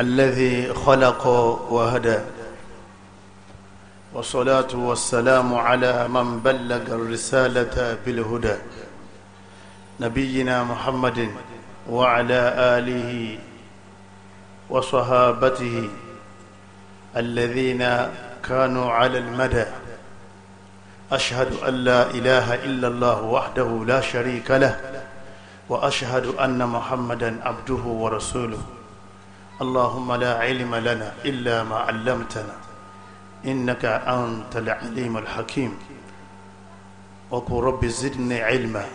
الذي خلق وهدى والصلاة والسلام على من بلغ الرسالة بالهدى نبينا محمد وعلى آله وصحابته الذين كانوا على المدى أشهد أن لا إله إلا الله وحده لا شريك له وأشهد أن محمدا عبده ورسوله اللهم لا علم لنا إلا ما علمتنا إنك أنت العليم الحكيم وقل رب زدني علما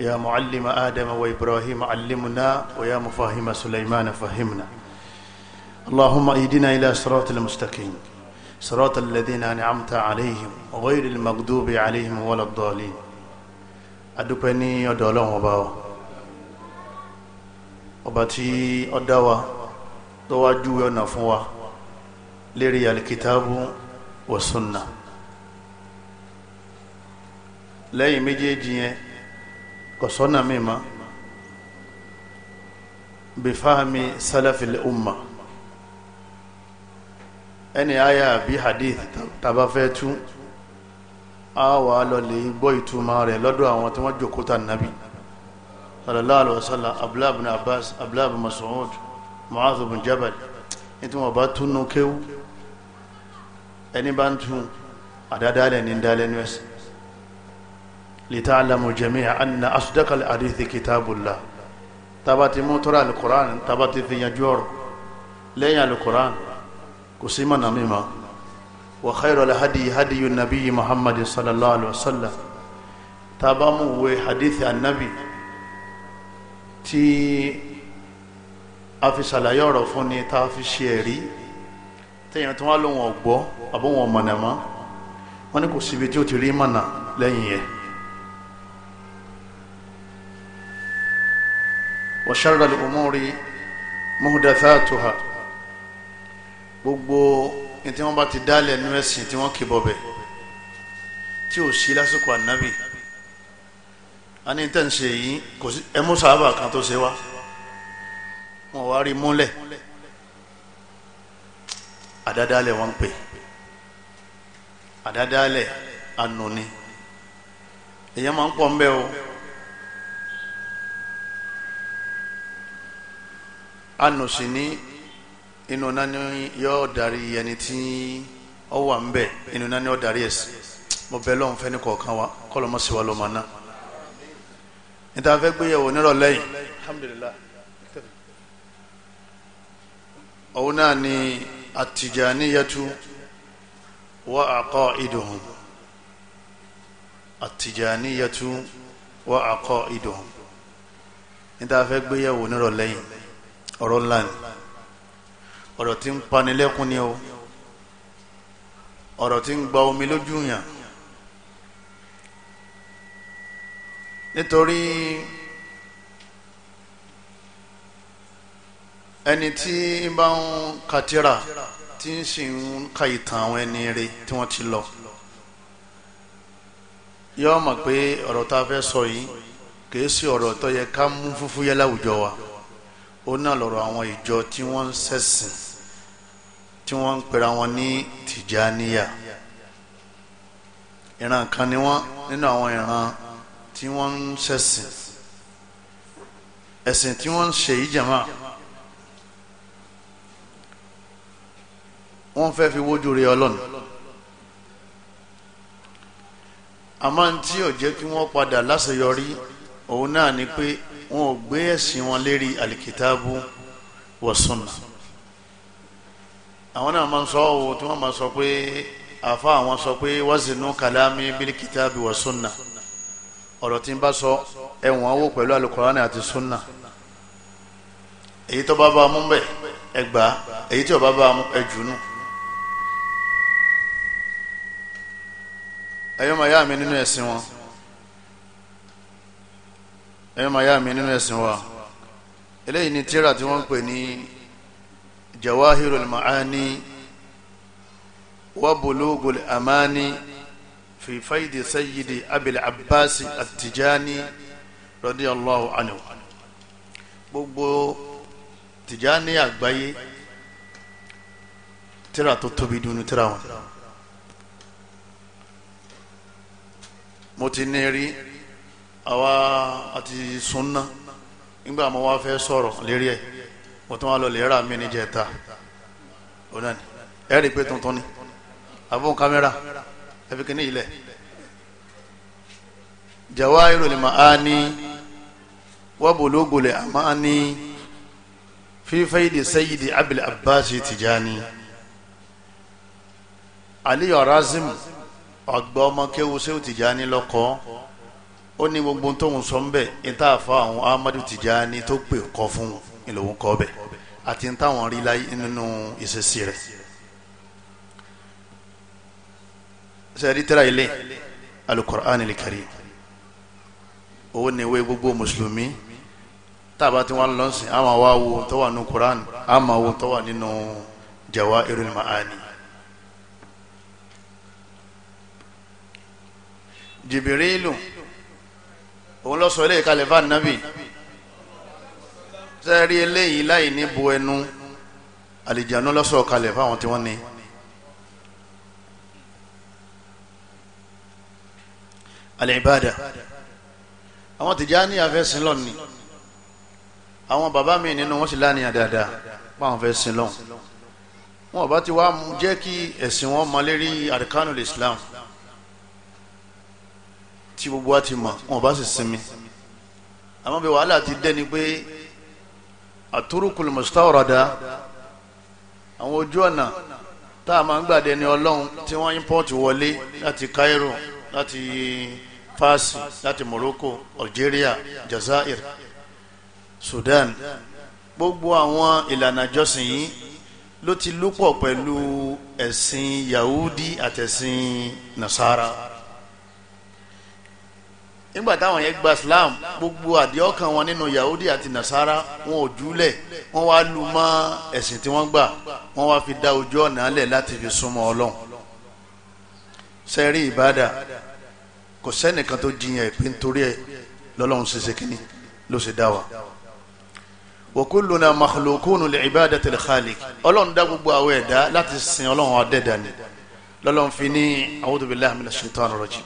يا معلم آدم وإبراهيم علمنا ويا مفاهم سليمان فهمنا اللهم اهدنا إلى صراط المستقيم صراط الذين أنعمت عليهم غير المغضوب عليهم ولا الضالين أدبني أدولهم وباو وباتي أدوا tó wá júwe ọ̀nà fún wa lérí alikitaabu wa sunna lẹ́yìn méjèèjì yẹn kò sọ́nà mi ma bí fahmi salafil umma ẹni aya bí hadith tàbá fẹ́ tún a wà lọ lè gbọ́ ìtumọ̀ rẹ̀ lọ́dọ̀ àwọn tí wọ́n jòkó nàbí sallallahu alaihi wasallam abdullahi abbas abdullahi bin Mu'adh bin Jabal nítorí wọn bá túnú kéwú ẹni bá ń tún àdádálẹ̀ ní dálẹ̀ ní ẹsẹ̀ lita'lamu jami'a anna asdaqal hadithi kitabullah tabati mú tọ́ra alukoran tabati fi yanjú ọ̀rọ̀ lẹ́yìn alukoran kò sí mọ̀nà mímọ́ wa khayral hadi hadiyu nabiyyi muhammadin sallallahu alaihi wasallam tabamu we hadithi annabi tí a fi ṣàlàyé ọ̀rọ̀ fún ni tá a fi ṣe ẹ̀rí téèyàn tí wọ́n lò wọ́n gbọ́ àbọ̀wọ̀n mọ̀nàmọ́ wọ́n ní kò síbi tí ó ti rí mọ̀nà lẹ́yìn yẹn. wa sharra al-umuri muhdathatuha gbogbo ní tí wọ́n bá ti dálẹ̀ nú ẹ̀sìn tí wọ́n kì bọ̀bẹ̀ tí ò sí lásìkò ànábì a ní tẹ̀ ń ṣe yìí kò sí ẹmú sábà kan tó ṣe wá. wọn wá rí múlẹ̀ àdádálẹ̀ wọn ń pè àdádálẹ̀ anoni èyàn máa ń pọ̀ mbẹ́ o anu ní inú yóò darí ẹni tí ó wà mbẹ́ inú nání yóò darí ẹ̀sìn mo bẹ lọ́n fẹ́ ní kọ̀ọ̀kan wa kọ́lọ́mọ́sí wa òun náà ni àtìjàníyàtú wa aqaiduhum àtìjàníyàtú wa aqaiduhum níta fẹ́ gbéyàwó nírọ̀lẹ́yìn ọ̀rọ̀ ńlá ọ̀rọ̀ tí ń panilẹ́kún ni o ọ̀rọ̀ tí ń gba omi lójú nítorí. ẹni tí ń bá ń katira tí ń sì ń ka ìtàn àwọn ẹni rẹ tí wọ́n ti lọ yọ mọ̀ pé ọ̀rọ̀ tá a fẹ́ sọ yìí kìí sí ọ̀rọ̀ tó yẹ ká mú fúfú yẹ láwùjọ wa ó náà lọ̀rọ̀ àwọn ìjọ tí wọ́n ń ṣẹ̀sìn tí wọ́n ń pera wọn ní tìjàníyà ìran kan ni wọ́n nínú àwọn ìran tí wọ́n ń ṣẹ̀sìn ẹ̀sìn tí wọ́n ń ṣe yìí jàmáà. wọ́n fẹ́ fi wójú rẹ ọlọ́run àmọ́ tí ò jẹ́ kí wọ́n padà láṣeyọrí òun náà ni pé wọn ò gbé ẹ̀sìn wọn lérí àlìkìtàbù wa sunna àwọn náà máa ń sọ ọ́ tí wọ́n máa sọ pé àfa àwọn sọ pé wazinu kalami bilikitabi wa sunna ọ̀rọ̀ tí ń bá sọ ẹ̀wọ̀n owó pẹ̀lú alukurani àti sunna èyí tó bá bá mú bẹ́ẹ̀ ẹgbàá èyí tí ò bá bá mú ẹ̀jùnú. E ẹ̀yọ́ máa yá mi nínú ẹ̀sìn wọn ẹ̀yọ́ máa yá mi nínú ẹ̀sìn wa eléyìí ni tíra tí wọ́n ń pè ní jawahirul ma'ani wa bulugul amani fi faidi sayyidi abil abbas at radiyallahu anhu gbogbo tijani àgbáyé tíra tó tóbi dunu tíra wọn. mo ti ní rí àwa àti sunna nígbà mo wá fẹ́ sọ̀rọ̀ lérí ẹ̀ mo tún wá lọ lè rà mí ní jẹta ọ̀nà ni ẹ rí i pé tuntun ni àbọ̀n kámẹ́rà ẹ fi kíní ilẹ̀ jawairul maani wa bulugul amani fi faidi sayyidi abil abbas tijani aliyu arazim àgbà ọmọ kéwu ṣé ó Tìjàní lọ́kọ́ ó ní gbogbo tóun sọ ń bẹ̀ ní tá a fa àwọn Amadu Tìjàní tó pè kọ́ fún ìlòun kọ́ bẹ̀ àti ní táwọn rí láyé nínú ìṣesí rẹ̀ sẹ́ẹ̀rí tẹ́ra ilé alukur'an al-karim owó ni ìwé gbogbo mùsùlùmí tábà tí wọ́n lọ́sìn àmà wá wo tó wà nínú Qur'an àmà wo tó wà nínú jawahirul ma'ani. jìbìrìlù òun lọ sọ eléyìí kalẹ̀ Nabi, anabi sẹ́ẹ̀rí eléyìí láì ní bo ẹnu àlìjánu lọ sọ kalẹ̀ fún àwọn tí wọ́n ní. alìbádà àwọn Tìjàní àfẹ́sìn lọ́ni àwọn bàbá mi nínú wọn sì lánìyàn dáadáa páwọn fẹ́ sin lọ́hùn wọn bá ti wá jẹ́ kí ẹ̀sìn wọn mọ lérí àríkánù Islam. Islam tí gbogbo wa ti mọ̀ wọn bá sì sinmi àmọ́ bí wàhálà ti dẹ́ni pé àtúrùkù mustawrada àwọn ojú ọ̀nà tá a máa ń gbàdé ni ọlọ́run tí wọ́n ímpọ́ọ̀tì wọlé láti Cairo láti Fásì láti Morocco Algeria Jazair Sudan gbogbo àwọn ìlànà jọ́sìn yìí ló ti lúpọ̀ pẹ̀lú ẹ̀sìn Yahudi àtẹ̀sìn Nasara nígbà táwọn yẹn gba islam gbogbo àdéhọ́kàn wọn nínú yahudi àti nasara wọn ò júlẹ̀ wọn wá lu mọ́ ẹ̀sìn tí wọ́n gbà wọn wá fi dá ojú ọ̀nà lẹ̀ láti fi súnmọ́ ọlọ́run sẹ́rí ìbádà kò sẹ́nìkan tó jiyàn ìpín nítorí ẹ̀ lọ́lọ́run ṣiṣẹ́ kínní ló ṣe dá wa. wa kulluna makhlukun li ibadati al-khaliq ọlọ́run dá gbogbo àwọn ẹ̀dá láti sin ọlọ́run adẹ́dàá ni lọ́lọ́run fi ní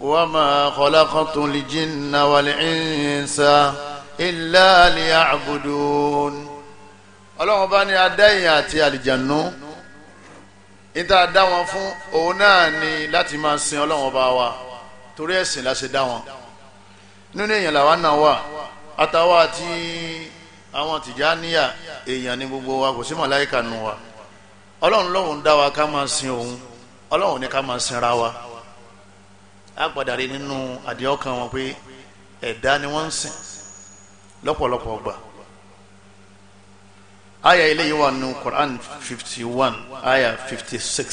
وما خلقت الجن والإنس إلا ليعبدون ọlọ́run bá ní adáyìn àti àlìjànú níta dá wọn fún òun náà ni láti máa sin ọlọ́run bá wa torí ẹ̀sìn la dá wọn nínú èèyàn làwa náà wà àtàwa àti àwọn tìjàníyà èèyàn ní gbogbo wa kò sí màláìkà nù wa ọlọ́run lọ́hùn dá wa ká máa sin òun ọlọ́run ní ká máa sinra wa á padà rí nínú àdéhọ́kàn wọn pé ẹ̀dá ni wọ́n ń sìn lọ́pọ̀lọpọ̀ ọgbà aya eléyìí wà nù Quran fifty one aya fifty six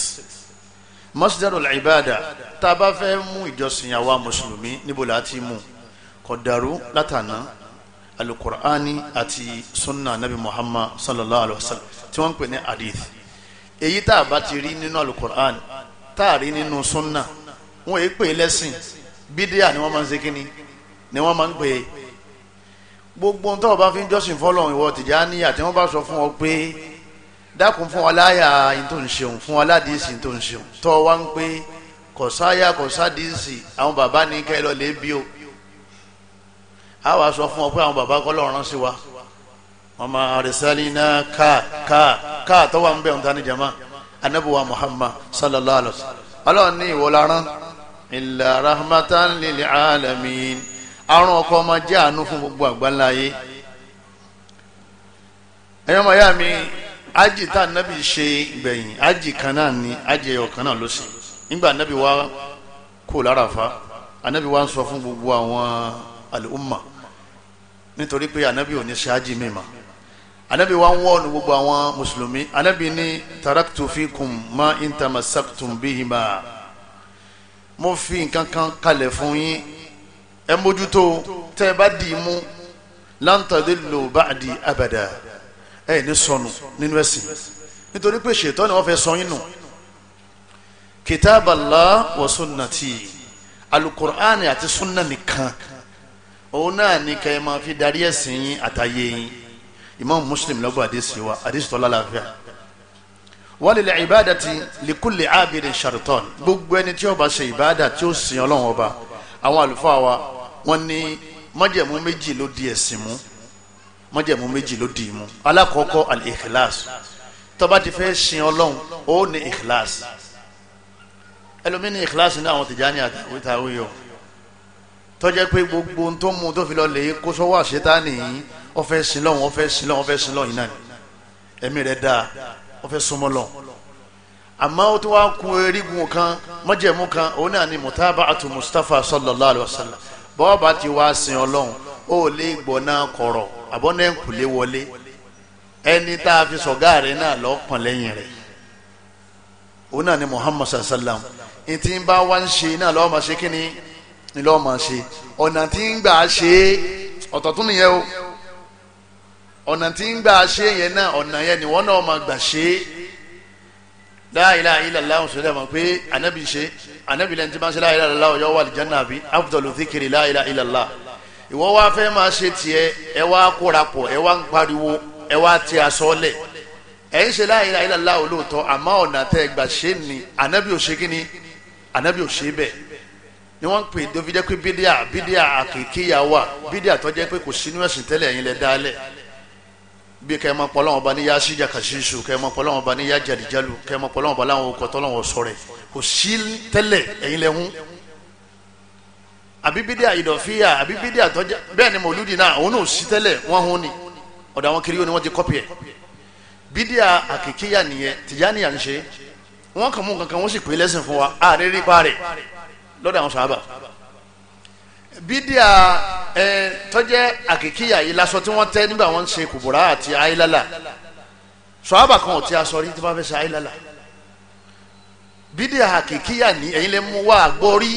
masdarul ibada tá a bá fẹ́ mú ìjọsìn àwa mùsùlùmí níbo la ti mú kọ̀dàrú látànà alukur'ani àti sunna nabi muhammad sallallahu alaihi wa sallam tí wọ́n ń pè ní hadith èyí tá a bá ti rí nínú alukur'ani tá a rí nínú sunna wọn èé pè é lẹ́sìn bídíà ni wọ́n máa ń ṣe kínní ni wọ́n máa ń pè é gbogbo ohun tó bá fi ń jọ́sìn fọ́lọ́run ìwọ Tìjàní àti wọ́n bá sọ fún ọ pé dákun fún aláya yìí tó ń ṣeun fún aládìsí tó ń ṣeun tó wá ń pé kọ̀sáyà kọ̀sádìsí àwọn bàbá ní kẹ́ lọ lè bí o a wàá sọ fún ọ pé àwọn bàbá kọ́ lọ́rùn sí wa wọ́n máa rẹ̀sálí náà ká ká ká tó ń bẹ̀ ń ta anabuwa Muhammad sallallahu alaihi wa sallam ọlọ́run ní ìwọ illa rahmatan lil alamin àrùn ọkọ máa jẹ́ àánú fún gbogbo àgbáláyé ẹ̀yọ́ máa yá mi ájì tá nábì ṣe gbẹ̀yìn ájì kan náà ni ájì ẹ̀yọ̀ kan náà ló sìn nígbà nábì wá kó lára fa anábì wá ń sọ fún gbogbo àwọn àlùmọ̀ nítorí pé anábì ò ní ṣe ájì mímọ́ anabi wa ń wọ́ọ̀nù gbogbo àwọn mùsùlùmí anabi ní taraktu fikum ma in tamassaktum bihima mo fi nǹkan kan kalẹ̀ fún yín ẹ mójútó tẹ́ ẹ bá dì í mú láǹtàdínlò báàdì abàdà ẹ ní sọnù nínú ẹ̀sìn nítorí pé ṣètọ́ ni wọ́n fẹ́ sọ yín nù kitaballah wa sunnati alukur'ani àti sunna nìkan òun náà ní kẹ́ ẹ máa fi darí ẹ̀sìn yín àtàyè yín Imam Muslim lọ́gbọ̀ àdéṣe wa àdéṣe tọ́lá láàfíà wọ́n lè lè ìbáàdà ti lìkúlẹ̀ ábìrin ṣàrìtọ́n gbogbo ẹni tí ó bá ṣe ìbáàdà tí ó sìn ọlọ́run ọba àwọn àlùfáà wa wọ́n ní májẹ̀mú méjì ló di ẹ̀sìn mú májẹ̀mú méjì ló di ìmú alákọ̀ọ́kọ́ al-ikhlas tó bá ti fẹ́ sìn ọlọ́run ó ní ikhlas ẹlòmí ní ikhlas ní àwọn Tìjàní àtàwé tàwé yọ tó pé gbogbo tó mú tó fi lọ lè kó sọ́wọ́ àṣetá nìyí ó fẹ́ sìn fẹ́ sìn lọ́run ó fẹ́ sìn lọ́run ó fẹ́ súnmọ́ lọ àmọ́ ó tún wá kun erigun kan májẹ̀mú kan òun náà ni mutaba'atu Mustafa sallallahu alayhi wa sallam bọ́ọ̀bà ti wá sin ọlọ́run ó lè gbọ́ náà kọ̀rọ̀ àbọ̀nà ẹ̀kúlé wọlé ẹni tá a fi sọ̀gá rẹ̀ náà lọ́kàn lẹ́yìn rẹ̀ òun náà ni Muhammad sallam ìtì ń bá wá ń ṣe náà lọ́wọ́ máa ṣe kí ni lọ́wọ́ máa ṣe ọ̀nà tí ń gbà ṣe ọ̀tọ̀ nìyẹn o ọ̀nà tí ń gbà ṣe yẹn náà ọ̀nà yẹn ni wọ́n náà máa gbà ṣe é láìlá ìlàlá ọ̀sùn lẹ́mọ̀ pé ànábì ṣe ànábì lẹ́ni tí máa ṣe láìlá ìlàlá ọ̀yọ́ wà lìjánà àbí afdọ̀lù zikiri láìlá ìlàlá ìwọ wá fẹ́ máa ṣe tiẹ̀ ẹ wá kórapọ̀ ẹ wá ń pariwo ẹ wá ti aṣọ lẹ̀ ẹ ń ṣe láìlá ìlàlá olóòótọ́ àmọ́ ọ̀nà tẹ́ gbà ṣe ni ànábì ò ṣe kí ni ànábì ò ṣe bẹ́ẹ̀ ni wọ́n pè dóbi pé bídíà bídíà àkèkéyà wà bídíà tó pé kò sínú ẹ̀sìn tẹ́lẹ̀ bí kẹ́ ẹ máa pọ̀lọ́wọ́n ba ní yá síjà kàṣíṣù kẹ́ ẹ máa pọ̀lọ́wọ́n ba ní yá jàdìjálù kẹ́ ẹ máa pọ̀lọ́wọ́n ba láwọn ọkọ̀ tọ́lọ́wọ́n sọ̀rẹ̀ kò sí tẹ́lẹ̀ ẹ̀yin lẹ́hún àbíbídíà ìdọ̀fíà àbíbídíà tọ́jà bẹ́ẹ̀ ni mòlúdì náà òun náà sí tẹ́lẹ̀ wọ́n hún ni ọ̀dọ̀ àwọn kiri yóò ni wọ́n ti kọ́pì ẹ̀ bídíà àkìkíyà nìyẹn tìjánìyà Bidia ẹ tọ́jẹ́ àkìkíyà yìí lásọ tí wọ́n tẹ́ nígbà wọ́n ń ṣe kùbùrà àti ayélálà sọ́ábà kan ò tí a rí tí wọ́n fẹ́ ṣe ayélálà bídíà àkìkíyà ní ẹ̀yin lè mú wá àgbọ̀ rí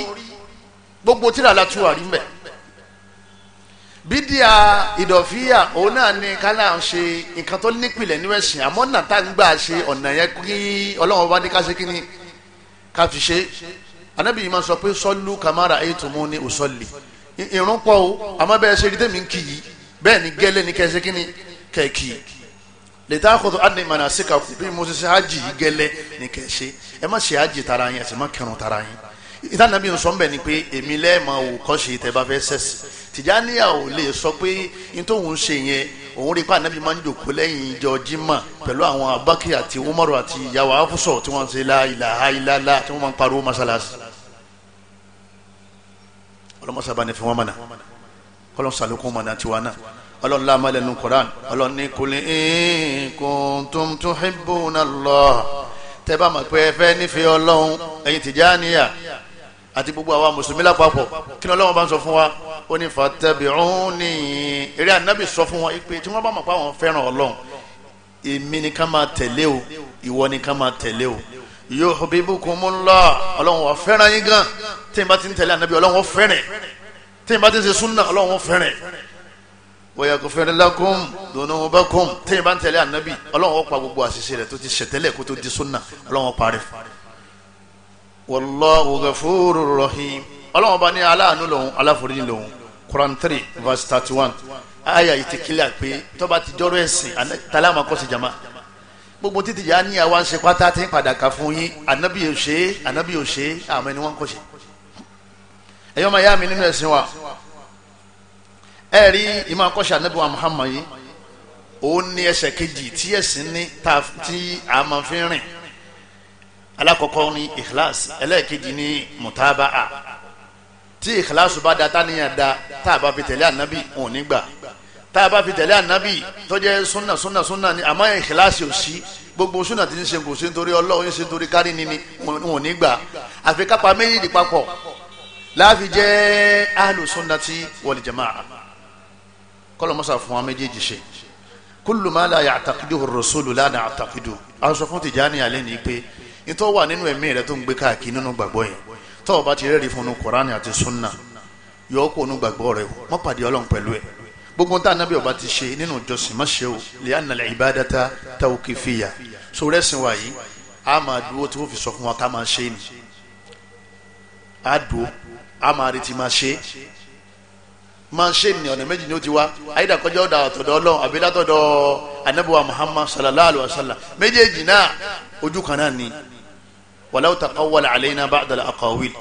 gbogbo tíra la tú àrí mbẹ̀ bídíà ìdọ̀fíà òun náà ni kálá ń ṣe nǹkan tó nípìnlẹ̀ ní ẹ̀sìn àmọ́ nàta ń gbà ṣe ọ̀nà yẹn kí ọlọ́run bá ní ká ṣe kí ni ká fi ṣe anabi yìí máa sọ pé sọlú kamara ayétumú ní òsọlì irun pọ̀ o àmọ́ bẹ́ẹ̀ ṣe rí tèmi kì í bẹ́ẹ̀ ni gẹ́lẹ́ ni kẹsẹ́ kí ni kẹ̀kì lè tá a kọ́tọ̀ adìní mọ̀nà síkà kù bí mo ṣe ṣe ájì yìí gẹ́lẹ́ ni kẹ̀ṣẹ́ ẹ má ṣe ájì tara yín ẹ sì má kẹrùn tara yín ìtànàbí nsọ mbẹ ni pé èmi lẹ́ẹ̀mọ wò kọ́ṣe tẹ bá fẹ́ sẹ́sì tìjànìyà ò lè sọ pé n tó ṣe yẹn òun rí i pé ànábì máa ń jòkó lẹ́yìn ìjọ jimá pẹ̀lú àwọn abákì àti umaru àti ìyàwó afúsọ̀ tí wọ́n ń ṣe láìláha tí wọ́n máa ń pariwo mọ́ṣáláṣí ọlọ́mọsá bá ní fi wọ́n mọ̀nà ọlọ́n sàlékún mọ̀nà tiwa náà ọlọ́n láàmà lẹ́nu koran ọlọ́n ní qul in kuntum tuhibbuna Allah tẹ́ bá mọ̀ pé ẹ fẹ́ nífẹ̀ẹ́ ọlọ́run ẹ̀yin Tìjàníyà àti gbogbo àwa mùsùlùmí lápapọ̀ kí ni ọlọ́run bá ń sọ fún wa ó ní fattabi'uni eré ànábì sọ fún wa pé tí wọ́n bá mọ̀ pé àwọn fẹ́ràn ọlọ́run èmi ni ká máa tẹ̀lé o ìwọ ni máa tẹ̀lé o yuhibbukumullah ọlọ́run wà fẹ́ràn yín gan tí n bá ti ń tẹ̀lé ànábì ọlọ́run fẹ́ràn tí n bá ti ń ṣe súnà ọlọ́run fẹ́ràn wa yaghfir lakum dhunubakum tí n bá ń tẹ̀lé ànábì ọlọ́run pa gbogbo àṣìṣe rẹ̀ tó ti ṣẹ̀tẹ́lẹ̀ kó tó di súnà ọlọ́run parẹ́ wallahu ghafurur rahim ọlọ́run bá ní aláàánú lòun aláforíjì lòun Quran three verse thirty one aya ti kílẹ̀ pé tó ti dọ́rọ̀ ẹ̀sìn tálá máa kọ́ sí jama gbogbo títí yà á ní àwa ń ṣe pátá tí ń padà kà fún yín ànábì ò ṣe é ànábì ò ṣe é àmọ́ ẹni wọ́n kò ṣe. ẹ̀yọ́ máa yá mi nínú ẹ̀sìn wa ẹ rí ìmọ̀ akọ́ṣe ànábì wa Muhammad yìí òun ní ẹsẹ̀ kejì tí ẹ̀sìn ní tí a máa fi rìn alákọ̀ọ́kọ́ ní ikhlas ẹlẹ́ẹ̀kejì ní mutaba'a tí ikhlas bá da tá níyàn da tá a bá fi tẹ̀lé ànábì òun nígbà tá a bá fi tẹ̀lé ànábì tó jẹ́ súnà súnà súnà ni àmọ́ ìkìláàsì ò sí gbogbo súnà tí ń ṣe kò sí nítorí ọlọ́run ń ṣe nítorí kárí ni wọn ò ní gbà àfi kápá méjìdì papọ̀ láàfi jẹ́ ahlu sunnati wal jamaa kọ́lọ́mọ́sà fún wa méjèèjì ṣe kullu ma la ya'taqiduhu ar-rasulu la na'taqidu àwọn sọ fún Tijani alẹ́ ní pé ìtọ́ wà nínú ẹ̀mí rẹ tó ń gbé káàkiri nínú gbàgbọ́ yẹn tọ́ọ̀ bá ti rẹ́rìí fún un Kùránì àti súnà yọ ọ́ kó onú gbàgbọ́ rẹ mọ́ pàdé ọlọ́run pẹ̀lú ẹ̀ gbogbo tá anabi ọba ti ṣe nínú ìjọsìn má ṣe o lè ànà lè ìbádátá tàwùkì fìyà so rẹ́sìn wa yìí a máa dúró tí wọ́n fi sọ fún wa ká máa ṣe ni a dúró a máa retí máa ṣe máa ṣe ni ọ̀nà méjì ni ó ti wá ayédàkọjọ́ ọ̀dà àtọ̀dọ̀ ọlọ́run àbí látọ̀dọ̀ anabiwa muhammad sallallahu alayhi wa sallam méjèèjì náà ojú kan náà ni wàlẹ́ òtà kọ́ wọlé àlẹ́ iná bá àdàlà àkọ́wìl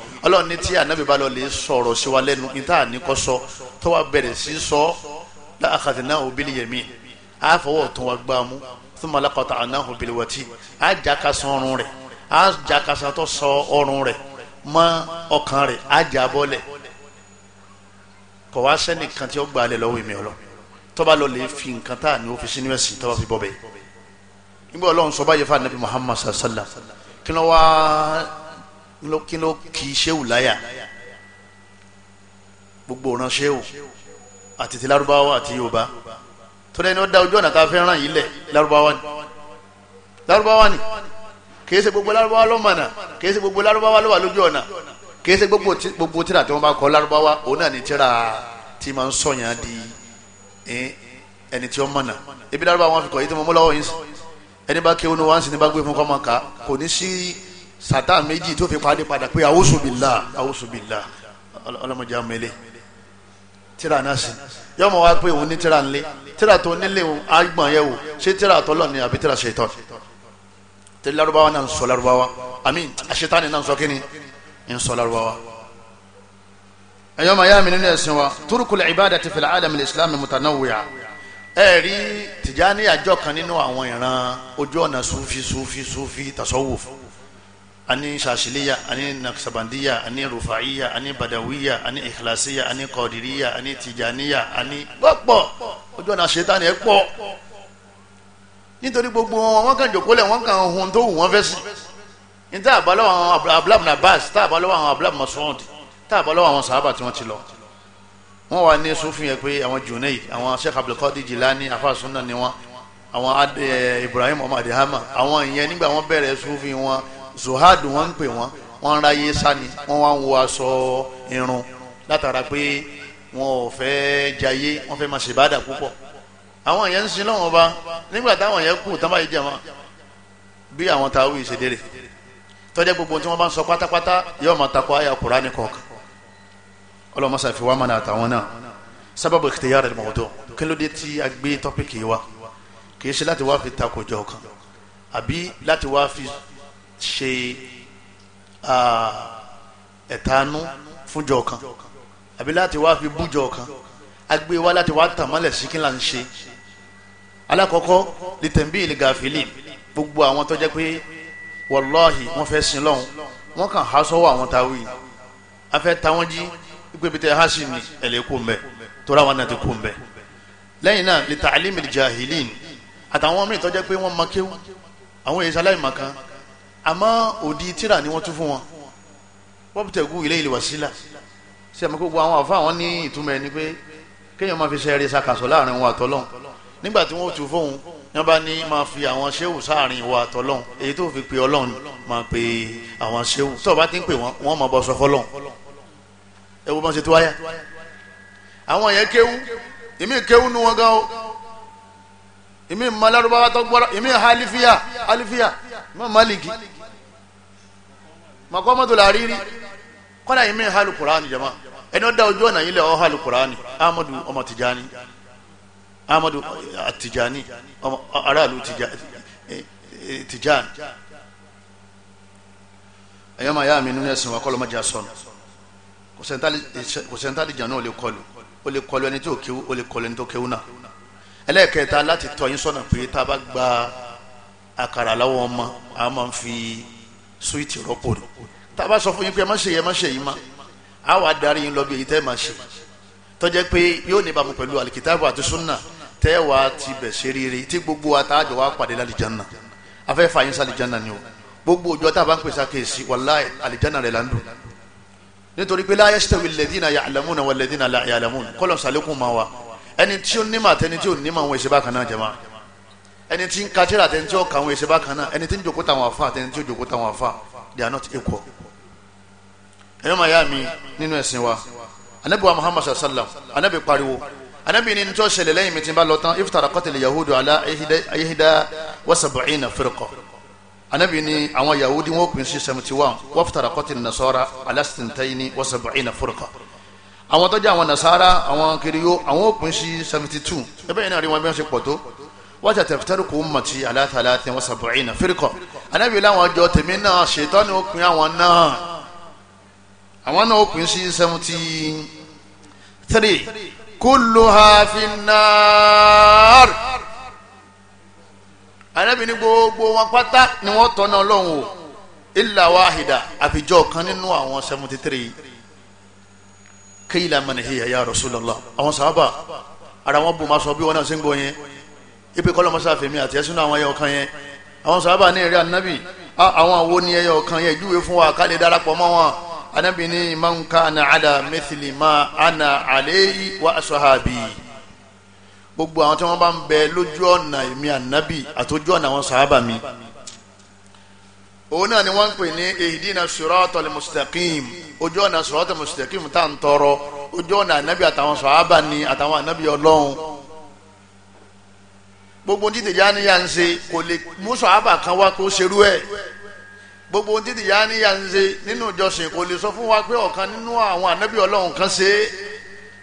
la akhadhnahu bil yamin a fọwọ́ tún wa gbá mú thumma laqata'nahu bil watin a jà ka sọ ọrùn rẹ̀ a jà ka sọ tó sọ ọrùn rẹ̀ mọ́ ọkàn rẹ̀ a jà bọ́lẹ̀ kọ̀ wá sẹ́nìkan tí ó gbà lẹ̀ lọ́wọ́ ìmì ọlọ́ tọ́ba lọ lè fi nǹkan tá ní òfin sínú ẹ̀sìn tọ́ba fi bọ́ bẹ́ẹ̀ nígbà ọlọ́run sọ báyìí fún anabi Muhammad sallallahu kí ló wá kí ló kì í ṣéwù láyà gbogbo ọ̀ràn ṣéwù àti ti Lárúbáwá àti Yorùbá torí ẹni ó da ojú ọ̀nà tá a yìí lẹ̀ Lárúbáwá ni Lárúbáwá ni kìí ṣe gbogbo Lárúbáwá ló mọ̀nà kìí ṣe gbogbo Lárúbáwá ló wà lójú ọ̀nà kìí ṣe gbogbo tíra tí wọ́n bá kọ Lárúbáwá òun náà ni tíra tí máa ń sọ̀yàn di ẹni tí ó mọ̀nà ibi Lárúbáwá wọn fi kọ̀ yìí tí mo mú lọ́wọ́ yín ẹni bá kéwọn wá sí ni bá gbé fún kọ́mọ ká kò ní sí sàtà méjì tó fi padà pé àwòsùbìlà àwòsùbìlà ọlọ́mọdé àmọ́ eléyìí tíra náà sí yóò mọ̀ wá pé òun ní tíra ńlẹ̀ tíra tó nílé òun á gbọ̀n yẹ̀ wò ṣé tíra tọ́lọ̀ ni àbí tíra ṣètọ́ tí larubawa náà ń sọ larubawa àmì àṣetáni náà ń sọ kíni ń sọ larubawa. ẹ̀yọ́ màá yá mi nínú ẹ̀sìn wa turukul ibadati fil alamil islami mutanawwi'a ẹ rí Tijani àjọ kan nínú àwọn ìran ojú ọ̀nà sufi sufi sufi tasawuf ani shashiliya ani naksabandiya ani rufaiya ani badawiya ani ikhlasiya ani qadiriya ani tijaniya ani gbọ́pọ̀ ojú ọ̀nà ṣetán ẹ̀ pọ̀ nítorí gbogbo wọn wọn kàn jòkó lẹ̀ wọn kàn ohun tó wù wọn fẹ́ sí ní tá àbálọ́wọ́ àwọn abúláàbù nabas tá àbálọ́wọ́ àwọn abúláàbù mọ̀sọ́ọ̀dì tá àbálọ́wọ́ àwọn sàhábà tí wọ́n ti lọ wọ́n wà ní sófin yẹn pé àwọn junaid àwọn sheikh abdulkadir jilani afasunna ni wọn àwọn eh, ibrahim ọmọ adihama àwọn ìyẹn nígbà wọn bẹ̀rẹ̀ sófin wọn zuhad wọ́n ń pè wọ́n wọ́n ń ráyé sani wọ́n wá ń wo aṣọ irun látara pé wọn ò fẹ́ jayé wọ́n fẹ́ máa ṣèbádà púpọ̀ àwọn yẹn ń sin lọ́wọ́n ọba nígbà táwọn yẹn kù tán báyìí jẹ̀mọ́ bí àwọn tàwí ìṣèdèrè tọ́jà gbogbo tí wọ́n bá ń sọ pátápátá yóò máa takọ àyà Kùránì kọ̀ọ̀kan ọlọ́mọṣà fi wá mọ́nà àtàwọn náà sábàbù ikhtiyar al-mawdu' kí ló dé tí a gbé tọ́pìkì wa kì í ṣe láti wá fi takò jọ̀ọ̀kan àbí láti wá fi ṣe ẹ̀tanú fúnjọ kan àbí láti wá fi bújọ kan agbé wa láti wá tàmọ́lẹ̀ sí kí n là ń ṣe alákọ̀ọ́kọ́ lìtẹ̀mbí ìlẹ̀gàfìlì gbogbo àwọn tó jẹ́ pé wàláhì wọ́n fẹ́ sin lọ́hùn wọ́n kàn há sọ́wọ́ àwọn táwí afẹ́ táwọn jí pé bí tẹ́ há sí ẹ̀lẹ́ kú mbẹ́ tóra wọn náà ti kú mbẹ́ lẹ́yìn náà lìtàlímì jahilin àtàwọn mìíràn tó jẹ́ pé wọ́n mọ kéwù àwọn èyí sáláì mọ̀ kan àmọ́ òdi tíra ni wọ́n tún fún wọn wọ́pútẹ̀gù ilé ìlú wàsílà sí àmọ́ gbogbo àwọn àfa àwọn ní ìtumọ̀ ẹni pé kéèyàn máa fi ṣe eré sakàsọ̀ láàrin wa àtọ́lọ́hún nígbà tí wọ́n tún fóun wọ́n bá ní máa fi àwọn ṣéwù sáàrin wa àtọ́lọ́hún èyí tó fi pe ọlọ́run máa pe àwọn ṣéwù tó bá ti ń pè wọ́n wọ́n máa bọ́ sọ fọ́lọ́hún bá ń ṣe tó wáyà àwọn yẹn kéwú èmi kéwú nu wọn gan o èmi malarubawa tó gbọ́ra èmi halifiya halifiya ìmọ̀ maliki mọ̀kọ́mọ́tò la rí rí kọ́dà yìí mìíràn hàlù kùránì jama ẹni ó dá ojú ọ̀nà yìí lẹ̀ kùránì amadu ọmọ tìjani amadu àtìjani ọmọ aráàlú tìjani e, e, ẹ̀yọ́ máa yá mi nínú ẹ̀sìn wa kọ́lọ́ mọ́jà sọnù kò sẹ́ńtálì jàn náà ó lè kọlù ó lè kọlù ẹni tó kéwú ó lè kọlù ẹni tó kéwú náà ẹlẹ́ẹ̀kẹta láti tọ́ sọ́nà pé tá a bá gba àkàrà láwọn ọmọ a máa ń fi súwìtì rọ́pò rẹ̀ tá a bá sọ fún yín pé ẹ má ṣe yẹ ẹ má ṣe yín má a wà darí yín lọ bí èyí tẹ́ ẹ má ṣe tọ́jẹ́ pé yóò ní ìbámu pẹ̀lú alikitaabu àti sunna tẹ́ ẹ wà ti bẹ̀ ṣe rere tí gbogbo wa tá a jọ wá pàdé lálìjánná afẹ́ fà yín sálìjánná ni o gbogbo òjò tá ń pèsè àkèésí wàláì àlìjánná rẹ̀ là ń dùn nítorí pé la yastawi alladhina ya'lamuna walladhina la ya'lamun kọ́lọ̀ sàlékún máa wa ẹni tí ó ní àtẹni tí ó ní ẹni tí ń ka tíra àtẹni tí ó kà àwọn èsì bákan náà ẹni tí ń jòkó táwọn afa àtẹni tí ó jòkó táwọn afa they are not equal. ẹ̀yọ́ màá yá mi nínú ẹ̀sìn wa anabi wa muhammad sallam anabi pariwo anabi ni tí ó ṣẹlẹ̀ lẹ́yìn mi ti bá lọ tán iftaraqatil yahudu ala ayihida wa sab'ina firqa anabi ni àwọn yahudi wọn pín sí seventy one wa iftaraqatil nasara ala sitintayni wa sab'ina firqa àwọn tó jẹ́ àwọn nasara àwọn kiriyó àwọn pín sí seventy two ẹbẹ́ yẹn náà rí wọn bí wọ́n ṣe pọ̀ tó wájà tẹ̀fẹ́tẹ́rù kò mọ̀ tí aláàtàláàtì wọn sàbọ̀ ẹ̀yìn náà fírikọ̀ anábìyẹ láwọn ọjọ́ tèmi náà ṣètọ́ ni ó pin àwọn náà àwọn náà ó pin sí seventy three kulluha finnar anábìyẹ ní gbogbo wọn pátá ni wọ́n tọ́ náà lọ́hùn o illa wahida àfijọ́ kan nínú àwọn seventy three kéyìlá mẹ́nìhìyà ya Rasulullah àwọn sábà ara wọn bò máa sọ bí wọn náà ṣe ń gbọ́ yẹn ipe kọlọmọsá fèmí àti ẹsùn àwọn ẹyọ kan yẹn àwọn sàhábà ní ìrẹ ànábì àwọn àwo ni ẹyọ kan yẹn júwe fún wa ká lè darapọ̀ mọ́ wọn ànábì ní man kana ala mithli ma ana alayhi wa ashabi gbogbo àwọn tí wọ́n bá ń bẹ lójú ọ̀nà èmi ànábì àtòjú ọ̀nà àwọn sàhábà mi òun náà ni wọ́n ń pè ní ihdina siratal mustaqim ojú ọ̀nà ojú ọ̀nà ànábì àtàwọn sàhábà gbogbo títí ya ni ya ń ṣe kò lè mú sọ̀hábà kan wá kó ṣerú ẹ̀ gbogbo títí ya ni ya ń ṣe nínú ìjọsìn kò lè sọ fún wa pé ọ̀kan nínú àwọn ànábì ọlọ́run kan ṣe é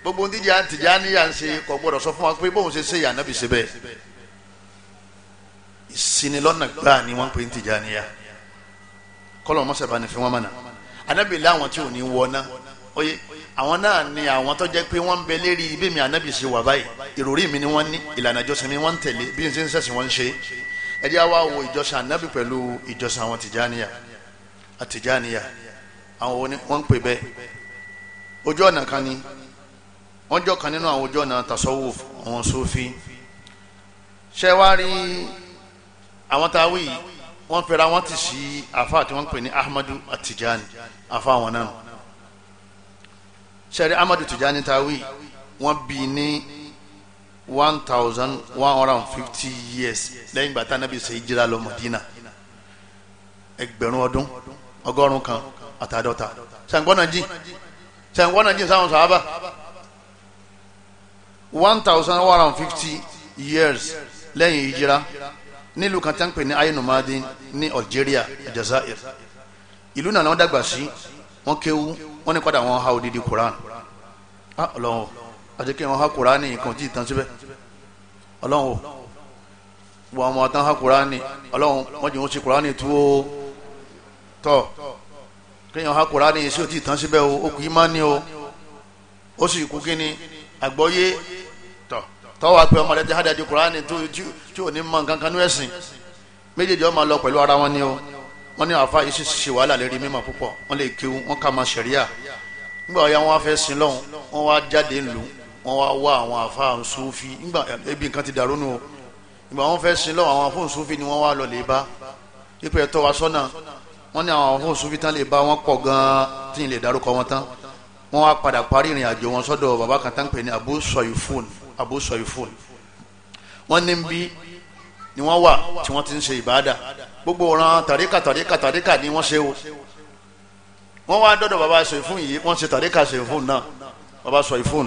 gbogbo títí ya ti ya ni ya ń ṣe kò gbọdọ̀ sọ fún wa pé bóun ṣe ṣe yà ànábì ṣe bẹ́ẹ̀ ìsinilọ́nà gbáà ni wọ́n ń pè ní tìjà níyà kọ́lọ̀ mọ́sàbánifẹ́ wọn mọ̀nà ànábì láwọn tí ò ní wọ ná ó àwọn náà ni àwọn tó jẹ́ pé wọ́n ń bẹ lérí ibi mi ànábì ṣe wà báyìí ìròrí mi ni wọ́n ní ìlànà ìjọsìn mi wọ́n ń tẹ̀lé bí n ṣe ń sẹ̀sìn wọ́n ń ṣe ẹ jẹ́ wá wo ìjọsìn ànábì pẹ̀lú ìjọsìn àwọn tìjáníyà àtìjáníyà àwọn wọ́n ń pè bẹ́ẹ̀ ojú ọ̀nà kan ni wọ́n jọ kan nínú àwọn ojú ọ̀nà tasawuf àwọn sufi ṣe wá rí àwọn táwí wọ́n fẹ́ra wọ́n ti sí àfa àti wọ́n pè ní Ahmadu àtìjáni àfa àwọn náà sẹ́rí amadu tijani tawi wọ́n bí ní one thousand one hundred and fifty years lẹ́yìn ìgbà tá anabi ṣe ìjìlá lọ Mọ̀dínà ẹgbẹ̀rún ọdún ọgọ́rùn kan àtàdọ́ta sàǹgbọ́nà jìn sàǹgbọ́nà jìn sáwọn sàábà one thousand one hundred and fifty years lẹ́yìn ìjìlá nílùú kan tán pè ní ayélujára ní Algeria Jazair ìlú náà wọ́n dàgbà sí wọ́n kéwú wọ́n ní kọ́dà wọ́n ha odidi Quran ah ọlọ́run o àti kí wọ́n ha Quran ní nǹkan tí ì tán síbẹ̀ ọlọ́run o wọ́n ọmọ tán ha Quran ní ọlọ́run wọ́n jẹ́ wọ́n ṣe Quran ní tú o tọ́ kí wọ́n ha Quran ní sí òtí tán síbẹ̀ o ó kù í má ní o ó sì kú kíni àgbọ́yé tọ́ tọ́wọ́ àpẹ ọmọ ti hádàdì Quran ní tí ò ní mọ nǹkan kan ní ẹ̀sìn méjèèjì ọmọ lọ pẹ̀lú ara wọn ni o wọ́n ní àfa yìí sì ṣe wàhálà lérí mímọ̀ púpọ̀ wọ́n lè kéwú wọ́n kà máa ṣẹ̀ríà nígbà ọ̀ya wọn fẹ́ sin lọ́hùn wọ́n wá jáde ńlù wọ́n wá wá àwọn àfa Sufi nígbà ebi nǹkan ti dàrú nù o nígbà wọn fẹ́ sin lọ́hùn àwọn afọ́n Sufi ni wọ́n wá lọ lè bá ipò ẹ̀tọ́ wa sọ́nà wọ́n ní àwọn afọ́n Sufi tán lè bá wọn pọ̀ gan-an tí ì lè dárúkọ wọn tán wọ́n wá padà parí ìrìn àjò wọn sọ́dọ̀ bàbá kan tán pè ní Abu Soyfun Abu Soyfun wọ́n ní bí ni wọ́n wà tí wọ́n ti ń ṣe ìbáadà gbogbo ran tàríkà tàríkà tàríkà ni wọ́n ṣe o wọ́n wá dọ́dọ̀ bàbá Ṣòyífùn yìí wọ́n ṣe tàríkà Ṣòyífùn náà bàbá Ṣòyífùn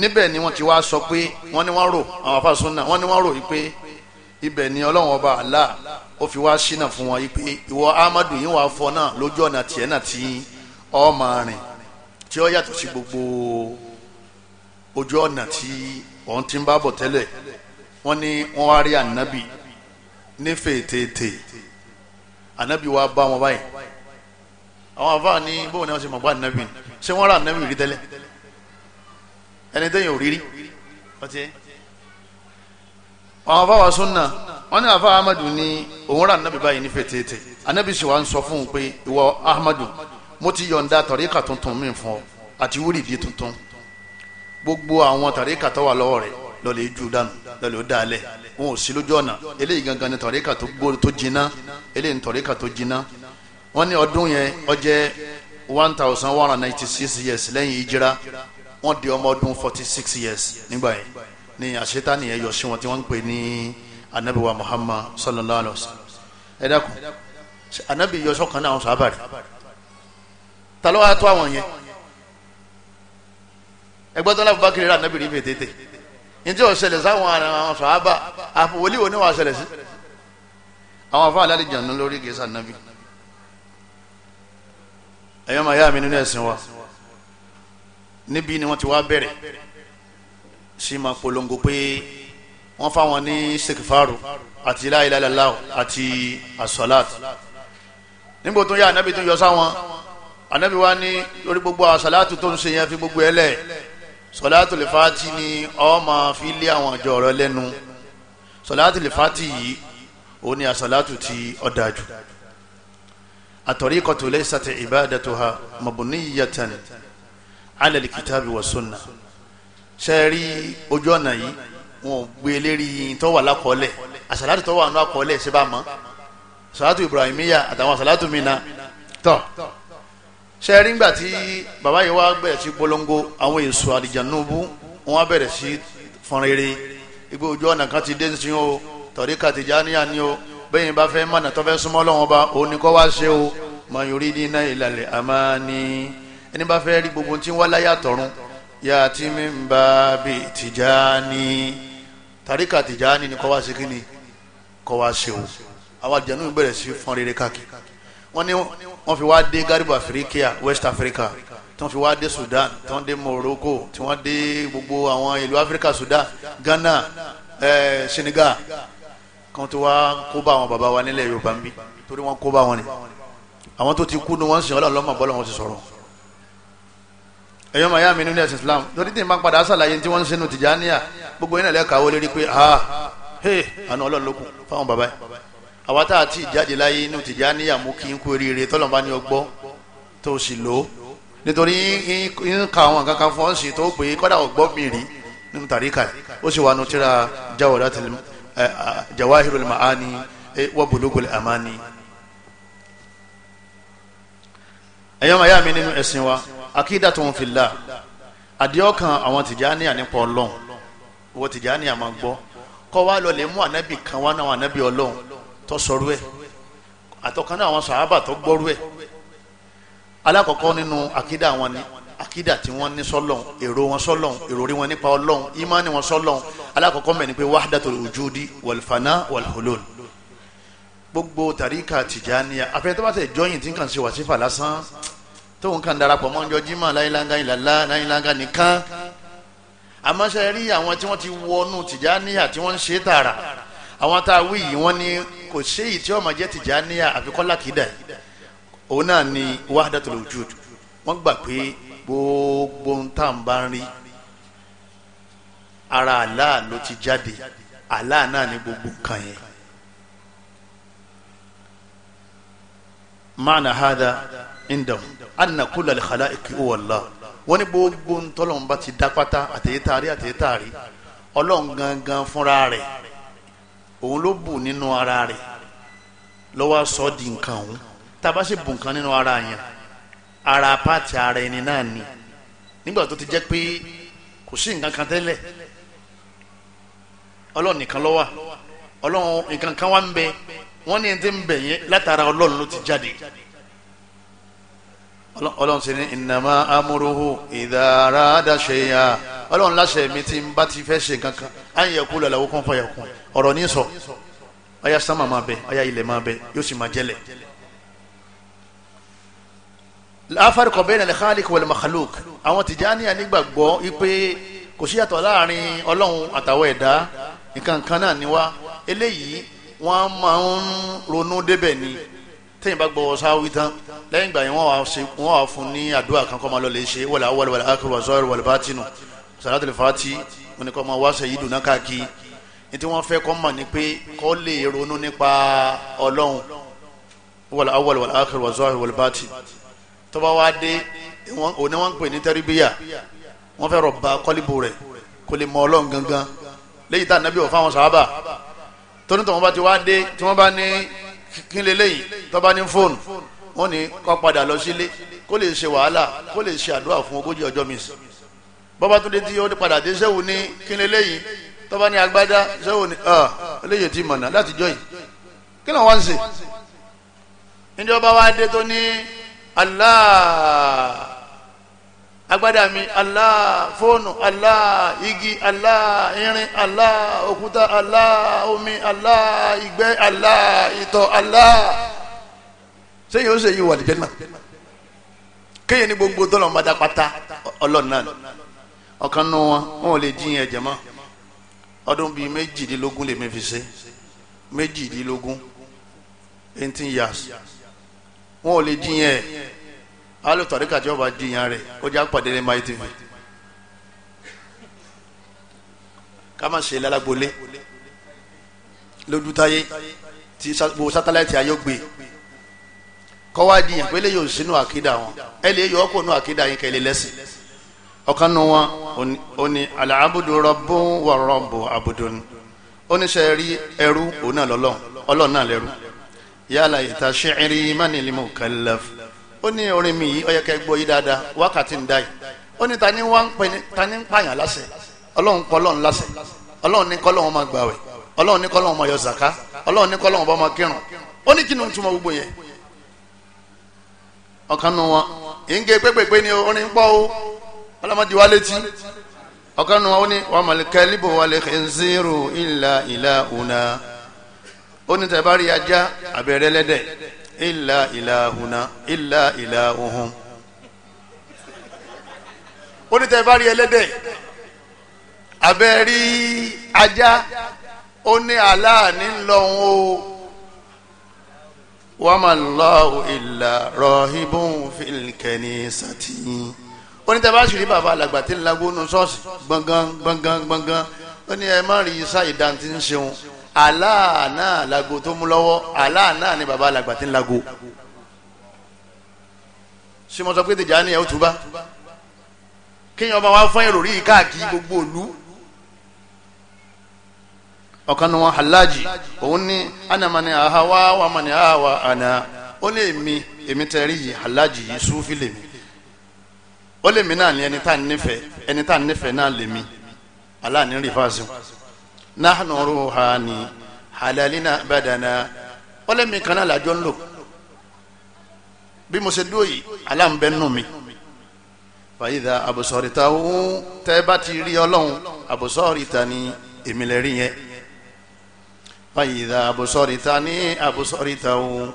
níbẹ̀ ni wọ́n ti wá sọ pé wọ́n ní wọ́n rò àwọn afásun náà wọ́n ní wọ́n rò yìí pé ibẹ̀ ni ọlọ́run ọba Allah ó fi wá sínà fún wọn yìí pé ìwọ Ahmadu yìí wàá fọ náà lójú ọ̀nà tiẹ̀ náà tí ọ máa rìn tí ó yàtọ̀ sí gbogbo ojú ọ̀nà tí òun ti ń bá bọ̀ tẹ́lẹ̀ wọ́n ní wọ́n wá rí ànábì ní fètètè anabi wa bá wọn báyìí àwọn afa ni bóun ni wọn ṣe mọ̀ bá anabi ṣé wọn rà anabi rí tẹ́lẹ̀ ẹni tẹ́yìn ò rírí ọtí àwọn afa wa sunna wọn ní afa ahmadu ni òun rà anabi báyìí ní fètètè anabi sì wá ń sọ fún un pé ìwọ ahmadu mo ti yọ̀ǹda tọ̀ríkà tuntun mi fún ọ àti wúrìdì tuntun gbogbo àwọn tọ̀ríkà tó wà lọ́wọ́ rẹ̀ lọ́ọ́ ju dànù lọ́ọ́ ó dá wọn ò sí lójú ọ̀nà eléyìí gangan ni tọ̀ríkà tó gbó tó jiná eléyìí ni tọ̀ríkà tó jiná wọn ní ọdún yẹn ó one thousand one hundred ninety six years lẹ́yìn ìjìrá wọn di ọmọ ọdún forty six years nígbà yẹn ní àṣetánì yẹn yọ sí wọn tí wọ́n ń pè ní anabiwa Muhammad sallallahu alayhi wa sallam ẹ dákun anabi yọ sọ́kàn náà àwọn sábà rẹ̀ ta ló wá tó àwọn yẹn ẹgbẹ́ tó lábùbá kiri rà anabi rí bètè tètè ntí ó ṣẹlẹ̀ sáwọn àwọn sàhábà àfọwọlé wo ni wàá ṣẹlẹ̀ sí àwọn afọ alálẹ jàǹdùn lórí gẹ̀ẹ́sà nàbí ẹ̀yọ́ máa yá mi nínú ẹ̀sìn wa níbi ni wọ́n ti wá bẹ̀rẹ̀ sí máa polongo pé wọ́n fáwọn ní sèkìfàrò àti láìláìláìláò àti asọ́láàt nígbò tó yá anábì tó yọ sáwọn anábì wá ní lórí gbogbo asọ́láàtù tó ń ṣe yẹn fi gbogbo ẹlẹ́ẹ̀ sọláàtù lè fàtì ni ọ máa fi lé àwọn àjọ ọ̀rọ̀ lẹ́nu sọláàtù lè fàtì yìí ó ní àsọláàtù tí ó dájú àtọ̀ríkọ̀tò lẹ́sàtì ìbádatuha mabuniyatan ala alkitabi wa sunna ṣe rí ojú ọ̀nà yìí wọn ò gbé e lérí tó wà lákọọ́lẹ̀ àsọláàtù tó wà nínú àkọọ́lẹ̀ ṣe bá mọ́ sọláàtù ibrahimiya àtàwọn àsọláàtù mìíràn tọ́ ṣe rí ngbà tí bàbá yìí wá bẹ̀rẹ̀ sí polongo àwọn èso àdìjànúbú wọn á bẹ̀rẹ̀ sí fọnrere igbó ojú ọ̀nà kan ti dé ní sin o tọ̀rí kàtìjà níyà ni o bẹ́yìn bá fẹ́ mọ̀nà tó fẹ́ súnmọ́ lọ́wọ́n bá òun ni kọ́ wá ṣe o mà yòrí ní iná ìlàlẹ̀ àmà ni ẹni bá fẹ́ rí gbogbo tí ń láyà tọ̀run yà á ti mi ń bá bi Tìjání tọ̀rí kàtìjà ni ni kọ́ wá ṣe kí ni kọ́ wá ṣe o àwọn àdìjànúbú bẹ̀rẹ̀ sí fọnrere káàkiri wọ́n ní wọ́n fi wá dé garibu afirika west africa tí wọ́n fi wá dé sudan tí wọ́n dé morocco tí wọ́n dé gbogbo àwọn ìlú africa sudan ghana eh, senegal kan tó wá kó bá àwọn baba wa nílẹ̀ yorùbá ń bí torí wọ́n kó bá wọn ni àwọn tó ti kú ni wọ́n sìn ọ́ lọ́mọ bọ́lá wọn ti sọ̀rọ̀ ẹ̀yọ́ maya mi nínú ẹ̀sìn islam torí tí n bá padà sàlàyé tí wọ́n ń sinú tìjànìyà gbogbo yín náà lẹ́ka wọlé rí pé ha ah, hey àna ọlọ́ọ̀lọ́kùn fáwọn baba yìí àwa tá a ti jáde láyé inú tìjà níyàmú kí n kú oríire tọ́lọ́mbá ní ọgbọ́ tó sì lò ó nítorí ń ka àwọn nǹkan kan fún ọ́n sì tó pé kọ́dà ọgbọ́ mi rí nínú tàríkà ó sì wà nùtírà jawahirul ma'ani e, wa bulugul amani. ẹ̀yọ́ màá yá mi nínú ẹ̀sìn wa akidatun fillah àdéhọ́kan àwọn tìjà níyà nípa ọlọ́run owó tìjà níyà máa gbọ́ kọ́ wa lọ lè mú ànábì kan wá náà ànábì ọlọ́run tó sọrú ẹ̀ àtọ̀kan náà àwọn sàhábà tó gbọ́rú ẹ̀ alákọ̀ọ́kọ́ nínú àkídà wọn ni àkídà tí wọ́n ní sọ́lọ́n èrò wọn sọ́lọ́n èrò rí wọn nípa ọlọ́run ìmánì wọn sọ́lọ́n alákọ̀ọ́kọ́ mẹ́ni pé wahdatul wujudi wàlfànà wàlhulul gbogbo tàríkà tìjànìyà àfẹ́ tó bá tẹ̀ jọyìn tí nǹkan ṣe wà sífà lásán tóun kàn darapọ̀ mọ́ ọjọ́ jimá láyéláńgá ìlàlá láyéláńgá nìkan àmọ́ ṣe àwọn tí wọ́n ti wọnú tìjànìyà tí wọ́n ń ṣe tààrà àwọn tá a wí yìí wọ́n ní kò sí èyí tí ó máa jẹ́ Tìjàníyà àfikọ́lá kìdá yìí òun náà ni wahdatul wujud wọ́n gbà pé gbogbo ń tà ń bá ń rí ara Allah ló ti jáde Allah náà ni gbogbo nǹkan yẹn. maana hada indam anna kulla li khalaiqi huwa Allah wọ́n ní gbogbo ń tọ́lọ́mùbá ti dá pátá àtẹ̀yẹ́tàrí àtẹ̀yẹ́tàrí ọlọ́run gangan fúnra rẹ̀ òun ló bù nínú ara rẹ̀ lọ́wọ́ sọ di nǹkan òun tá a bá ṣe bù nǹkan nínú ara yẹn ara pàtì ara ẹni náà ni nígbà tó ti jẹ́ pé kò sí nǹkan kan tẹ́lẹ̀ ọlọ́run nìkan ló ọlọ́run nǹkan kan wà ń bẹ wọ́n ní ẹni tí ń bẹ yẹn látara ọlọ́run ló ti jáde ọlọ́run sì ìnàmá amúrúhù ìdá arada ọlọ́run láṣẹ mi tí ń bá ti fẹ́ ṣe kankan ayé yẹ kú lọ làwọn kan fọyà kún ọ̀rọ̀ ní sọ ọyà sámà máa bẹ ọyà ilẹ̀ máa bẹ yóò sì máa jẹlẹ̀. láfárí kọ̀ bẹ́ẹ̀ ní khalik wal makhluk àwọn Tìjàníyà nígbàgbọ́ ipe kò síyàtọ̀ láàrin ọlọ́run àtàwọn ẹ̀dá nǹkan kan náà ni wá eléyìí wọ́n máa ń ronú débẹ̀ ni tẹ́yìn bá gbọ́ sáwí tán lẹ́yìn ìgbà yẹn wọ́n wà fún ní àdúrà kan kọ́ lọ lè ṣe wal awwal wal akhir wal zahir wal batin salatul wọn ni kọ́ ọmọ wa sẹ́yìn dùnà káàkiri ní tí wọ́n fẹ́ kọ́ mọ̀ ni pé kọ́ lè ronú nípa ọlọ́run wàlá awal wàlá akhir wàzọ́ àhìr wàlá bàtì tọ́ba wa dé òní wọ́n ń pè ní tẹ́rìbíyà wọ́n fẹ́ rọ̀ ba kọ́líbù rẹ̀ kò lè mọ ọlọ́run gangan léyìí tá nàbí òfin àwọn sàábà tónítọ̀ wọn bá ti wá dé tí wọ́n bá ní kínlẹ̀ léyìí tọ́ba ní fóònù wọ́n ní kó padà lọ sílé kó lè ṣe wàhálà kó lè ṣe àdúrà fún ogójì ọjọ́ mi Babátúndé tí ó padà dé sẹ́wù ní kíni eléyìí tọ́ba ní agbádá sẹ́wù ní ọ̀ ah, eléyìí ti mọ̀nà láti jọ yìí kí ló wọ́n ń ṣe ní ọba wa dé tó ní Allah agbádá mi Allah fóònù Allah igi Allah irin Allah òkúta Allah omi Allah ìgbẹ́ Allah ìtọ̀ Allah sẹ́yìn ó sẹ́yìn wà lìjẹ́ náà kéèyàn ní gbogbo tọ́lọ̀ ń bá dá pátá ọlọ́ọ̀nà ọ̀kan nù wọn wọn ò lè jiyàn ẹ̀jẹ̀ mọ́ ọdún bíi méjìdínlógún lèmi fi ṣe méjìdínlógún eighteen years wọn ò lè jiyàn ẹ̀ alùtọ̀ríkà tí wọ́n bá jiyàn rẹ̀ ó já pàdé ní my tv ká má ṣe lálágbólé lójútáyé tí gbogbo sátáláìtì ayé gbé kọ́wá jiyàn pé lè yóò sínú àkídà wọn ẹ lè yọ ọ́ kó nù àkídà yín kẹ́ lè lẹ́sìn. ọ̀kan nu ó ní wà rọ̀bù ni ó ní sẹ́ rí ẹrú òun náà lọ́lọ́ ọlọ́run náà lẹ́rú yálà ìta ṣẹ́ẹ̀rì mánìlímù kẹlẹ́f ó ní orin mi yìí ọ̀yẹ́kẹ́ gbọ́ yìí dáadáa wákàtí ń dá ó ní tani wá ń pè ní tani ń pààyàn láṣẹ ọlọ́run kọ́ ọlọ́run láṣẹ ọlọ́run ní kọ́ ọlọ́run máa ọlọ́run ní kọ́ ọlọ́run máa yọ zaka. ọlọ́run ní kọ́ ọlọ́run bá máa ọlọ́mọdé wa létí ọ̀kan nu wọn ní wa mal kalbu wal khinziru illa ilahuna ó ní tẹ̀ bá rí ajá àbẹ̀rẹ̀ lẹ́dẹ̀ illa ilahuna illa ilahuhum ó ní tẹ̀ bá rí ẹlẹ́dẹ̀ àbẹ̀rí ajá ó aláàní lọ́hún o wa ma Allahu illa rahibun fil kanisati ó ní tẹ́lá ṣìírí bàbá alàgbà tí ń lagbó nu ṣọ́ọ̀ṣì gbọ̀ngàn gbọ̀ngàn gbọ̀ngàn ó ní ẹ má rí iṣá ìdán tí ń ṣeun aláàánà lago tó mú lọ́wọ́ aláàánà ni bàbá alàgbà tí ń lago símọ́ sọ pé tèjà ni ẹ ó túbá kéèyàn ọba wa fún ìròrí káàkiri gbogbo òlu ọ̀kan nu wọn aláàjì òun ní anamani ahawa wàmani ahawa àná ó ní èmi èmi tẹ̀rí yìí aláàjì yìí sùn fílẹ̀ mi ó lè mí náà ní ẹni tá à ń nífẹ̀ẹ́ ẹni tá à ń nífẹ̀ẹ́ náà lè mí aláàní rìfáàsì nahnu ruhani halalina badana ó lè mí kan náà làjọ ń lò bí mo ṣe dúró yìí aláǹbẹ̀ nù mi fàyídà àbùsọ̀rìtà òun tẹ́ bá ti rí ọlọ́run àbùsọ̀rìtà ni èmi lè rí yẹn fàyídà àbùsọ̀rìtà ni àbùsọ̀rìtà òun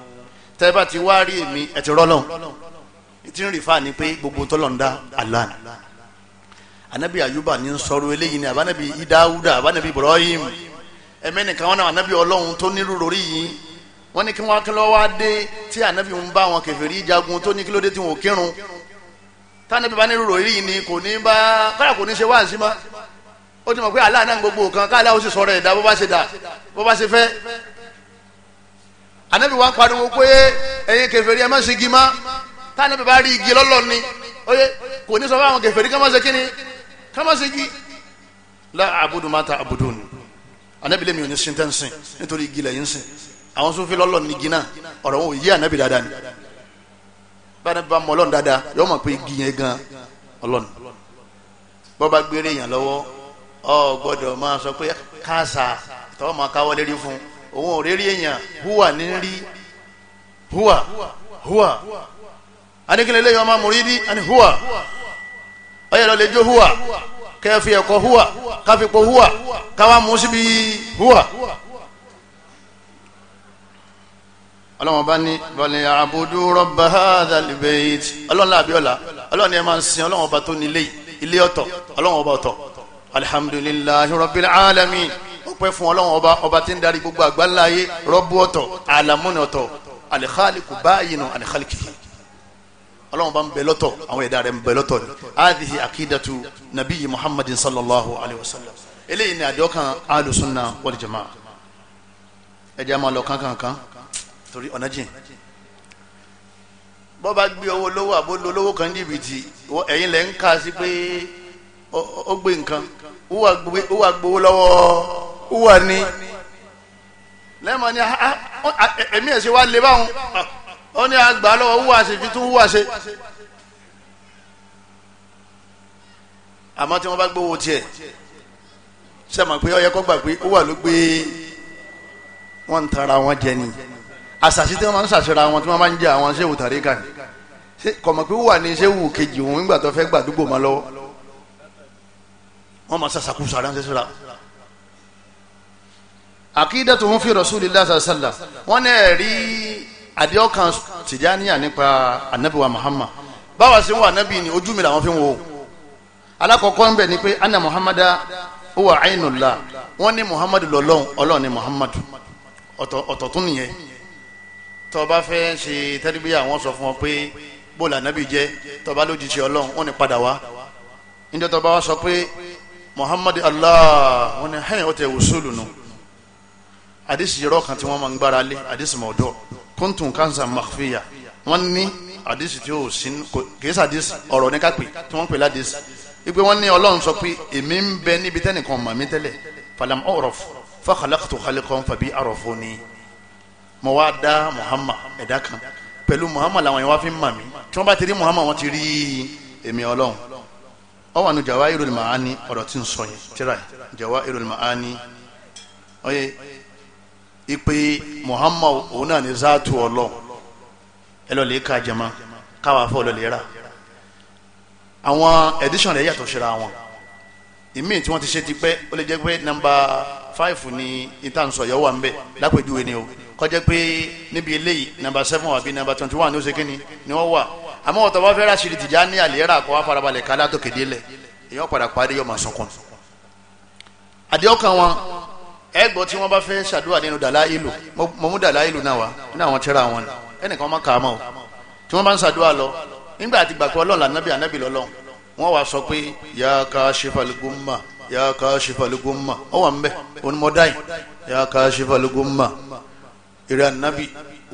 tẹ́ bá ti wá rí èmi ẹ̀ ti rọ́lọ́run tí ń rìfà ni pé gbogbo tọ́lọ̀ǹda Allah anabi ayuba ni ń sọ̀rọ̀ eléyìí ni abanabi idawuda abanabi ibrahim ẹmẹ́nìkan wọn náà anabi ọlọ́run tó nílùú lórí yìí wọ́n ní kí wọ́n kí lọ́wọ́ wá dé tí anabi ń bá wọn kèfèrí jagun tó ní kí ló dé tí wọn ò kírun tánàbí bá nílùú lórí yìí ni kò ní bá kára kò ní ṣe wáàsí mọ́ ó ti mọ̀ pé Allah náà gbogbo kan káàlá ó sì sọ̀rọ̀ ẹ̀dá bó bá ṣe dà bó bá ṣe fẹ́ anabi wa ń pariwo pé ẹ̀yin kèfèrí ẹ má ṣe gí táwọn bàbá rí igi lọ́lọ́ ni oye kò ní sọ fún àwọn kèfèrí ká má ṣe kíni ká má la àbùdù máa ta àbùdù ni anabi lèmi ò ní sin tẹ́ǹsìn nítorí igi lẹ́yìn sìn àwọn sófin lọ́lọ́ ni igi náà ọ̀rọ̀ wọn ò yé anabi dáadáa ni báyìí bá mọ ọlọ́run dáadáa yóò mọ̀ pé igi yẹn gan ọlọ́run bọ́ bá gbére yàn lọ́wọ́ ọ gbọ́dọ̀ máa sọ pé káàsà tọ́ máa káwọ́ lérí fún òun ò rí rí èèyàn hùwà ní rí hùwà hùwà anìkìlẹ̀ ilé yọmọ mùrídí àni húwà ọyẹ lọ lè jó húwà kẹfì ẹ̀kọ́ húwà káfípo húwà káwá mú síbi húwà ọlọ́wọ́n bá ní bọ́lẹ̀ àbúdú rọ́bà hádàlìbẹ̀ẹ́tì ọlọ́nà àbíọ́lá ọlọ́ni ẹ máa ń sin ọlọ́wọ́n bá tó nílé ilé ọ̀tọ̀ ọlọ́wọ́n ọba fún ọlọ́wọ́n ọba ọba tí ń darí gbogbo àgbáńlá ayé rọ́bù ọ̀tọ̀ alamúnì ọ̀tọ̀ alìkálìkù báyìí nù alìkálìkì ọlọ́run bá ń bẹ lọ́tọ̀ àwọn ẹ̀dá rẹ̀ ń bẹ lọ́tọ̀ ni adìhì akídàtú nabiyyi muhammadin sallallahu alayhi wa sallam eléyìí ni àdéhùn alùsùnà wal jamaa ẹ̀jẹ̀ máa lọ kankankan torí ọ̀nà jìn bọ́ bá gbé owó lówó àbólò lówó kan jìbìtì ẹ̀yin lẹ́ ń kà sí pé ó gbé nǹkan ó wà gbowó lọ́wọ́ ó wà ní lẹ́mọ̀ ni ah, ah, ah, ẹ̀mí ẹ̀ ṣe wá lé báwọn ó ní àgbà lọ́wọ́ wúwà sí fi tún wúwà sí àmọ́ tí wọ́n bá gbowó tiẹ̀ sẹ́mọ̀ pé ó yẹ kó gbà pé ó wà ló gbé wọ́n ń tara wọn jẹ ni àṣàṣì tí wọ́n máa ń ṣàṣìra wọn tí wọ́n máa ń jẹ àwọn ṣéwù tàríkà ni kọ̀mọ̀ pé wúwà ní ṣéwù kejì òun nígbà tó fẹ́ gbàdúgbò máa lọ́wọ́ wọ́n máa ṣàṣàkóso àdáńṣẹ́ síra àkídàtúhún fi Rasulillah sallallahu wọ́n náà rí àdéhọ́kan tìjáníyà nípa anabi wa muhammad báwa ṣe ń wà anabi ni ojú mi làwọn fi ń wo alákọ̀ọ́kọ́ ń bẹ̀ ni pé anna muhammada huwa ainullah wọ́n ní Muhammadu lọ́lọ́hun ọlọ́hun ni muhammad ọ̀tọ̀ tún nìyẹn tó bá fẹ́ ṣe tẹ́lifíyà wọ́n sọ fún ọ pé bóòlù anabi jẹ́ tó bá lójú ṣe ọlọ́hun wọ́n ní padà wá níjọ́ tó bá wá sọ pé muhammad allah wọ́n ní hẹ́yìn ó tẹ̀ wùsùlù nù àdìsí yọrọ kan tí wọ́n máa ń gbára lé àdìsí mọ̀ọ́dọ́ kóńtùn kánsà màfíyà wọ́n ní àdìsí tí ó sí kìí sàdìsí ọ̀rọ̀ ní kápẹ́ tí wọ́n pè ládìsí ipe wọ́n ní ọlọ́run sọ pé èmi ń bẹ níbi tẹ́nìkan mà mí tẹ́lẹ̀ falam ọ̀rọ̀f fakhalaqtu khalqan fabi arafuni mo wá dá muhammad ẹ̀dá kan pẹ̀lú muhammad làwọn yẹn wá fi ń mà tí wọ́n bá ti rí muhammad wọ́n ti rí èmi ọlọ́run ó wà nù Jawahirul Ma'ani ọ̀rọ̀ tí ń sọ yẹn tíra Jawahirul Ma'ani ọ̀yẹ́ ipe muhammadu òun náà ni zaatu ọlọ́run ẹ lọ lè ka jẹma káwa fọ lọ lè rà àwọn edition rẹ̀ yàtọ̀ síra wọn ìmíì tí wọ́n ti ṣe ti pẹ́ ó lè jẹ́ pé nọ́mbà fáìfù ni ìtànsọ yọ wà ń bẹ lápèjúwe ni o kọjá pé níbi eléyìí nọ́mbà sẹ́fún àbí nọ́mbà twenty one ní oṣù kínní ni wọ́n wà àmọ́ ọ̀tọ̀ bá fẹ́ ra ṣìrì tìjà ní àlèrà kọ́ afárabalẹ̀ ká látòkèdè lẹ̀ èèyàn padà parí yọ màá sọkàn àdéhùn kan wọn ẹ gbọ́ tí wọ́n bá fẹ́ ṣàdúrà nínú dàlá ìlú mo mú dàlá ìlú náà wá nínú àwọn tẹ́ra wọn ni ẹnìkan má kàá mọ́ o tí wọ́n bá ń ṣàdúrà lọ nígbà àti gbàgbọ́ ọlọ́run lànàbì ànàbì lọ́lọ́run wọ́n wá sọ pé yà á ká ṣèfàlùgùnmà yà á ká ṣèfàlùgùnmà ọ wà ń bẹ onímọ̀dáì yà á ká ṣèfàlùgùnmà ìrẹ́ ànàbì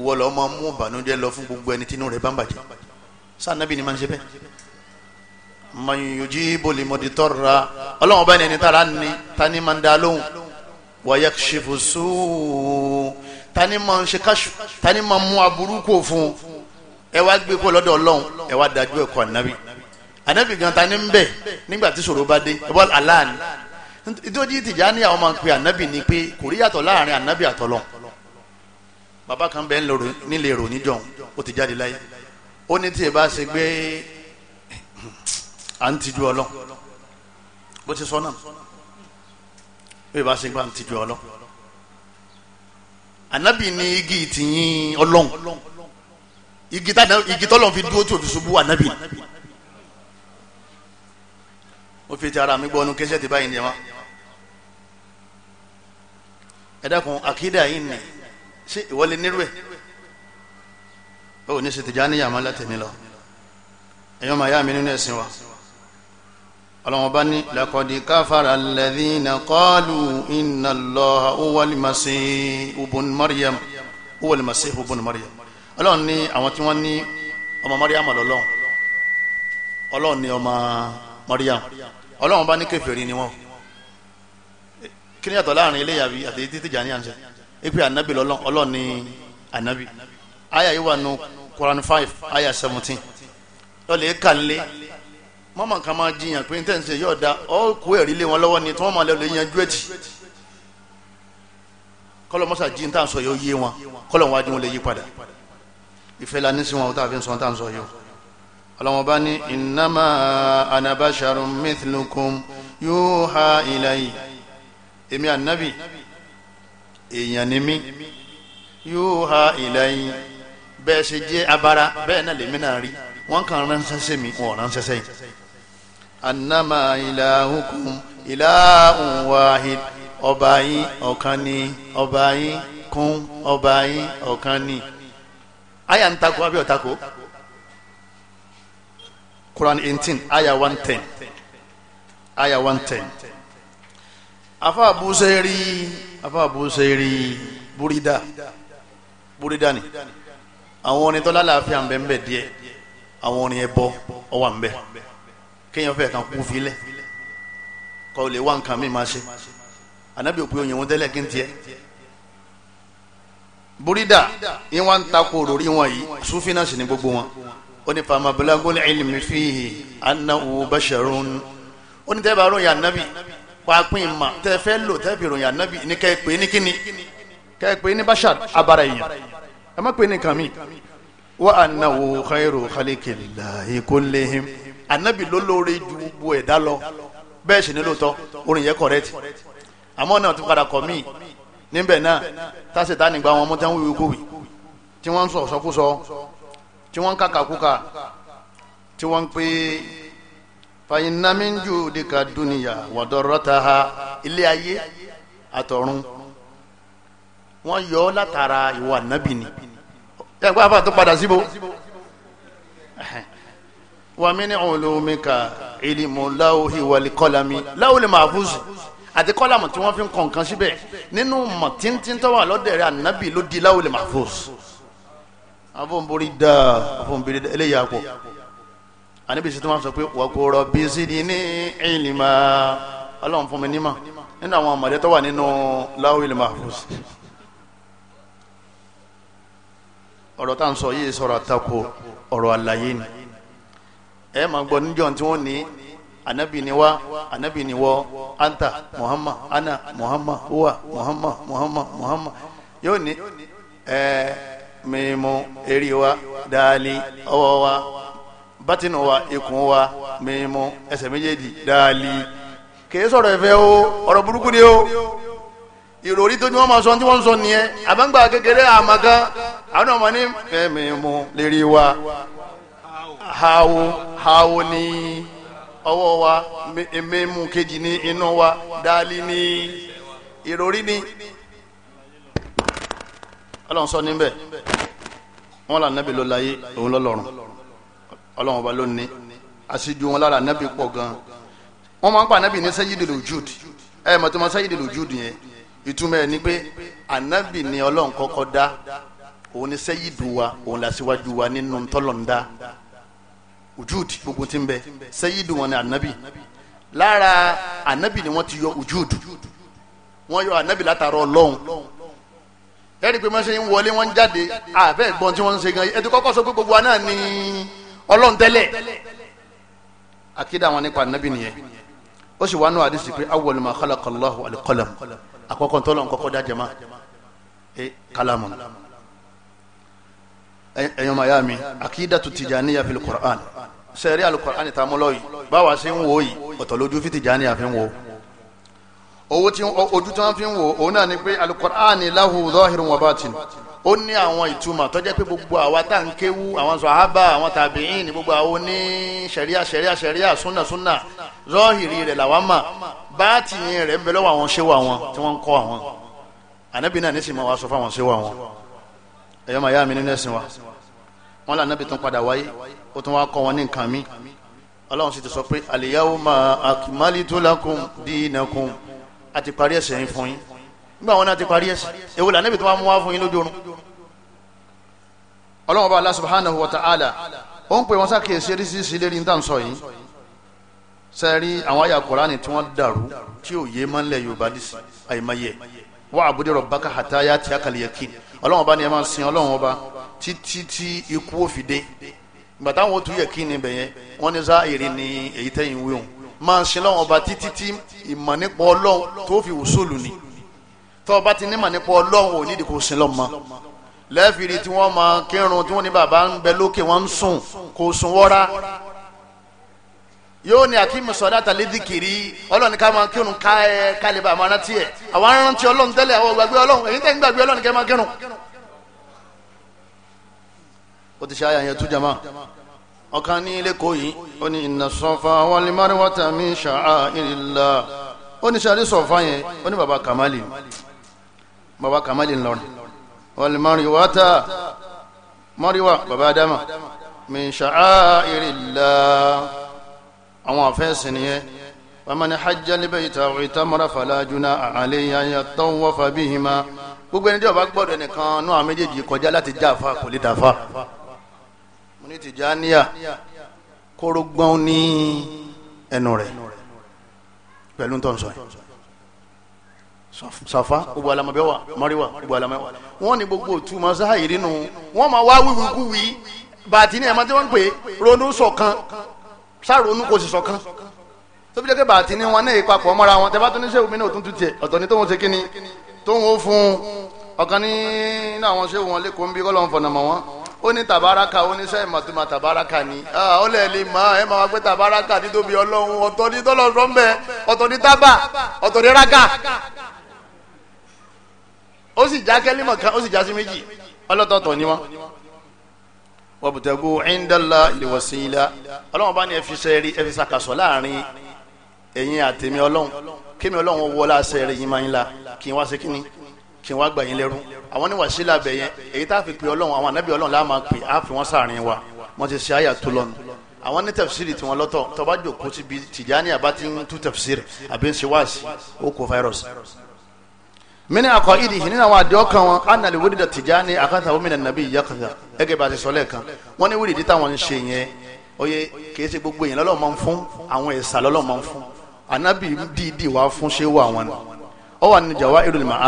wọ́n lọ́ máa mú ìbànújẹ́ lọ fún gbogbo ẹni tínú rẹ̀ bá ń bàjẹ́ sáà ànàbì ni máa ń ṣe bẹ́ẹ̀ man yujibu limoditorra ọlọ́run bá ní ẹni tára ní tani máa ń da lóhùn wàyẹ̀kṣẹ̀fù sóò tani máa ń ṣe káṣù tani máa mú aburú kò fún ẹ wá gbé kó lọ́dọ̀ ọlọ́run ẹ wá dájú ẹ̀kọ́ ànábì ànábì gan tani ń bẹ̀ nígbà tí ṣòro bá dé ẹ bọ́ aláàánú ìdójì tìjà ní àwọn máa ń pe ànábì ni pé kò rí yàtọ̀ láàrin ànábì àtọlọ́run bàbá kan bẹ́ẹ̀ nílé èrò níjọ́ ó ti jáde láyé ó ní tí ẹ bá ṣe gbé à ń tijú ọlọ́run bó ti sọ náà bẹ́ẹ̀ bá ṣe ń pa anabi ni igi ìtìyín ọlọ́run igi tọ́lọ́run fi dúró tí òfin ṣubú anabi ó fi ti ara mi gbọ́ ọ́nú kẹ́sẹ́ ti báyìí ní ẹ̀ wá ẹ dákun àkídà yìí nì ṣé ìwọlé nírú ẹ̀ ó ní ṣe Tìjàníyà má látẹ̀mí lọ ẹ̀yọ́ màá yá mi nínú ẹ̀sìn wa ọlọ́wọ́n bá ní lakọ̀dí káfàrà alladhina qalu inna Allaha huwal masihu ibn Maryam huwal masihu ibn Maryam ọlọ́run ní àwọn tí wọ́n ní ọmọ Maryam lọ́lọ́run ọlọ́run ní ọmọ Maryam ọlọ́run bá ní kèfèrí ni wọ́n kí ni yàtọ̀ láàrin eléyàwí àti títí jà ní àǹsẹ̀ ipe ànábì lọ́lọ́run ọlọ́run ní ànábì àyà yìí wà Quran five àyà seventeen lọ́lẹ̀ kànlé mọ́mọ́ kan máa jiyàn pé tẹ́ yóò da ọ́ kó ẹ̀rí lé wọn lọ́wọ́ ni tí wọ́n máa lọ lè yanjú ẹ̀ tì kọ́lọ́ mọ́sá jí ń tà ń sọ yóò yé wọn kọ́lọ́ wájú wọn lè yí padà ìfẹ́ la ní sí wọn ó tà fi sọ ń sọ yóò ọlọ́wọ́n bá ní innama ana basharun mithlukum yuha ilayya èmi ànábì èèyàn ni mí yuha ilayya bẹ́ẹ̀ ṣe jẹ́ abara bẹ́ẹ̀ náà lèmi náà rí wọ́n kàn ránṣẹ́ sí mi ránṣẹ́ sẹ́yìn annama ilahukum ilahun wahid ọba yín ọ̀kan ni ọba yín kún ọba yín ọ̀kan ni aya ń takò àbí ọ̀takò Quran 18 aya 110 aya 110 afa abuseri afa abuseri burida burida ni àwọn orin tó lálàáfíà ń bẹ ń àwọn orin ẹbọ ọwà ń kéèyàn fẹ́ kan kú filẹ̀ kọ́ lè wá nǹkan mi máa ṣe anabi òpin òyìnbó tẹ́lẹ̀ kí n tiẹ̀ burida yín wá ń takò òròrí wọn yìí sufinasi ní gbogbo wọn ó ní fama balagol ilmi fihi annahu basharun ó ní tẹ́bàá ròyìn anabi pàápín ma tẹ́ fẹ́ lò tẹ́bì ròyìn anabi ní kẹ́ẹ̀pẹ́ ní kíni kẹ́ẹ̀pẹ́ ní bashar abara èèyàn ẹ má pè ní kàmí wa annahu khairu khaliqillahi kullihim anabi ló lóore ju gbogbo ẹ̀dá lọ bẹ́ẹ̀ sì ni lóòótọ́ orin yẹn kọ̀rẹ́tì àmọ́ náà tún padà kọ̀ míì níbẹ̀ náà tásìtá nígbà wọn mọ́tẹ́ ń wíwí kówì tí wọ́n ń sọ sọkúsọ tí wọ́n ń kàkàkúkà tí wọ́n ń pè é fàyínnamíjú dìkà dúnìyà wàdọ̀rọ̀ta ha ilé ayé àtọ̀run wọ́n yọ ọ́ látara ìwà nábì ni ẹ̀gbọ́n àbá tó padà síbo wa min ulumika ilmu lawhi wal qalami lawul mahfuz àti kọ́lámù tí wọ́n fi ń kọ nǹkan síbẹ̀ nínú mọ̀ tíntín tó wà lọ́dẹ̀ rẹ̀ ànábì ló di lawul mahfuz afọ́nborí dáa afọ́nborí dáa eléyà pọ̀ ànábì sí tó máa sọ pé wa qur rabbi zidni ilma ọlọ́run fún mi nímọ̀ nínú àwọn àmọ̀dé tó wà nínú lawul mahfuz ọ̀rọ̀ tá à ń sọ yìí sọ̀rọ̀ àtakò ọ̀rọ̀ àlàyé ni. ẹ máa gbọ́ níjọ́ tí wọ́n ní anabi ni anabi anta muhammad ana muhammad huwa muhammad muhammad muhammad yóò ní ẹ mímu eri wa daali ọwọ wa bátínù wa ikùn wa mímu ẹsẹ̀ méjèèjì daali kìí sọ̀rọ̀ ẹ̀fẹ́ o ọ̀rọ̀ burúkú ni o ìròrí tó ní wọn máa sọ tí wọ́n ń sọ nìyẹn àbáǹgbà kékeré àmàgán àwọn ọmọ ní mímu lérí wa hawo hawo ni, ọwọ́ wa mímú kejì ní inú wa dálí ní ìròrí ní ọlọ́run sọ níbẹ̀ wọ́n là nẹ́bí ló láyé òun lọ́lọ́run ọlọ́run ọba ló ní àṣìjú wọn lára nẹ́bí pọ̀ gan wọ́n máa ń pa nẹ́bí ní sayyidul wujud ẹ̀ mọ̀tò mọ́ sayyidul wujud yẹn ìtumọ̀ ẹ̀ ni pé ànábì ni ọlọ́run kọ́kọ́ dá òun ni sayyidu wa òun là síwájú wa nínú tọ́lọ̀ ń dá ujud gbogbo tí ń bẹ sayyidu wọn ni anabi lára anabi ni wọ́n ti yọ ujud wọ́n yọ anabi látara ọlọ́run ẹ̀rí pé wọ́n ṣe ń wọlé wọ́n ń jáde àbẹ́ ìgbọ́n tí wọ́n ń ṣe gan ẹ̀ tó kọ́kọ́ sọ pé gbogbo wa náà ni ọlọ́run tẹ́lẹ̀ akídà wọn nípa anabi nìyẹn ó o wá nù àdìsí pé awwal ma khalaqa Allahu al-qalam àkọ́kọ́ da jama dá jẹ́ma ẹ̀ kálámù ẹ̀yọ́mayami akídà tu Tijaniyya fil Qur'an sẹ́ẹ̀rí alukur'ani tá a mú lọ yìí báwa ṣe ń wò yìí ọ̀tọ̀ lójú fi Tijani àfi ń wò owó tí ojú tí wọ́n fi ń wò òun náà ni pé alukur'ani lahu zahirun wa batin ó ní àwọn ìtumọ̀ tó jẹ́ pé gbogbo àwa tá à ń kéwú àwọn sàhábà àwọn tàbíìn ní gbogbo àwọn ní sẹ̀ríà sẹ̀ríà sẹ̀ríà súnà súnà zọ́ọ̀hìrì rẹ̀ làwa mà báàtì rẹ̀ ń bẹ lọ́wọ́ àwọn ṣéwà wọn tí wọ́n ń kọ́ àwọn ànábì ní sì máa wá sọ fáwọn ṣéwà wọn ẹ̀yọ́ màá yá mi nínú ẹ̀sìn wa wọn là nàbì tún padà wáyé ó tún wá kọ́ wọn ní nǹkan mi ọlọ́run sì ti sọ pé al-yawma akmaltu lakum dinakum àti parí ẹ̀sẹ̀ yín fún yín nígbà wọn náà ti parí ẹ̀sẹ̀ èwo là nàbì tún wá mú wá fún yín lójú oorun ọlọ́run bá Allah subhanahu wa ta'ala ó ń pè wọn sákèésí eréṣiríṣi lérí ní tàǹsọ̀ yìí sẹ́rí àwọn àyà kùránì tí wọ́n dàrú tí ò máa ń lẹ̀ yorùbá dísì àìmọye wà àbúdé rọ̀ bákà hàtáyà tí a kàlẹ̀ yẹ kí ọlọ́run ọba ni ẹ máa ń sin ọlọ́run ọba Titi tí ikú ó fi dé ìgbà táwọn ó tún yẹ kí ni bẹ̀ yẹn wọ́n ní sá èrè ni èyí tẹ́yìn wí òun máa ṣe lọ́wọ́n ọba títí tí ìmọ̀ nípa ọlọ́run tó fi wùsùlù ni tó ọba ti nímọ̀ nípa ọlọ́run ò nídìí kò sin lọ́ mọ́ lẹ́ẹ̀fìrí tí wọ́n máa kírun tí wọ́n ní bàbá ń bẹ lókè wọ́n ń sùn kò sùn wọ́ra yóò ní akíní sọ̀dá tàlẹ́ dìkìrí ọlọ́run ká máa kírun ká ẹ kálíbà máa rántí ẹ̀ àwọn arántí ọlọ́run tẹ́lẹ̀ àwọn gbàgbé ọlọ́run èyí tẹ́ ń gbàgbé ọlọ́run kẹ́ máa kírun ó ti ṣe àyà yẹn tú jama ọ̀kan ní lẹ́kọ̀ọ́ yìí ó ní inna safa wal marwata min sha'airillah ó ní sàrí sọ̀fà yẹn ó ní baba kamali baba kamali ńlọrin wal marwata mariwa baba adama min sha'airillah àwọn àfẹ́sìn yẹn wàmàní hajjali bayta ìtàmọ́ra falajuna àlẹ́yà yàtọ̀ wọ́fà bíhìmá gbogbo ẹni tí ó gbọ́dọ̀ nìkan náà méjèèjì kọjá láti jáfa kò lè dáfa mo ní tìjàníyà kórógbọ́n ní ẹnu rẹ̀ pẹ̀lú tó ń sọ yìí sàfá gbogbo alamọ̀bẹ́wà mọ́ríwà gbogbo alamọ̀wà wọ́n ní gbogbo òtún máa sáàyè nínú wọ́n máa wá wíwí kú wí bàtí ni ẹ̀ma tí wọ́n ń pè ronú ṣọ̀kan sáàronú kò sì ṣọ̀kan tó fi jẹ́ pé bàtí ní wọn náà ipa pọ̀ mọ́ra wọn tẹ́fà tó ní sẹ́wọ̀n mi náà tún tu tiẹ̀ ọ̀tọ̀ ni tóun ṣe kí ni tóun ó fún ọ̀kan ní àwọn sẹ́wọ̀n lẹ́kọ̀ọ́ ń bí kọ́ lọ́n fọ̀nà mọ́ wọn ó ní tàbáraka ó ní ni ó lẹ̀ lè mọ́ ẹ máa gbé tàbáraka nítorí ọlọ́run ọ̀tọ̀ ní tọ́lọ́sọ ń bẹ ọ̀tọ̀ ní tábà ọ̀tọ̀ ní raka ó sì já kẹ́límọ̀ kan ó sì já sí méjì ọlọ́tọ̀ọ̀tọ̀ ni wọ́n. wọ́bùtẹ́gù ẹ̀ńdàlá ìwọ̀síìlá ọlọ́run bá ní ẹ̀fi sẹ́ẹ̀rí ẹ̀fi sàkàsọ̀ láàrin ẹ̀yin àtẹ̀mí ọlọ́run kí kí wọ́n gbà yín lẹ́rú àwọn ní wàsílà bẹ̀ yẹn èyí tá a fi pè ọlọ́run àwọn anábì ọlọ́run láà máa pè á fi wọ́n sáàrin wa wọ́n ti ṣe àyà tó lọ́nu àwọn ní tafsiri tiwọn lọ́tọ̀ tó bá jókòó síbi Tìjàní àbá ti ń tú tafsiri àbí ń ṣe wáàsì ó kó fáírọ́ọ̀sì mini akọ idi hin nínú àwọn àdéhùn kan wọn a nàlẹ wíìdì Tijani akásá omi nàbí yakasa ẹgẹ bá ti sọ oye kìí ṣe gbogbo yẹn lọlọ máa ń fún àwọn ẹsà lọlọ máa ń fún anabi dídì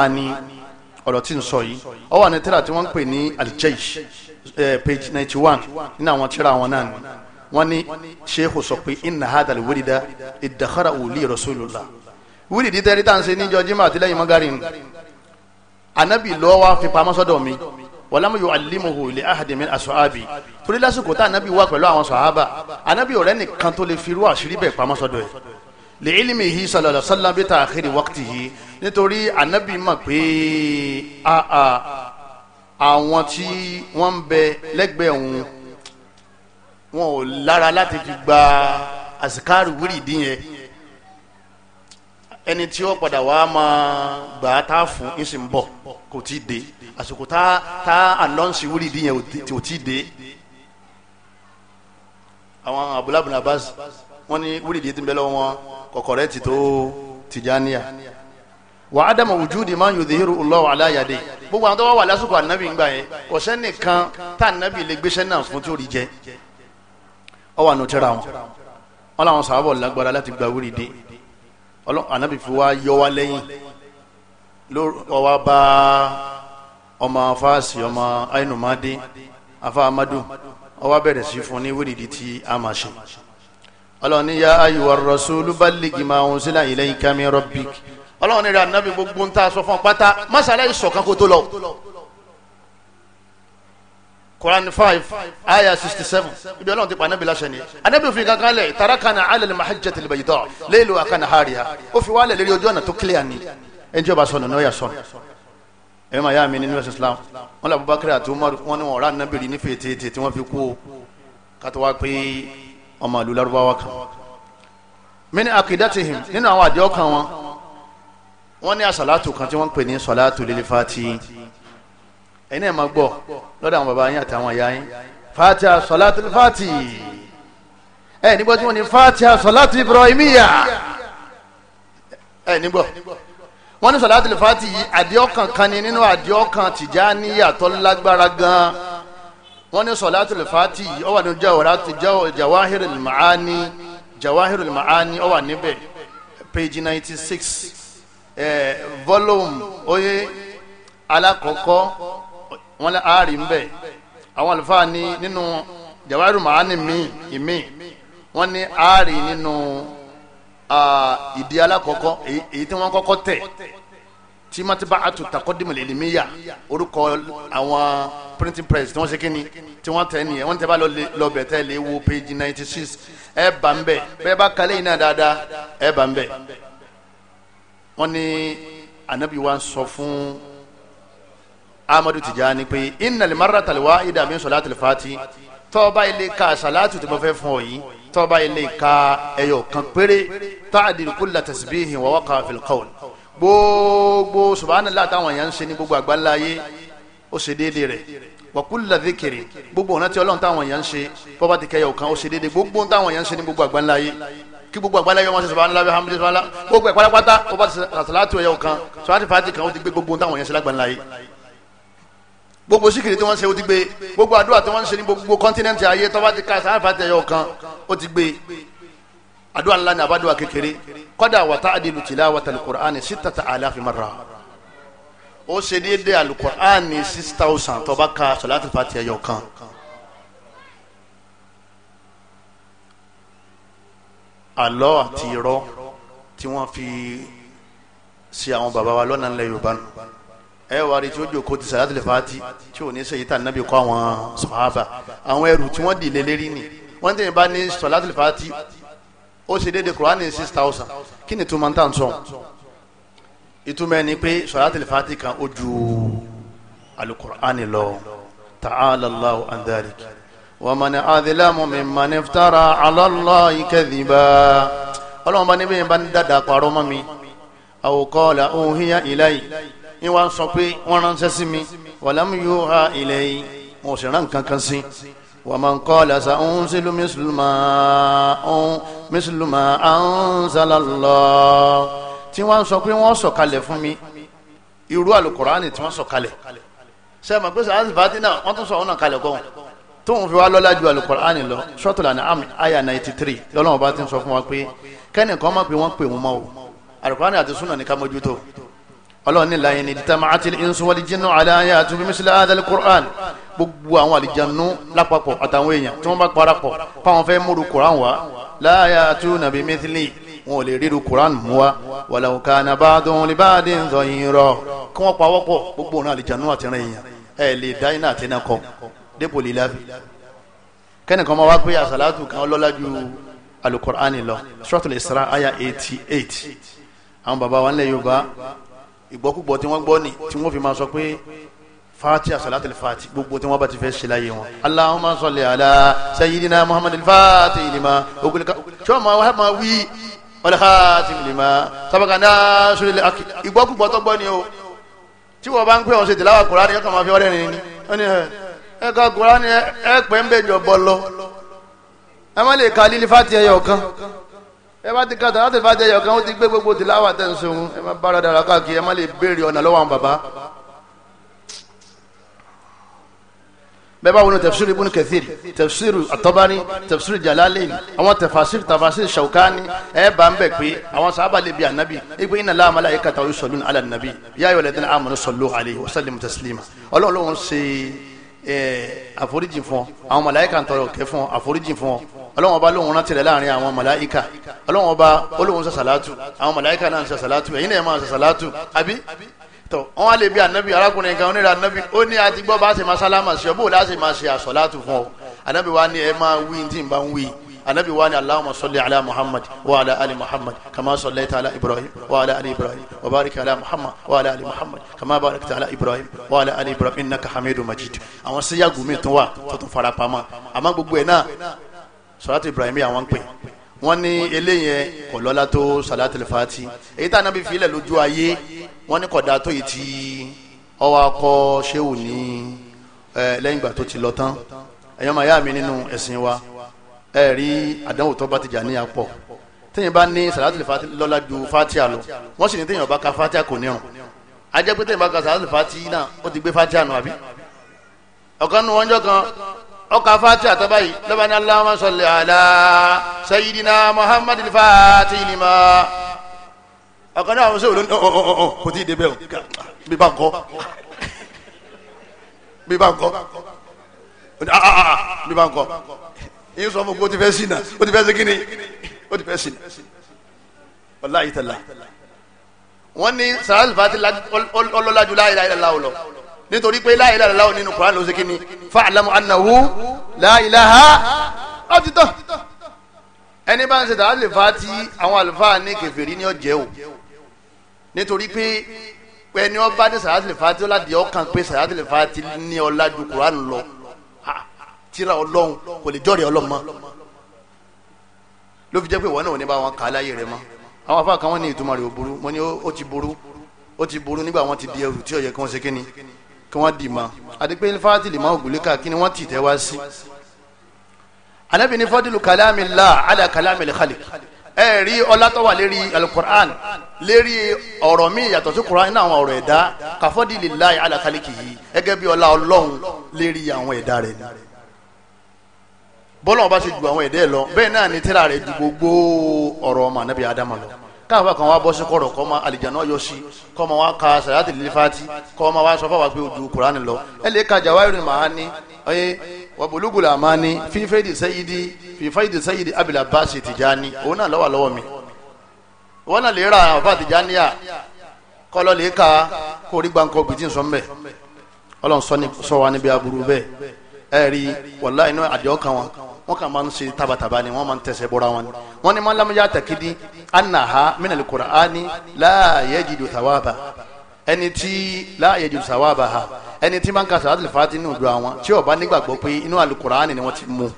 ni ọ̀rọ̀ tí n sọ yìí ó wà ní tírà tí wọ́n ń pè ní aljaish page ninety one nínú àwọn tírà wọn náà ni wọ́n ní sheikh sọ pé inna hadal wíìdá ìdàkàrà òòlì rasulullah wíìdí tẹ́rí tá à ń ṣe níjọ jimá àtìlẹ́yìn mọ́gàrí ni anabi lọ́wọ́ fi pamọ́ sọ́dọ̀ mi wàlámù yóò alimuhu ilé ahadimin asọ́ábì torí lásìkò tá anabi wà pẹ̀lú àwọn sọ̀hábà anabi ọ̀rẹ́ nìkan tó lè fi àṣírí bẹ́ẹ̀ pamọ́ sọ́dọ̀ yìí lèílìmì yìí sọlọlọ sọlọ bí ta àkèrè wákìtì yìí nítorí ànábì mọ̀ pé àwọn tí wọ́n ń bẹ lẹ́gbẹ̀ẹ́ òun wọn ò lára láti fi gba àsìkáàrù wírì dín yẹn ẹni tí ó padà wá máa gbà á tá a fún ń sì ń bọ̀ kò tí ì dé àsìkò tá tá ànọ́ǹsì wúrí ìdí yẹn ò tí ì dé àwọn abúlábùnà báàsì wọ́n ní wúlìdì tí ń bẹ lọ́wọ́ wọn kọ̀kọ̀rẹ́ ti tó tìjànìyà wà á dàmà wùjúdi máa ń yòdì hírù Allahu ala yadi gbogbo àwọn tó wà wà lásìkò ànábì ń gbà yẹn kò sẹ́nìkan tá ànábì lè gbéṣẹ́ náà fún tí ó rí jẹ ọ wà nù tẹ́ra wọn wọn làwọn sàábọ̀ lágbára láti gba wúlìdì ànábì fi wá yọ wá lẹ́yìn ló wá bá ọmọ afáàsì ọmọ ainumadi afáàmadu ó wá bẹ̀rẹ̀ sí fún ní wúlìdì tí a máa ṣe ọlọ́run ní ya ayyuhar rasulu ballighi ma unzila ilayka min rabbik ọlọ́run ní rẹ̀ ànábì gbogbo ń ta sọ fún pátá mọ́sálá ìṣọ̀kan kó tó lọ. Quran five aya sixty seven ibi ọlọ́run ti pa anabi láṣẹ ni anabi òfin kankan lẹ̀ tarakana ala al-mahajjati al-bayda laylu akana hariha ó fi wálẹ̀ lérí ojú ọ̀nà tó kílíà ni ẹni tí ó bá sọnù ní ó yà ẹ máa yá mi nínú ẹ̀sìn Islam wọn làbúbákẹ́rẹ́ àti Umar wọn ni wọn ọ̀rá anabi rí nífẹ̀ẹ́ tètè tí wọ́n fi kú o kátó wá pé ọmọ ìlú Lárúbáwá kan mini akidatihim nínú àwọn àjọ kan wọn wọ́n ní àsàlátù kan tí wọ́n ń pè ní sọ̀látù lílé fati ẹ̀yin náà máa gbọ́ lọ́dọ̀ àwọn bàbá yín àtàwọn ìyá yín fati sọ̀látù lílé fati ẹ̀ nígbà tí wọ́n ní fati sọ̀látù ibrahimiya ẹ̀ nígbà wọ́n ní sọ̀látù lílé fati yìí àdìọ́kan kan ni nínú àdìọ́kan tìjáníyà tó lágbára gan wọ́n ní sọ̀látùl fàtì ó wà ní jawahirul ma'ani jawahirul ma'ani ó wà níbẹ̀ page ninety six volume oye alakọ̀kọ́ wọ́n lé àárín ń bẹ̀ àwọn àlùfáà nínú jawahirul ma'ani míì ìmíì wọ́n ní àárín nínú ìdí alakọ̀kọ́ èyí tí wọ́n kọ́kọ́ tẹ̀ tí matiba'atu taqaddimul ilmiya orúkọ àwọn printing press tí wọ́n ṣe kíni tí wọ́n tẹ̀ nìyẹn wọ́n tẹ̀ bá lọ bẹ̀ tẹ́ lè wo page ninety six ẹ bá ń bẹ̀ bẹ́ẹ̀ bá kalẹ̀ yìí náà dáadáa ẹ bá ń bẹ̀. wọ́n ní anabi wa sọ fún amadu tijani pé innal marratal wahida min salatil fati tọ́ba ilé ka salatu tí mo fẹ́ fún ọ yìí tọ́ba ilé ka ẹyọ kan péré ta'dil kulla tasbihin wa waqa fil qawl gbogbo subhanallah táwọn èèyàn ń ṣe ní gbogbo àgbáńlá ayé ó ṣe déédéé rẹ̀ wàkúlà zikiri gbogbo ọ̀nà tí ọlọ́run táwọn èèyàn ń ṣe bọ́bá ti kẹyọ kan ó ṣe déédéé gbogbo táwọn èèyàn ń ṣe ní gbogbo àgbáńlá yìí kí gbogbo àgbáńlá yìí wọ́n ṣe sọ̀rọ̀ aláwọ̀ hamidu sọ̀rọ̀ gbogbo ẹ̀ pátápátá ó bá ti sàṣàlátì ẹ̀yọ kan sọ̀rọ̀ fàájì kan ó ti gbé gbogbo táwọn èèyàn ṣe lágbàńlá yìí gbogbo síkìrì tí wọ́n ṣe ó ti gbé gbogbo àdúrà tí wọ́n ṣe ní gbogbo kọ́ńtínẹ́ǹtì ayé tó ti ka sàrà fàájì ẹ̀yọ kan ó ti gbé àdúrà ńlá ni àbádùn kékeré kọ́dà wàtá àdìlù tìlá wàtàlù kùránì sítàtà àlàáfin mara ó ṣe déédéé alukur'an ní six thousand tó ka sọláàtì fàtì ẹyọ kan. àlọ́ àti irọ́ tí wọ́n fi ṣe àwọn bàbá wa lọ́nà ńlẹ̀ yorùbá nù ẹ wà rí tí ó jòkó ti sàlátì fàtì tí ò ní sèyí tà nàbí kọ́ àwọn sọ̀hábà àwọn ẹrù tí wọ́n dì lé lérí ni wọ́n tẹ̀yìn bá ní sọ̀látì fàtì ó ṣe déédéé kur'an ní six thousand kí ni tó ń tà ń sọ̀rọ̀ ìtumọ̀ ẹni pé sọ̀rọ̀tìlì fati kan ó ju alukur'ani lọ ta'ala Allahu an dhalik wa man adhlamu mimman iftara ala Allahi kadhiba ọlọ́run bá níbi yẹn bá ní dàda pàrọ́ mọ́ mi aw qala uhiya ilay ni wọ́n sọ pé wọ́n ránṣẹ́ sí mi wa lam yuha ilay wọn ò sì rán kankan sí wa man qala sa'unzilu mislu ma anzala Allah tí wọ́n sọ pé wọ́n sọ̀kalẹ̀ fún mi irú àlùkùránì tí wọ́n sọ̀kalẹ̀ sẹ́mi pé sàlásì fàtí náà wọ́n tún sọ ọ̀nà kalẹ̀ kọ́ tóun fi wá lọ́lá ju àlùkùránì lọ suratul an'am àyà ninety three lọ́lọ́wọ́n bá ti ń sọ fún wa pé kẹ́nìkan má pé wọ́n pè wọ́n mọ́ o àlùkùránì àti súnà ní ká mójútó ọlọ́run ní láyé ní tamati insu wal jinnu ala ya'tu bi misli hadha al-Qur'an gbogbo àwọn àlìjánu lápapọ̀ àtàwọn èèyàn tí wọ́n bá parapọ̀ fáwọn fẹ́ múru Qur'an wa la ya'tuna bi mithli wọn ò lè ríru Qur'an mú wa walau kana ba'dun li ba'din zahira kí wọ́n pa wọ́pọ̀ gbogbo ọ̀nà àlìjánu àti rìn yẹn ẹ̀ lè dá iná àti iná kọ dépò lílá kẹ́nìkan máa wá pé àsàlátù kan lọ́lá ju alukur'ani lọ suratul Isra aya eighty eight àwọn baba wa nílẹ̀ Yorùbá ìgbọ́kúgbọ́ tí wọ́n gbọ́ ni tí wọ́n fi máa sọ pé fati asalati alfati gbogbo tí wọ́n bá ti fẹ́ ṣe láyé wọn Allahumma salli ala sayyidina Muhammad alfati ilima ogunlẹ̀ka tí wọ́n máa wí ọ̀lẹ́ káàtì lèmọ́ sábàkà náà sórí àkì ìgbọ́kùgbọ́ tó gbọ́ ni o tí wọ́n bá ń pè wọ́n ṣe tìláwà kúrá ni ọkàn máa fi ọ̀rẹ́ rìn ni wọ́n ní ẹ ká kúrá ni ẹ pẹ́ ń bẹ̀jọ bọ́ lọ ẹ má lè ka lílí fàtì ẹyọ kan ẹ bá ti kàtà láti fàtì ẹyọ kan ó ti gbé gbogbo tìláwà tẹ̀ ń sòun ẹ má bára dàrá káàkiri ẹ má lè béèrè ọ̀nà lọ́wọ́ àwọn bàbá bẹ́ẹ̀ bá wọn tafsir ibn kathir tafsir atọ́bárí tafsir jalalain àwọn tafasir tafasir shaukani ẹ bá ń bẹ̀ pé àwọn sábà lè bi ànábì ipe inna Allaha malaikata yusalluna ala nabi ya ayyuha alladhina amanu sallu alayhi wa sallimu taslima ọlọ́run ṣe àforíjì fún àwọn màláìka ń tọrọ kẹ́ fún àforíjì fún ọlọ́run ọba lóun rántí rẹ̀ láàrin àwọn màláìka ọlọ́run ọba olóhun ṣe sàlátù àwọn màláìka náà ṣe ẹ̀yin náà máa ṣe àbí tọ wọn wá lè bí anabi arákùnrin kan onírà anabi ó ní àti gbọ́ bá ṣe máa sálámà ọ bó láti máa ṣe àsọ̀látù fún ọ anabi wa ni ẹ máa wí tí n bá ń wí anabi wa ni allahumma salli ala muhammad wa ala ali muhammad kama sallaita ala ibrahim wa ala ali ibrahim wa barik ala muhammad wa ala ali muhammad kama barakta ala ibrahim wa ala ali ibrahim innaka hamidu majid àwọn síyàgùn mi tún wà tó tún fara pamọ́ àmọ́ gbogbo ẹ̀ náà sọ̀rọ̀tì ibrahim yà wọ́n ń pè wọ́n ní eléyẹn kò lọ́lá tó sàlátìlfàtì èyí tá a náà bí lójú ayé wọ́n ní kọ̀dá tó yìí tí ọwọ́ akọ ṣéwù ní lẹ́yìn ìgbà tó ti lọ tán ẹ̀yọ́ màá yá mi nínú ẹ̀sìn wa ẹ̀ rí àdánwò tó bá ti jà ní apọ̀ téèyàn bá ní sàlátìlì fati lọ́la ju fatia lọ wọ́n sì ní téèyàn bá ka fatia kò ní ọ̀run ajẹ́ pé téèyàn bá ka sàlátìlì fati náà ó ti gbé fatia nù àbí ọ̀kan nu wọ́njọ́ kan ọkà fati àtàbà yìí lọ́ba ní Allahumma salli ala sayyidina fati lima ọ̀kan náà àwọn sèwòlò ní ọ̀ọ̀ọ̀ọ̀ kò tí ì débẹ̀ o bí bá ń kọ́ bí bá ń kọ́ bí bá ń kọ́ yín sọ fún mi o ti fẹ́ sí náà o ti fẹ́ sí kíni o ti fẹ́ sí náà ọ̀la ìtàlá wọ́n ní sàrẹ́lì fati ọlọ́lájú láìláìlá ọlọ́ nítorí pé láìláìlá nínú Kùránì ló ṣe kí ni fa'lamu annahu la ilaha ọtítọ́ ẹni bá ń ṣe sàrẹ́lì fati àwọn àlùfáà ní kèfèrí ní ọ̀jẹ̀ o nítorí pé ẹni ọba ní sàyàtìlẹ̀ fati ó láti ọkàn pé sàyàtìlẹ̀ fati ní ọlá ju kuranu lọ tíra ọlọ́run kò lè jọ́rìí ọlọ́run mọ́ ló fi jẹ́ pé ìwọ náà ò ní bá wọn kà á láyé rẹ mọ́ àwọn afá kan wọ́n ní ìtumọ̀ rẹ̀ ò burú mo ní ó ti burú ó ti burú nígbà wọn ti di ẹrù tí ó yẹ kí wọ́n ṣe kíni kí wọ́n dì mọ́ àti pé fati lè má ògùnlé káàkiri wọ́n tì tẹ́ wá sí. anábìíní fọ́dúlù kàlámì lá àdà kàlámì lè khalq ẹ rí ọlá tó lérí alukur'an lérí ọ̀rọ̀ mi yàtọ̀ sí kur'an ní àwọn ọ̀rọ̀ ẹ̀dá kàfọ́dì lillahi ala khaliqihi gẹ́gẹ́ bí ọlá ọlọ́run lérí àwọn ẹ̀dá rẹ̀ ni bọ́lá wọn bá ṣe ju àwọn ẹ̀dá ẹ̀ lọ bẹ́ẹ̀ náà ni tíra rẹ̀ ju gbogbo ọ̀rọ̀ ọmọ anabi adama lọ káàbà kan wá bọ́ sí kọ̀rọ̀ kọ́ ma àlìjáná yọ sí kọ́ ma wá ka sàyàtì lílifáàtì kọ́ ma wá sọ fáwọn àgbẹ̀ ojú kur'an lọ ẹ lè ka jawahirul ma'ani ọyẹ wa bulugul amani fi faidi sayidi fi faidi sayidi abil abbas tijani òun náà lọ́wọ́ lọ́wọ́ mi wọn náà lè ra àfa tijaniya kọlọ lè ka kó rí gbàǹkọ gbìtì sọmbẹ Ọlọ́run sọ ni sọ wa níbi aburú kan wọn wọn kàn máa ń ṣe tabataba ni wọn máa ń tẹsẹ̀ bọra wọn ni wọn ni malamuya takidi anaha minal qur'ani la yajidu thawaba ẹni tí láàyè jù sàwábà ha ẹni tí máa ń ka sàlátì fàtí nínú ìlú àwọn tí ó bá nígbàgbọ́ pé inú alukur'ani ni wọ́n ti mú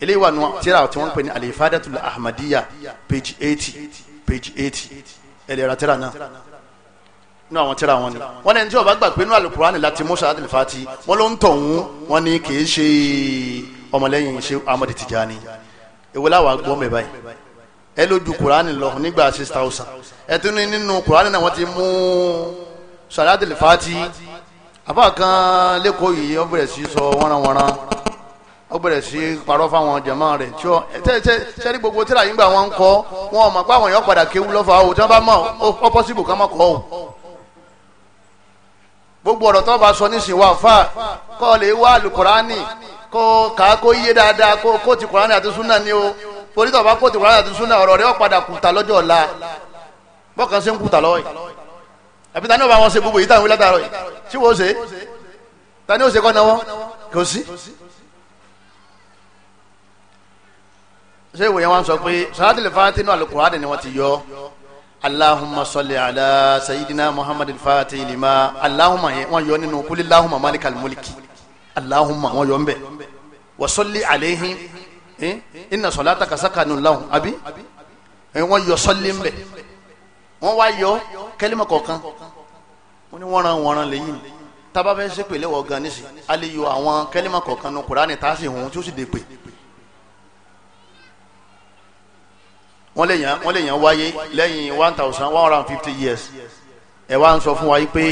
eléyìí wà nù tíra tí wọ́n ń pè ní alifadatul ahmadiyya page eighty page eighty ẹ̀lẹ́ra tíra náà nínú àwọn tíra wọn ni wọn ní ẹni tí ó bá gbà pé inú alukur'ani láti mú sàlátì fàtí wọn ló ń tọ̀hún wọn ni kì í ṣe ọmọlẹ́yìn ṣe Ahmad Tijani èwo láwàá gbọ́ mẹ́ báyìí ẹ lójú kuraani lọ nígbà six thousand ẹ tún ní nínú kuraani náà wọ́n ti mú sàlátì fati àbá kan lẹ́kọ̀ọ́ yìí ó bẹ̀rẹ̀ sí sọ wọ́nranwọ́nran ó bẹ̀rẹ̀ sí parọ́ fáwọn jẹ̀mọ́ rẹ̀ tí ó sẹ́rí gbogbo tíra yìí gbà wọ́n ń kọ́ wọn ò mọ̀ pé àwọn èèyàn padà kéwú lọ́fà o tí wọ́n bá mọ̀ ó pọ́sibù ká má kọ́ o gbogbo ọ̀rọ̀ tó bá sọ nísìnyí wà fà kọ́ lè wá àlùkùránì kó kàá kó yé dáadáa kó kó ti kùránì àti súnà ni o torí tó bá kó ti wàhálà tó súnà ọ̀rọ̀ rẹ̀ ó padà kùtà lọ́jọ́ ọ̀la bọ́ọ̀kan ṣe ń kùtà lọ́wọ́ yìí àbí tani ó bá wọn ṣe gbogbo yìí táwọn wílẹ̀ dàrọ̀ yìí tí wọ́n ṣe tani ó ṣe kọ́ náwọ́ kò sí. ṣé ìwòye wọn sọ pé sọ́dọ̀tìlẹ̀ fàtínú àlùkùránì ni wọ́n ti yọ allahumma salli ala sayyidina muhammad al-fatih lima allahumma yẹn wọ́n yọ nínú kúlí allahumma malikal mulki allahumma wọ́n yọ ń bẹ̀ wa salli alayhi Eh? inna salata kasakanu lahum àbí eh, wọ́n yọ sọ́lé ń bẹ̀ wọ́n wá yọ kẹ́lẹ́mọ̀ kọ̀ọ̀kan wọ́n ní wọ́nran wọ́nran lẹ́yìn tábà fẹ́ ṣe pèlè wọ gan nísì a lè yọ àwọn kẹ́lẹ́mọ̀ kọ̀ọ̀kan nu kùránì tá a sì hùn tí ó sì dé pè. wọ́n lè yàn wọ́n lè yàn wáyé lẹ́yìn one thousand one hundred and fifty years ẹ̀ wá ń sọ fún wa yìí pé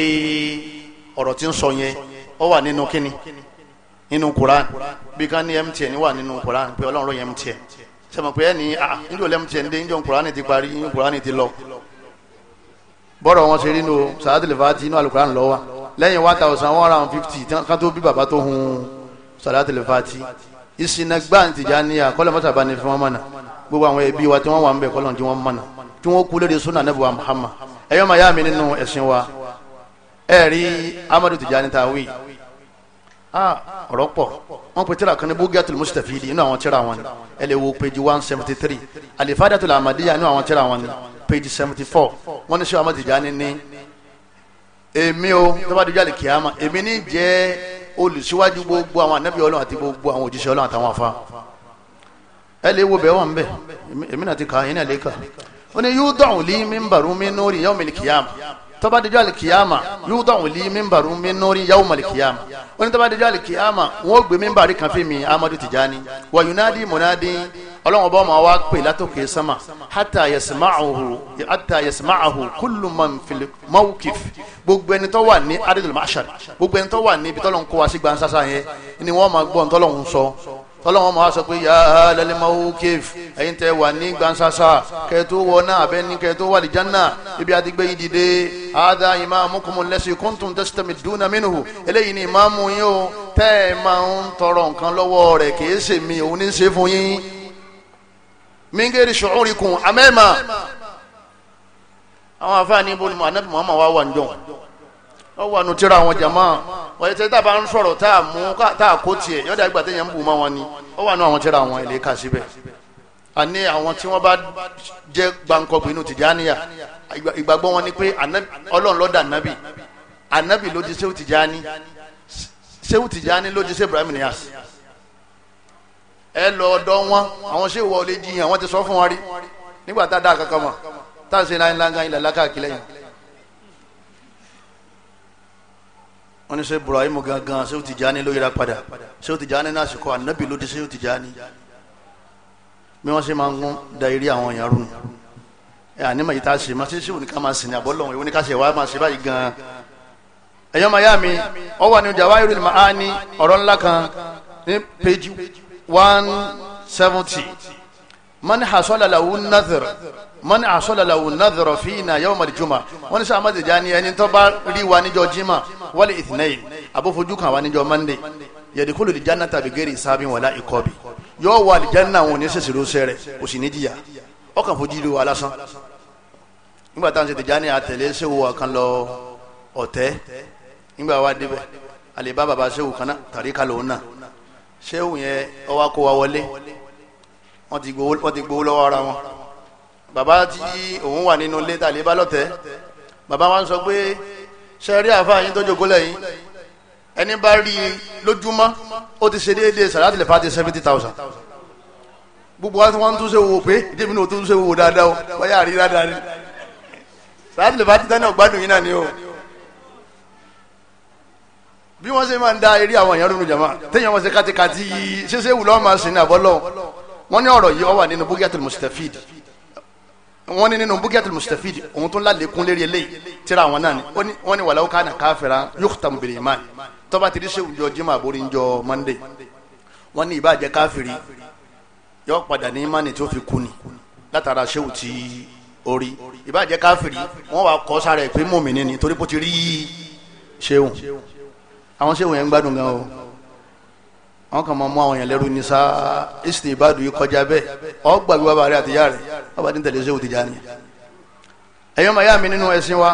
ọ̀rọ̀ tí ń sọ yẹn ó wà nínú kínní nínú koran bí kan ní mtn wà nínú koran pé ọlọ́run ló yẹ mtn sẹ́mi pé ẹni ah níjọ́ mtn dé níjọ́ koran ti parí níjọ́ koran ti lọ bọ́rọ̀ wọn ṣe rí nu sàádìlì fàájì inú alukoran lọ wa lẹ́yìn one thousand one hundred and fifty kan tó bí bàbá tó hun sàádìlì fàájì ìsìnàgbà Tìjàníyà kọ́lẹ̀ mọ́sàbá ni fún wọn mọ̀nà gbogbo àwọn ẹbí wa tí wọ́n wà ń bẹ̀ kọ́lọ̀ tí wọ́n mọ̀nà tí wọ́n kú lórí sunna nebuwa Muhammad ẹ̀yọ́ màyá mi nínú ẹ̀sìn wa ẹ̀rí Amadu Tìjàní tàwí Ah, ọ̀rọ̀ pọ̀ wọ́n pe tíra kan ní bugiatul mustafidi inú àwọn tíra wọn ni ẹ lè wo page one seventy three alifadatul amadiya inú àwọn tíra wọn ni page seventy four wọ́n ní sọ àwọn Tijani ní èmi o tó bá dojú àlè kìáma èmi ní jẹ́ olùsíwájú gbogbo àwọn ànábì Ọlọ́run àti gbogbo àwọn òjíṣẹ́ Ọlọ́run àtàwọn afa ẹ lè wo bẹ́ẹ̀ wọ́n bẹ́ẹ̀ èmi náà ti kà á yín náà lè kà ó ní yóò dọ̀hùn lí mímbàrún mi nórí yawmil kìáma tó bá dijọ́ alikiyama yóò dọ̀hún lí mímbàrú mi nórí yawma alikiyama ó ní tó bá dijọ́ alikiyama wọn ó gbé mímbàrí kan fi mi amadu tijani wa yunadi munadi ọlọ́wọ́n bá ma wá pè látòkè sama hata yasimahu hata yasimahu kullu man fil mawkif gbogbo ẹni tó wà ní adidul gbogbo ẹni tó wà ní ibi sí gbansasa yẹn ni wọ́n máa gbọ́ ntọ́lọ́hún sọ tọ́lọ́wọ́n máa sọ pé yàrá lẹ́lẹ́mọ́wó kéf ẹ̀yin tẹ́ wà ní gbansasa kẹ́ẹ̀tọ́ wọ náà abẹ́ ní kẹ́ẹ̀tọ́ wà lìjánà ibi àdìgbé yìí dìde àádá ìmáàmù kùmùn lẹ́sìn kúntùn tẹ́sítẹ́mì dúnà mínú eléyìí ni ìmáàmù yín o tẹ́ ẹ máa ń tọrọ nǹkan lọ́wọ́ rẹ̀ kìí ṣe mi òun ní ṣe fún yín mingeri ṣùgbọ́n wọ́n wà nù tíra àwọn jama wọ́n yẹ tẹ́ tá a bá ń sọ̀rọ̀ tá a mú tá a kó tiẹ̀ yọ̀dà ìgbà téèyàn ń bù mọ́ wọn ni wọ́n wà nù àwọn tíra àwọn ilé kà síbẹ̀ àní àwọn tí wọ́n bá jẹ́ gbàǹkọ̀gbìn inú Tìjàníyà ìgbàgbọ́ wọn ni pé ọlọ́run ló dá ànábì ànábì ló di Ṣéhù Tìjàní Ṣéhù Tìjàní ló di Ṣéhù Ibrahim Niyas ẹ lọ ọ̀dọ̀ wọn àwọn ṣé ìwọ jiyàn wọn ti sọ fún wọn rí nígbà tá a dá àkàkọ mọ tá a ṣe láńláńgá ilẹ̀ lákàkí lẹ́yìn wọ́n ní sẹ́ Ibrahim gangan sẹ́ o Tijani ló yẹra padà sẹ́ o Tijani náà sì kọ́ anabi ló di sẹ́ o Tijani bí wọ́n ṣe máa ń gún da eré àwọn èèyàn rún ẹ àní màá yìí tá a ṣe máa ṣe ṣé òní ká máa sìn ní àbọ̀lọ́ òní ká ṣe wá máa ṣe báyìí gan-an ẹ̀yọ́ màá mi ọ wà ní Jawahirul Ma'ani ọ̀rọ̀ ńlá kan ní page one seventy man hasola lahu nazar mọ́ni àṣọlọ́láwù nàdọ̀rọ̀ fi iná yawm al-jum'a wọ́n ní sáàmà dìjà ni ẹni tó bá rí wa níjọ́ jimá wal ithnain àbófojú kan wa níjọ́ mọ́ndé yẹ̀dìkúlù di jannata bi ghairi hisabin wala iqabi yóò wà di janna àwọn oníṣẹ́sì lóṣẹ́ rẹ̀ kò sì ní jìyà ọkàn fojú ìlú wa lásán nígbà táwọn ṣe dìjà ni àtẹ̀lé ṣéwò kan lọ ọ̀tẹ́ nígbà wa débẹ̀ àlè bá bàbá kan náà tàrí kalẹ̀ òun náà ṣéwò yẹn ọwọ́ kó wọlé wọ́n ti gbowó lọ́wọ́ ara wọn bàbá tí òun wà nínú ilé tàlẹ́ bá lọ́tẹ̀ bàbá wa ń sọ pé sẹ́rí àfa tó jókòó lẹ́yìn ẹni bá rí i lójúmọ́ ó ti ṣe déédéé sàrátì lè seventy thousand gbogbo wa tí wọ́n ń tún ṣe wò pé ìdí mi ní o tún ṣe wò dáadáa o báyà rí dáadáa rí sàrátì lè fa ti tẹ́lẹ̀ ọ̀gbádùn yín náà ni o bí wọ́n ṣe máa ń da eré àwọn èèyàn lónìí jama téèyàn wọ́n ṣe kátikáti ṣíṣe wù lọ́ọ́ máa sìn ní àbọ́lọ́ wọ́n ní ọ̀rọ̀ yìí ó wà nínú bukẹ́tì mustafid wọ́n ní nínú bukiyat mustafid òun tó lálẹ́kún lérí eléyìí tíra àwọn náà ni wọ́n ní wàláwó kánà káfẹ́ra yukhtamu bil iman tọ́ba ti di sẹ́wù jọ jimá àbórí ń jọ mọ́ndé wọ́n ní ìbàjẹ́ káfìrí yọ padà ní imáni tó fi kú ni látara sẹ́wù ti orí ìbàjẹ́ káfìrí wọ́n wà kọ́ sára ẹ̀ pé mùmínì torí bó ti rí sẹ́wù àwọn sẹ́wù yẹn ń gbádùn gan o àwọn kan máa mú àwọn èèyàn lẹ́rú ní sáà ìsìn ìbádù yìí kọjá bẹ́ẹ̀ ọgbà bí wàbà rẹ àtìyá rẹ bàbá ní tẹ̀lé Ṣéhù Tìjàní. ẹ̀yọ́ màá yá mi nínú ẹ̀sìn wa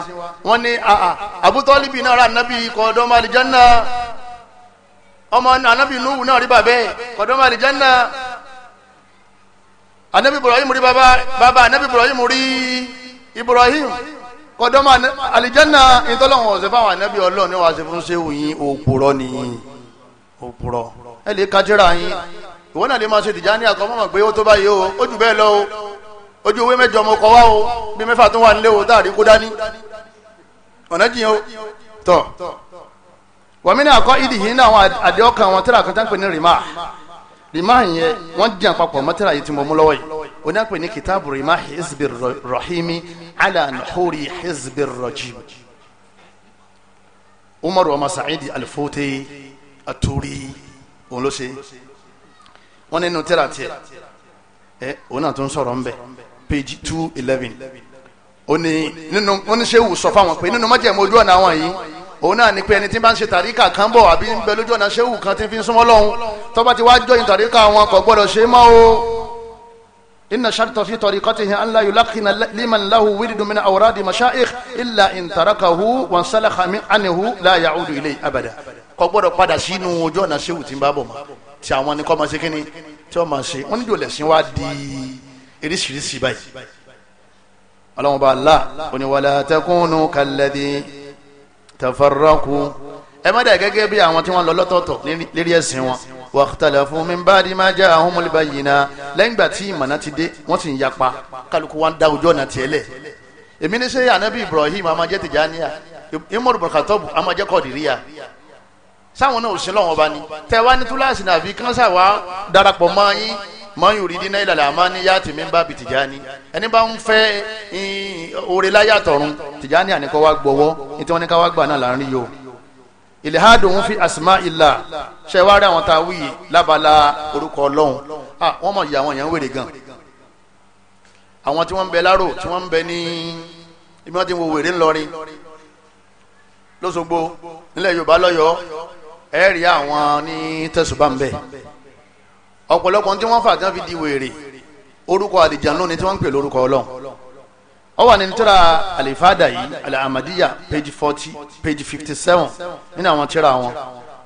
wọ́n ní Abu Talib náà rà nábì kọ̀ọ̀dọ́mọ àlìjánná ọmọ anábì Nuhu náà rí bàbẹ́ kọ̀ọ̀dọ́mọ àlìjánná anabi Ibrahim rí bàbá bàbá anabi Ibrahim rí Ibrahim kọ̀ọ̀dọ́mọ àlìjánná ìtọ́lọ́wọ̀n ọ̀sẹ̀ fáwọn anábì Ọlọ́run ẹ lè kájẹ́ra yín ìwọ náà lè máa ṣe tìjà ní àkọ́ mọ̀mọ́ pé ó tó báyìí o ó jù bẹ́ẹ̀ lọ o ojú owó mẹ́jọ ọmọ kọ wá o bí mẹ́fà tó wà nílé o táàrí kó dání ọ̀nà jìn o tọ̀ wàmí ní àkọ́ ìdí yìí ní àwọn àdé ọkàn wọn tẹ́lẹ̀ àkọ́tà ń pè ní rìmá rìmá yẹn wọ́n jẹ́ àpapọ̀ mọ́tẹ́lẹ̀ yìí tí mo mú lọ́wọ́ yìí ó ní àpè ní kìtàbù rìmá hizbi rahimi ala nuhuri hizbi rajim umaru ọmọ sa'idi alfote aturi òun ló ṣe wọn nínú tírà tiẹ̀ ẹ òun náà tó ń sọ̀rọ̀ ń bẹ page two eleven ó ní nínú wọn ní sẹ́wù sọ fáwọn pé nínú májèmó ojú ọ̀nà àwọn yìí òun náà ni pé ẹni tí bá ń ṣe tàríkà kan bọ̀ àbí ń bẹ lójú ọ̀nà sẹ́wù kan tí fi ń súnmọ́ lọ́hùn tó bá ti wá jọyìn tàríkà wọn kò gbọ́dọ̀ ṣe mọ́ o inna sharta fi tariqatihi an la yulaqina liman lahu wiridun min awradi mashayikh illa in tarakahu wa salakha min anhu la ya'udu ilayhi abada kò gbọ́dọ̀ padà sínú ojú ọ̀nà ṣéwù tí ń bá bọ̀ mọ́ tí àwọn ni kọ́ máa ṣe kí ni tí wọ́n máa ṣe wọ́n níjò lẹ̀sìn wá di eríṣiríṣi báyìí ọlọ́run bá la oníwàlá takunu kalladhi tafarraqu ẹ má dà gẹ́gẹ́ bí àwọn tí wọ́n lọ lọ́tọ̀ọ̀tọ̀ lérí ẹ̀sìn wọn wàhtàlàfù min ba'di ma ja'ahumul bayyina lẹ́yìn ìgbà tí ìmọ̀nà ti dé wọ́n sì ń yapa kálukú wa ń Ibrahim amajẹ́ tìjànìyà Umar burkatobu amajẹ́ sáwọn náà òsín lọ́wọ́ bá ní tẹ́ wá ní túláàsì náà fi kánsà wá darapọ̀ mọ́ yín mọ́ yín òrìdí náà ìlàlẹ̀ àmọ́ ní yá tèmi ń bá bi Tìjání ẹni bá ń fẹ́ oore láyà tọ̀run Tìjání àníkọ́ wá gbọ́wọ́ ní tí wọ́n ní ká wá gbà náà láàrin yìí o ìlẹ́hàdù ń fi àsìmá ìlà ṣe wá rí àwọn tá a wíyì lábala orúkọ ọlọ́run wọ́n mọ̀ yìí àwọn èèyàn wèrè gan àwọn tí wọ́n bẹ láró tí wọ́n bẹ ní ibi wọ́n ti wo wèrè ńlọrin lóṣogbo nílẹ̀ Yorùbá lọ́yọ̀ọ́ ẹ àwọn ní tẹ̀sùbà ọ̀pọ̀lọpọ̀ tí wọ́n fà fi di wèrè orúkọ àdìjàn lónìí tí wọ́n ń pè lórúkọ ọlọ́run ó wà nínú tíra àlèfáàdà yìí alàmàdíyà page forty page fifty seven nínú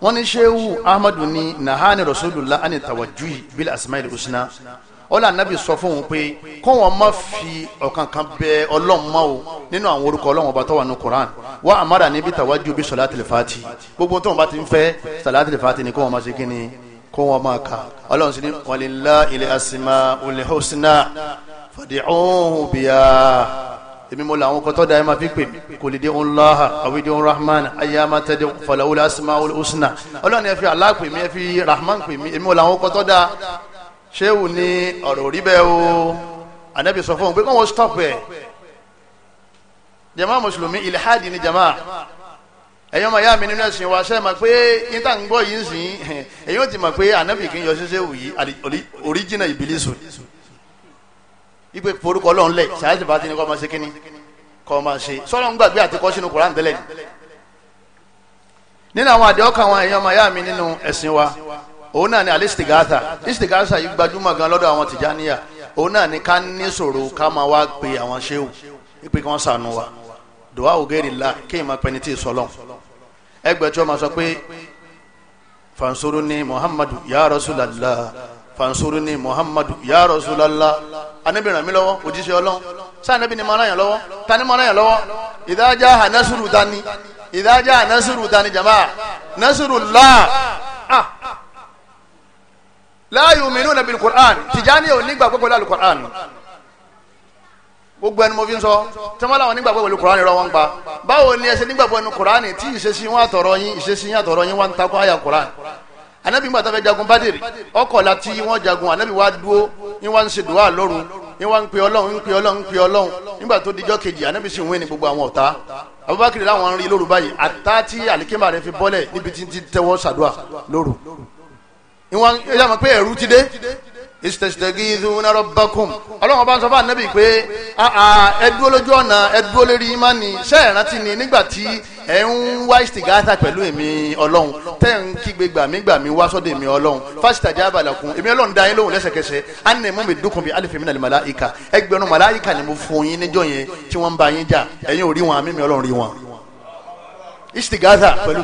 wọn ní sehu ahmadu ní nahani rasulullah ani bil asmail husna ọlọ anabi sọ fún òun pé kọ́wọ́n má fi ọ̀kan kan bẹ ọlọ́run mọ́ o nínú àwọn orúkọ ọlọ́run ọba tó wà ní Quran wà àmàrà níbi tàwájú bí sọláàtì lè fàtì gbogbo tóun bá ti ń fẹ́ sọláàtì lè fàtì ni kọ́wọ́n má ṣe kí ni kọ́wọ́n má ka ọlọ́run sì ní walillahi al-asmaul husna fad'uhu biha èmi mo làwọn kọ́tọ́ da ẹ máa fi pè mí kò lè dé ń láha àwọn èdè ń rahman ayé a máa tẹ́lẹ̀ fọlọ́wọ́lá asmaul husna ọlọ́run ẹ fi Allah pè ẹ fi rahman pè mí èmi mo làwọn kọ́tọ́ da ṣéwù ní ọ̀rọ̀ òrí bẹ́ẹ̀ o ànábì sọ fún un pé kọ́ stop ẹ̀ jama mùsùlùmí ilhadi ni jama ẹ̀yin ọmọ mi nínú ẹ̀sìn wa ṣe pé níta ń gbọ́ yìí sìn ẹ̀yin pé kì í yọ wù ipe forúkọ lẹ̀ bá ní kọ́ ṣe kínní kọ́ ṣe ń òun náà ni alẹ́ istigasa istigasa yìí gbajúmọ̀ gan lọ́dọ̀ àwọn tìjànìyà òun náà ni ká ní sọ̀rọ̀ ká máa wá pe àwọn ṣéwù pé kí wọ́n sànù wa dùwà ògèrè la kí n máa pẹ́ni tí ì sọlọ́n ẹgbẹ́ tí wọ́n máa sọ pé fansuru ni muhammadu ya rasulallah fansuru ni muhammadu ya rasulallah anabi ràn mí lọ́wọ́ òjíṣẹ́ ọlọ́run sànẹ́bí ni mo ràn yàn lọ́wọ́ tani mo ràn yàn lọ́wọ́ ìdájà ànásùrù tani ìdájà ànásùrù tani jama nasùrù láà. Ah, la yu'minuna bil Qur'an Tijani ò nígbàgbọ́ pẹ̀lú al-Qur'an gbogbo ẹni mo fi ń sọ tí wọn làwọn nígbàgbọ́ pẹ̀lú Qur'an rọ wọn pa báwo ni ẹ ṣe nígbàgbọ́ ẹnu Qur'an tí ìṣesí wọn àtọ̀rọ̀ yín ìṣesí yín àtọ̀rọ̀ yín wọn ń àyà Qur'an anabi ngbàtà fẹ́ jagun Badiri ọkọ̀ láti wọn jagun anabi wa dúró yín wá ń ṣe dùwà lọ́rùn yín wá ń pe Ọlọ́run ń pe Ọlọ́run ń pe Ọlọ́run nígbà tó dijọ́ kejì anabi sì ń wé ní gbogbo àwọn ọ̀tá Abubakar làwọn ń rí lóru báyìí àtàtì alikema rẹ fi bọ́lẹ̀ níbi tí ń tẹ́wọ́ ṣàdúà lóru ìwọ̀n ẹ̀yà mọ̀ pé ẹ̀rú ti dé istastagithuna rabbakum ọlọ́run bá ń sọ fún ànábì pé ẹdúró lójú ọ̀nà ẹdúró lérí imáni ṣé ẹ rántí ni nígbà tí ẹ ń wá ìsìgáàtà pẹ̀lú èmi ọlọ́run tẹ́ ń kígbe gbàmí gbàmí wá sọ́dọ̀ èmi ọlọ́run fastajaba lakum èmi ọlọ́run dá yín lóhùn lẹ́sẹ̀kẹsẹ̀ anna mumiddukum mi ọlọ́run rí wọn ìsìgáàtà pẹ̀lú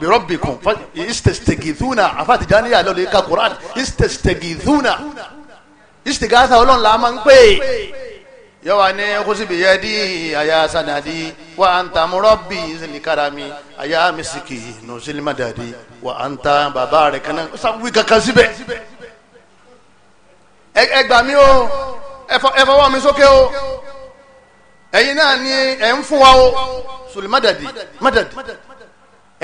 bi rabbikum istastagithuna àfa Tijaniya lọ́lẹ̀ ka Qur'an istastagithuna istigasa ọlọ́run la máa ń pè é yọwa ní kusibi yadi aya sanadi wa anta murabbi zilikarami aya misiki nuzilimadadi wa anta baba rẹ kana sanwó kankan síbẹ̀ ẹ gbà mí o ẹ fọwọ́ mi sókè o ẹ̀yin náà ni ẹ̀ ń fún wa o sulimadadi madadi. madadi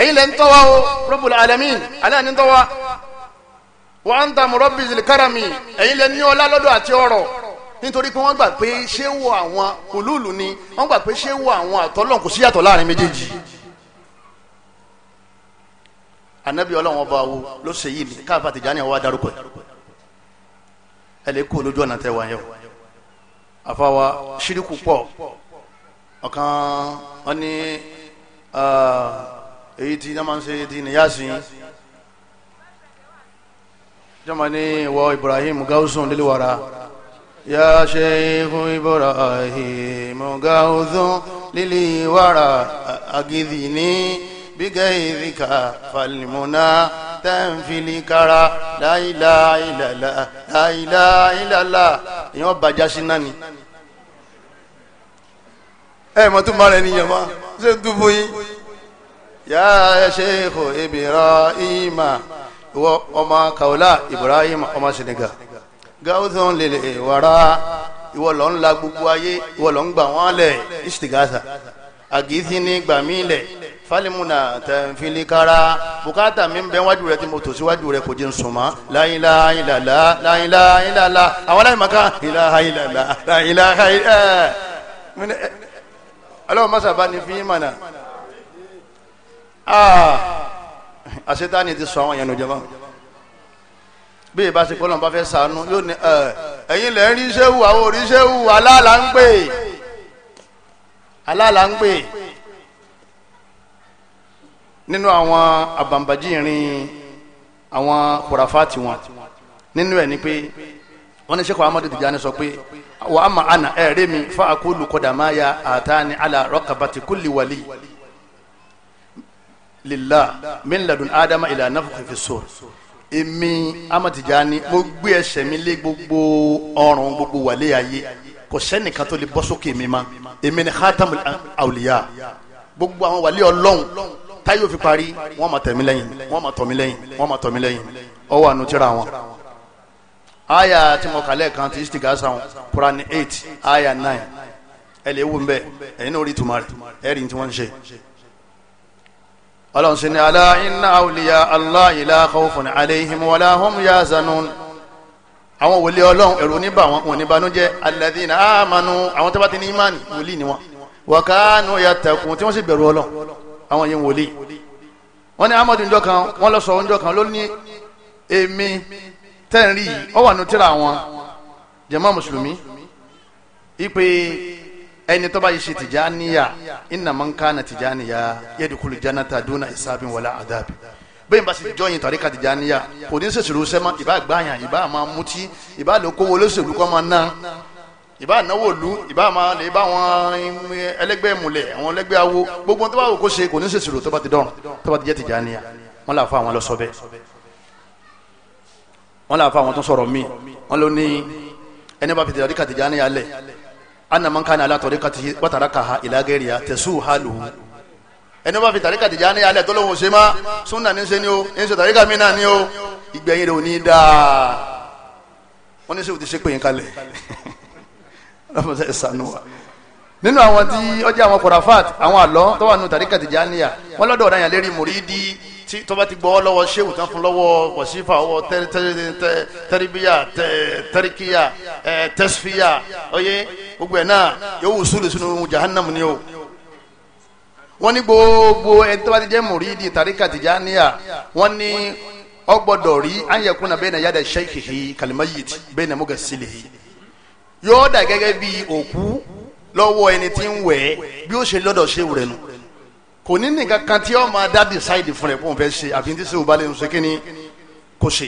ẹ̀yin lẹ́ ń tọ́wá o Rabbul alamin aláàánú tọ́wá wa anta murabbi zil karami ẹ̀yin lẹ́ ní ọlá lọ́dọ̀ àti ọ̀rọ̀ nítorí pé wọ́n gbà pé ṣé wo àwọn olúùlù ni wọ́n gbà pé ṣé wo àwọn àtọ́lọ́n kò síyàtọ̀ láàrin méjèèjì anabi ọlọ́run ọba wo ló ṣe yìí ní káfà tìjànì ọwọ́ adarúkọ ẹ lè kó lójú ọ̀nà tẹ́wàá yẹn o àfàwà ṣíríkù pọ̀ ọ̀kan wọn ní. Ah, èyí tí yọ́n máa ń ṣe ti nìyásin jọ́mọ̀ ní ìwọ Ibrahim gáúsùn lílúwara ya Sheikhu Ibrahim gáúsùn lílúwara agidi ní bígẹ́ ìdíkà falimuna tẹ́ǹfìlìkara láìláìlàlá láìláìlàlá èyàn bàjá sí náà ni ẹ̀ mọ̀ tó máa rẹ̀ níyàmá ṣe dúbò yìí ya sheikh ibrahim ìwọ ọmọ kaula ibrahim ọmọ senegal gauthun lil wara ìwọ ló ń la gbogbo ayé ìwọ ló ń gbà wọ́n lẹ̀ istigasa àgìsí ní gbàmílẹ̀ falimuna tẹnfilikara bùkátà mi bẹ wájú rẹ tí mo tò síwájú rẹ kò jí n sùnmọ láyìnlá ìlàlá láyìnlá ìlàlá àwọn aláìmọ̀ká ìlàlá ìlàlá ìlàlá ẹ ọlọ́run mọ́sàbá ni fi mọ̀nà àṣetáni ah. ti sọ àwọn èèyàn nìjọba bí ìbá ṣe kọ́ lọ́n bá fẹ́ sànú yóò ní ẹ̀yin lẹ́ ń rí sẹ́wù àwọn oríṣẹ́wù aláàlá ń pè aláàlá ń pè nínú àwọn àbàǹbàjìnrin àwọn kùràfáàtì wọn nínú ẹ̀ ni pé wọ́n ní sẹ́kọ̀ amadu tijani sọ pé wàá ma àna ẹ̀rẹ́ fa àkúlù kọ́dà máa ya àtàní àlà rọ́kàbàtì kúlì lillah min ladun adama ila nafkhi fi sur èmi amatijani mo gbé ẹsẹ̀ mi lé gbogbo ọrùn gbogbo wàlẹ́ ayé kò sẹ́nìkan tó lè bọ́ sókè mi ma èmi ni khatamul awliya gbogbo àwọn wàlẹ́ ọlọ́run táyé òfin parí wọ́n máa tẹ̀mí lẹ́yìn wọ́n máa tọ̀mí lẹ́yìn wọ́n máa tọ̀mí lẹ́yìn ọwọ́ àánú wọn. aya tí mo kàlẹ́ kan ti ṣì gàásà wọn Quran eight aya nine ẹ lè wù mbẹ ẹ̀yin náà rí tùmọ̀ rẹ̀ ẹ̀rí tí wọ́n ń ṣe ọlọ́run sì ni ala inna awliya allah la khawfun alayhim wala hum yazanun àwọn wòlé ọlọ́run ẹ̀rù oníbà wọn wọn níbanújẹ́ alladhina amanu àwọn tó bá ti ní imani wòlíì ni wọn wa kanu yattaqun tí wọ́n sì bẹ̀rù ọlọ́run àwọn yẹn wòlíì wọ́n ní amadu njọ́ kan wọ́n lọ sọ njọ́ kan ló èmi tẹ́ǹrì ọ̀wà nù tíra wọn jàmá mùsùlùmí ipe ẹni tó bá yìí ṣe tìjànìyà inna man kana tìjànìyà yadkhulu jannata duna hisabin wala adab bẹ́ẹ̀ bá sì jọyìn tàríkà tìjànìyà kò ní sèṣèlú sẹ́mọ́ ìbá gbáyàn ìbá máa mutí ìbá lè kówó olóṣèlú kọ́ máa ná ìbá náwó lu ìbá máa lè bá wọn ẹlẹgbẹ́ múlẹ̀ àwọn ẹlẹgbẹ́ awo gbogbo tó bá wò kó ṣe kò ní sèṣèlú tó bá ti dọ̀rùn tó bá ti jẹ́ tìjànìyà wọn là fa àwọn lọ sọ bẹ́ẹ̀ fa àwọn tó sọ̀rọ̀ míì wọn ló ní ẹni bá anna man kana ala tariqati wa tarakaha ila ghairiha tasu haluhu ẹni bá fi tàríkà tìjà ní alẹ́ tọ́lọ́hún ṣe má súnà ní ṣe ni o ní ṣe tàríkà mí náà ni o ìgbẹ̀yìn rẹ̀ ò ní dáa wọ́n ní sèwọ́n ti ṣe pé yín kalẹ̀ lọ́mọdé ṣànú wa nínú àwọn tí ọjà àwọn kọ̀ràfàt àwọn àlọ́ tó wà nù tàríkà tìjà níyà wọ́n lọ́dọ̀ ọ̀dà yàn lérí mùrídìí tí tó bá ti gbọ́ lọ́wọ́ ṣéwù tán fún lọ́wọ́ wọ̀sífà ọwọ́ tẹ́ríbíyà tẹ́ríkíyà tẹ́sífíyà ọyẹ gbogbo ẹ̀ náà yóò wù sùúrù sínú jahannam ni o wọ́n ní gbogbo ẹni tó bá ti jẹ́ mùrídìí tàríkà tìjàníyà wọ́n ní ó gbọ́dọ̀ rí ayẹkùn náà bẹ́ẹ̀ náà yàda ṣẹ́kìhì kalimayit bẹ́ẹ̀ náà mugasilihi yóò dà gẹ́gẹ́ bí òkú lọ́wọ́ ẹni tí ń wẹ̀ bí ó ṣe lọ́dọ̀ ṣéwù rẹ̀ nù kò ní nìkan kan tí ó máa dá decide fún rẹ̀ kó n fẹ́ ṣe àfi ní sèwọ́ balẹ̀ nsọ kí ni kò ṣe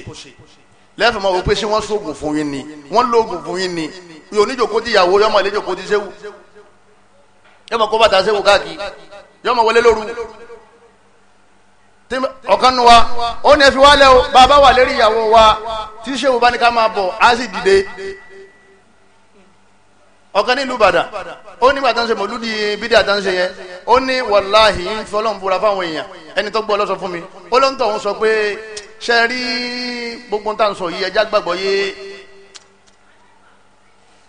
lẹ́fẹ̀ẹ́ máa wò pé ṣé wọ́n sóògùn fún yín ni wọ́n lóògùn fún yín ni yóò níjòkó ti yàwó yọ́mọ ilé jòkó ti séwu yọ́mọ kó bàtà séwu káàkiri yọ́mọ wọlé lóru ọ̀kan nu wa ó ní ẹ fi wá lẹ́ o bàbá wà lérí ìyàwó wa tí sèwu bá ní ká máa bọ̀ á sì dìde ọ̀kan nílùú Ìbàdàn ó nígbà tó ń ṣe mọ̀lúdi bídí àtàǹṣe yẹn ó ní wàláhì ń fi ọlọ́run búra fáwọn èèyàn ẹni tó gbọ́ ló sọ fún mi ó ló ń tọ̀ ń sọ pé ṣe rí gbogbo tá à ń sọ yìí ẹja gbàgbọ́ yé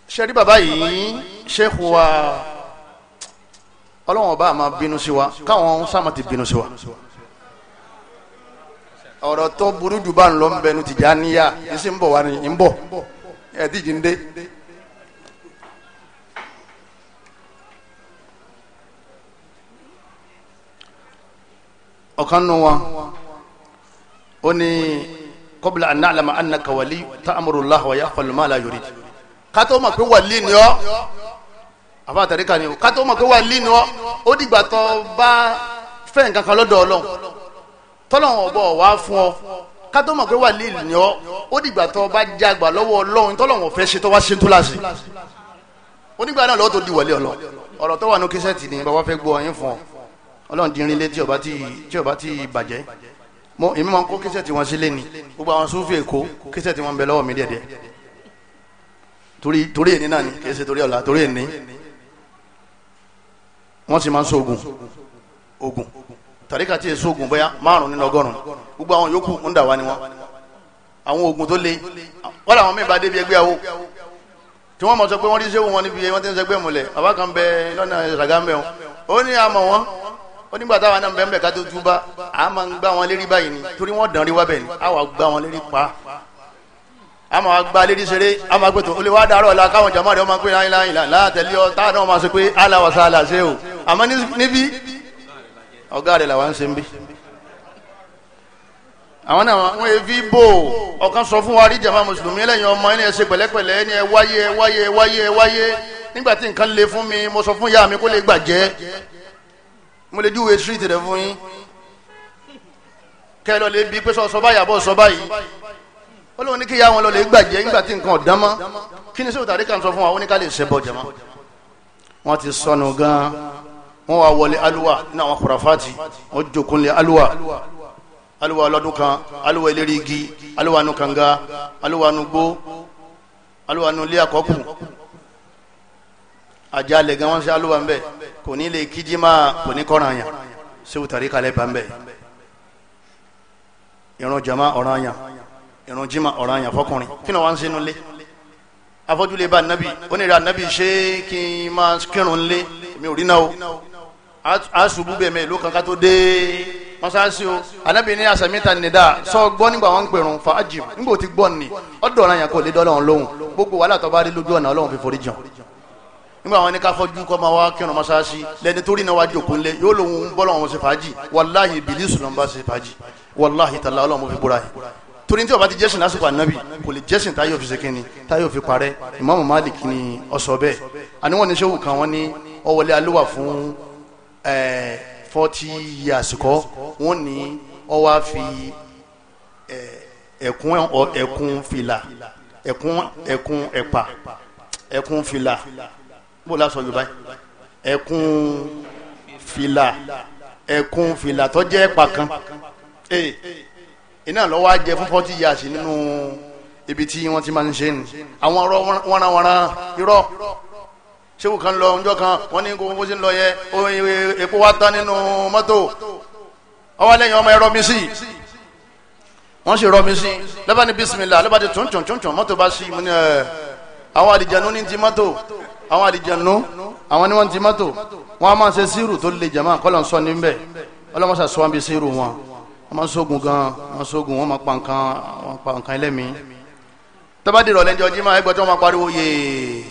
ṣe rí bàbá yìí ṣéèkù wa ọlọ́run ọba àmà bínú sí wa káwọn sáàmà ti bínú sí wa ọ̀rọ̀ tó burú jù bá ń lọ ń bẹnu Tìjàníyà yìí sì ń bọ̀ wá ní ń bọ̀ ẹ̀ díjì ń dé. ọ̀kan nù wọn ó ní qabla an na'lama annaka wali ta'muru Allah wa ya'falu ma la yurid kátó mọ̀ pé wali ni ọ́ àfa àtàríkà ni ọ́ kátó mọ̀ pé wali ni ọ́ ó dìgbà tó bá fẹ́ nǹkan kan lọ́dọ̀ ọlọ́run tọ́lọ́run ọ̀bọ̀ wá fún ọ kátó mọ̀ pé wali ni ọ́ ó dìgbà tó bá jágbà lọ́wọ́ ọlọ́run tọ́lọ́run ọ̀fẹ́ ṣe tó wá ṣe tó láṣẹ onígbà náà lọ́wọ́ di wali ọlọ́run ọ̀rọ̀ tó wà ní kíṣẹ́ẹ̀tì ni bàbá fẹ́ gbọ́ ọyìn fún ọ ọlọ́run dín rinlé tí ọba tí tí ọba tí bàjẹ́ mo èmi máa ń kó kíṣẹ́ tí wọ́n sílé ni gbogbo àwọn sùfì èkó kíṣẹ́ tí wọ́n ń bẹ lọ́wọ́ mi dẹ̀dẹ̀ torí torí èní náà ni kì í ṣe torí ọ̀la torí èní wọ́n sì máa ń sóògùn ògùn tàríkà tí èso ògùn bóyá márùn nínú ọgọ́rùn gbogbo àwọn yòókù ń dà wá ni wọn àwọn ògùn tó le wọ́n làwọn mẹ́ba débi ẹgbẹ́ àwọ tí wọ́n mọ̀ sọ pé wọ́n rí sẹ́wọ̀n wọn níbi wọ́n ti ń sẹgbẹ́ mọ̀lẹ̀ bàbá bẹ lọ́nà ìṣàgámẹ́ wọn ó ní àmọ̀ wọn onígbà táwa náà bẹ́ẹ̀ ká tó túbá a máa ń gbá wọn lérí báyìí ni torí wọ́n dàn rí wá bẹ́ẹ̀ ni a wà gbá wọn lérí pa a máa gbá lérí ṣeré a máa gbẹ̀tọ̀ olè wá dàrọ̀ la káwọn jàmáà rẹ̀ ọmọ pé láyìnláyìnlá látẹ̀lé ọ táà náà máa sọ pé aláwàsá aláṣẹ o àmọ́ níbí ọ̀gá rẹ̀ làwọn ń ṣe ń bí àwọn náà wọn evi bò ọkàn sọ fún wa rí jàmá mùsùlùmí lẹ́yìn ọmọ ẹni ẹ ṣe pẹ̀lẹ́pẹ̀lẹ́ le fún mi mo sọ fún ìyá mi kó lè gbàjẹ́ mo lè júwe street rẹ fún yín kẹ lọ lè bi pé sọ sọ báyìí àbọ̀ sọ báyìí ó lóun ní kí ya wọn lọ lè gbàjẹ́ nígbà tí nǹkan ọ̀dán mọ́ kí ni sèwòtàrí kan sọ fún wa ó ní ká lè ṣẹbọ jẹmọ́ wọn ti sọnù gan wọn wà wọlé aluwa ní àwọn kùràfàtì wọn jòkúnlé aluwa aluwa ọlọ́dún kan aluwa eléré igi aluwa nu kànga aluwa nu gbó aluwa nu ilé àkọ́kù àjálẹ̀ gan wọn ṣe aluwa ń bẹ́ẹ̀ kò ní lè kíjímà kò ní kọ́ran yàn sẹ́wù tàrí kalẹ̀ bàmbẹ́ ìrun jama ọ̀ràn yàn ìrun jima ọ̀ràn yàn fọkùnrin kí ni wọ́n ń sinú lé afọ́júlé bá nabi ó ní ra nabi ṣé kí n máa kírun lé mi ò rí náà o a ṣubú bẹ́ẹ̀ mẹ́ ìlú kan ká tó dé mọ́sáàsì o anabi ní asamita nìdá sọ gbọ́ nígbà wọn ń pèrún fàájì nígbà ó ti gbọ́ ni ọ̀dọ̀ ọ̀ràn yàn kò lè dọ́ lóhùn gbogbo wàhálà tó bá rí lójú ọ̀nà ọlọ́run fi forí jàn nígbà wọn ní ká fọjú kọ́ máa wá kírun mọ́ṣáláṣí lẹ́ni torí náà wá jòkó ńlẹ̀ yóò lòun bọ́lọ̀ wọn ṣe fàájì wàláhì ìbílísù ló ń bá ṣe fàájì wàláhì tàlà ọlọ́run fi búra yìí torí tí ó bá ti jẹ́sìn lásìkò ànábì kò lè jẹ́sìn táyọ̀ fi ṣe kínni táyọ̀ fi parẹ́ ìmáàmù Malik ni ọ̀sọ̀ bẹ́ẹ̀ àníwọ̀n ní sẹ́wù kan wọ́n ní ọwọ́lé alówà fún forty years kọ́ wọ́n ní ọwá fi ẹ̀kún ẹ̀kún fìlà ẹ̀kún ẹ̀kún ẹ̀pà ẹ̀kún fìlà bó la sọ yorùbá ẹkún fìlà ẹkún fìlà tó jẹ́ ẹ̀pà kan ee eh, iná lọ́wọ́ á jẹ fún forty years nínú ibi tí wọ́n ti máa ń ṣe ni àwọn ọ̀rọ̀ wọ́nrawọ́nra irọ́ ṣéwù kan lọ ọjọ́ kan wọ́n ní gbogbo sí ń lọ yẹ e, e, epo wá tán nínú mọ́tò ọwọ́ lẹ́yìn ọmọ ẹ̀rọ mi sí wọ́n sì rọ́ mi sí lọ́ba ní bísímìlà lọ́ba ti tún tún tún tún mọ́tò bá sí i àwọn àdìjẹ́ ní ti mọ́tò àwọn àdìjànú àwọn ni wọ́n ti mọ́tò wọ́n a máa ṣe síìrù tó le jàmá kọ́lọ̀ ń sọ níbẹ̀ ọlọ́mọṣà sọ wọn bí síìrù wọn wọ́n máa ń sógun gan wọ́n sógun wọ́n máa pa nǹkan wọ́n pa nǹkan tọ́bádìí rọ̀ lẹ́jọ́ jimá ẹgbẹ́ tó máa pariwo yéé